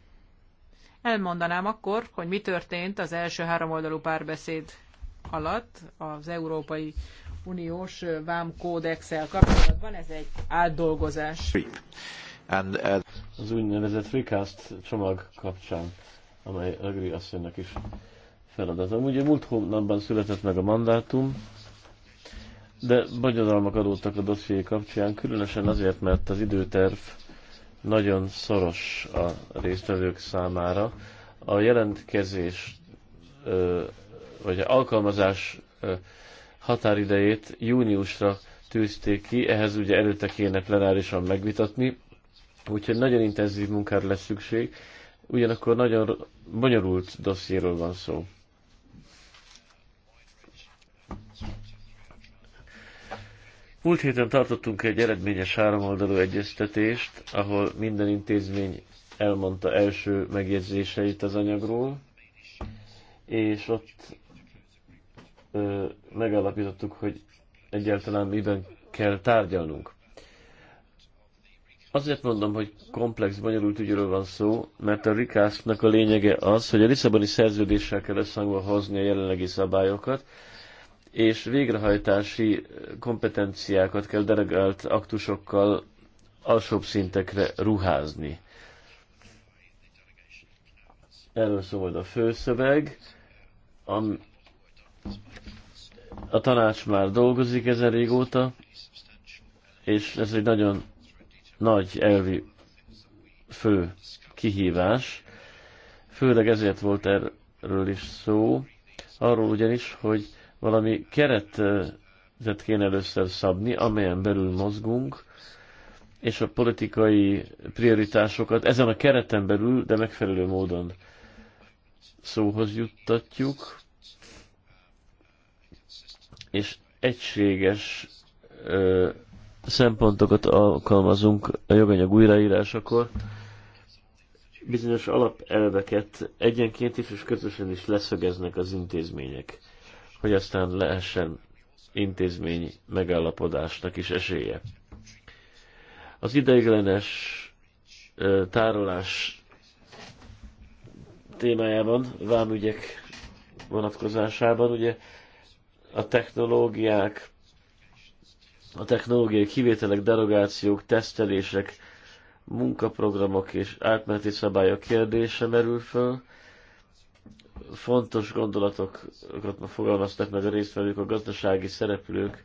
elmondanám akkor, hogy mi történt az első három oldalú párbeszéd alatt az Európai uniós vámkódexel kapcsolatban, ez egy átdolgozás. And, uh... Az úgynevezett recast csomag kapcsán, amely Agri asszonynak is feladata. Ugye múlt hónapban született meg a mandátum, de bonyodalmak adódtak a dosszié kapcsán, különösen azért, mert az időterv nagyon szoros a résztvevők számára. A jelentkezés vagy alkalmazás határidejét júniusra tűzték ki, ehhez ugye előtte kéne plenárisan megvitatni, úgyhogy nagyon intenzív munkára lesz szükség, ugyanakkor nagyon bonyolult dossziéről van szó. Múlt héten tartottunk egy eredményes háromoldalú egyeztetést, ahol minden intézmény elmondta első megjegyzéseit az anyagról, és ott megállapítottuk, megalapítottuk, hogy egyáltalán miben kell tárgyalnunk. Azért mondom, hogy komplex, bonyolult ügyről van szó, mert a rikásznak a lényege az, hogy a Lisszaboni szerződéssel kell összhangba hozni a jelenlegi szabályokat, és végrehajtási kompetenciákat kell delegált aktusokkal alsóbb szintekre ruházni. Erről szól majd a főszöveg, am, a tanács már dolgozik ezen régóta, és ez egy nagyon nagy elvi fő kihívás. Főleg ezért volt erről is szó, arról ugyanis, hogy valami keretet kéne először szabni, amelyen belül mozgunk, és a politikai prioritásokat ezen a kereten belül, de megfelelő módon szóhoz juttatjuk, és egységes ö, szempontokat alkalmazunk a joganyag újraírásakor, bizonyos alapelveket egyenként is és közösen is leszögeznek az intézmények, hogy aztán lehessen intézmény megállapodásnak is esélye. Az ideiglenes tárolás témájában, vámügyek vonatkozásában, ugye a technológiák, a technológiai kivételek, derogációk, tesztelések, munkaprogramok és átmeneti szabályok kérdése merül föl. Fontos gondolatokat fogalmaztak meg a résztvevők, a gazdasági szereplők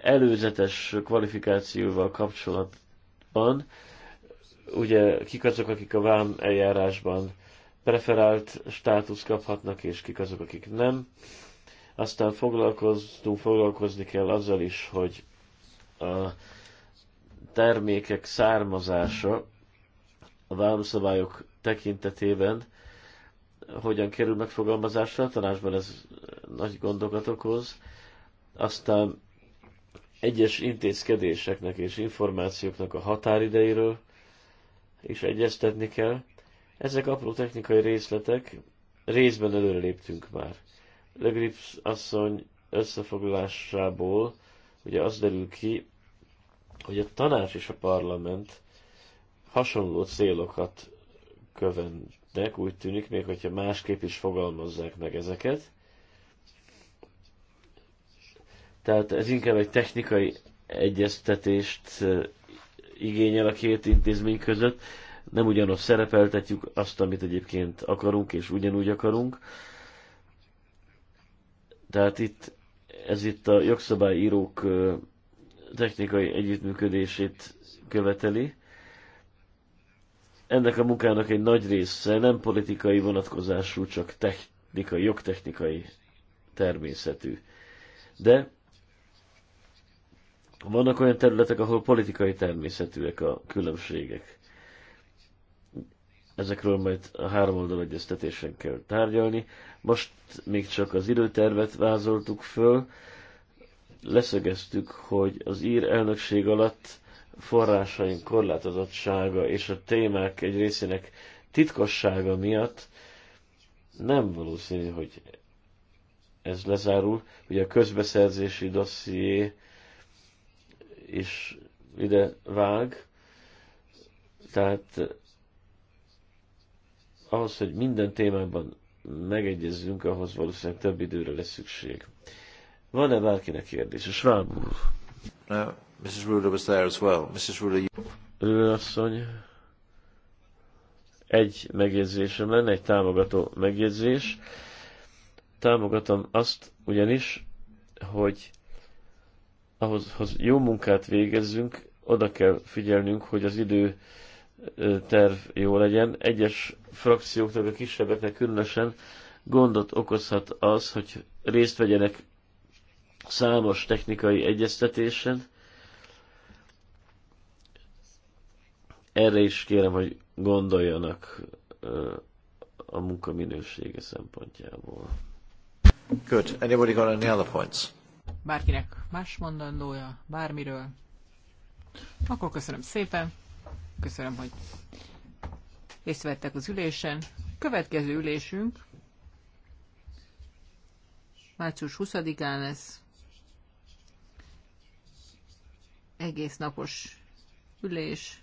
előzetes kvalifikációval kapcsolatban. Ugye kik azok, akik a vám eljárásban preferált státusz kaphatnak, és kik azok, akik nem aztán foglalkoztunk, foglalkozni kell azzal is, hogy a termékek származása a vámszabályok tekintetében hogyan kerül megfogalmazásra, a tanácsban ez nagy gondokat okoz. Aztán egyes intézkedéseknek és információknak a határideiről is egyeztetni kell. Ezek apró technikai részletek, részben előre léptünk már. Legrips asszony összefoglalásából ugye az derül ki, hogy a tanács és a parlament hasonló célokat követnek, úgy tűnik, még hogyha másképp is fogalmazzák meg ezeket. Tehát ez inkább egy technikai egyeztetést eh, igényel a két intézmény között. Nem ugyanott szerepeltetjük azt, amit egyébként akarunk, és ugyanúgy akarunk. Tehát itt ez itt a jogszabályírók technikai együttműködését követeli. Ennek a munkának egy nagy része nem politikai vonatkozású, csak technikai, jogtechnikai természetű. De vannak olyan területek, ahol politikai természetűek a különbségek. Ezekről majd a három oldal egyeztetésen kell tárgyalni. Most még csak az időtervet vázoltuk föl. Leszögeztük, hogy az ír elnökség alatt forrásaink korlátozottsága és a témák egy részének titkossága miatt nem valószínű, hogy ez lezárul. Ugye a közbeszerzési dosszié is ide vág, tehát ahhoz, hogy minden témában megegyezzünk, ahhoz valószínűleg több időre lesz szükség. Van-e bárkinek kérdése? Schwab úr. No, Mrs. Ruder was there as well. Mrs. Ruder. you... asszony. Egy megjegyzésem lenne, egy támogató megjegyzés. Támogatom azt ugyanis, hogy ahhoz, hogy jó munkát végezzünk, oda kell figyelnünk, hogy az idő terv jó legyen. Egyes frakcióknak, a kisebbeknek különösen gondot okozhat az, hogy részt vegyenek számos technikai egyeztetésen. Erre is kérem, hogy gondoljanak a munka minősége szempontjából. Good. Anybody got any other points? Bárkinek más mondandója, bármiről? Akkor köszönöm szépen. Köszönöm, hogy részt vettek az ülésen. Következő ülésünk március 20-án lesz. Egész napos ülés,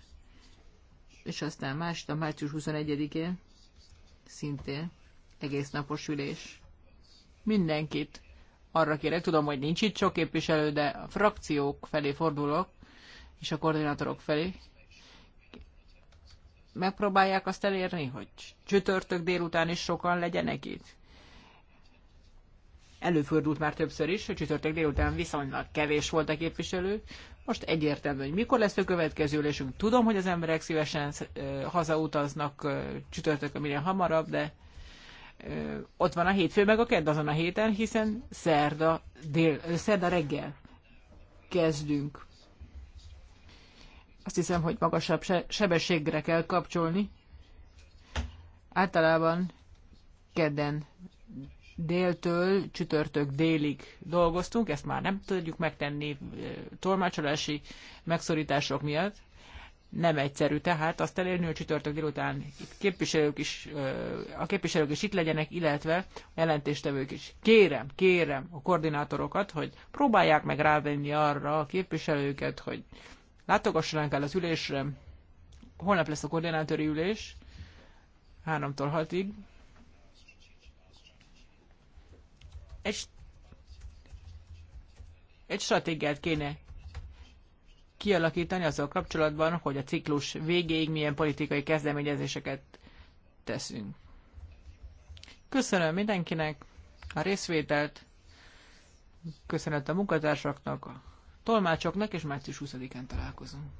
és aztán más, a március 21-én szintén egész napos ülés. Mindenkit arra kérek, tudom, hogy nincs itt sok képviselő, de a frakciók felé fordulok, és a koordinátorok felé, megpróbálják azt elérni, hogy csütörtök délután is sokan legyenek itt. Előfordult már többször is, hogy csütörtök délután viszonylag kevés volt a képviselő. Most egyértelmű, hogy mikor lesz a következő ülésünk. Tudom, hogy az emberek szívesen hazautaznak csütörtökön minél hamarabb, de ott van a hétfő, meg a kedd azon a héten, hiszen szerda, dél, szerda reggel kezdünk. Azt hiszem, hogy magasabb sebességre kell kapcsolni. Általában kedden déltől csütörtök délig dolgoztunk, ezt már nem tudjuk megtenni tolmácsolási megszorítások miatt. Nem egyszerű tehát azt elérni, hogy csütörtök délután itt képviselők is, a képviselők is itt legyenek, illetve a jelentéstevők is. Kérem, kérem a koordinátorokat, hogy próbálják meg rávenni arra a képviselőket, hogy látogassanak el az ülésre. Holnap lesz a koordinátori ülés, 3-tól 6-ig. Egy, egy stratégiát kéne kialakítani azzal kapcsolatban, hogy a ciklus végéig milyen politikai kezdeményezéseket teszünk. Köszönöm mindenkinek a részvételt, köszönet a munkatársaknak, tolmácsoknak, és március 20-án találkozunk.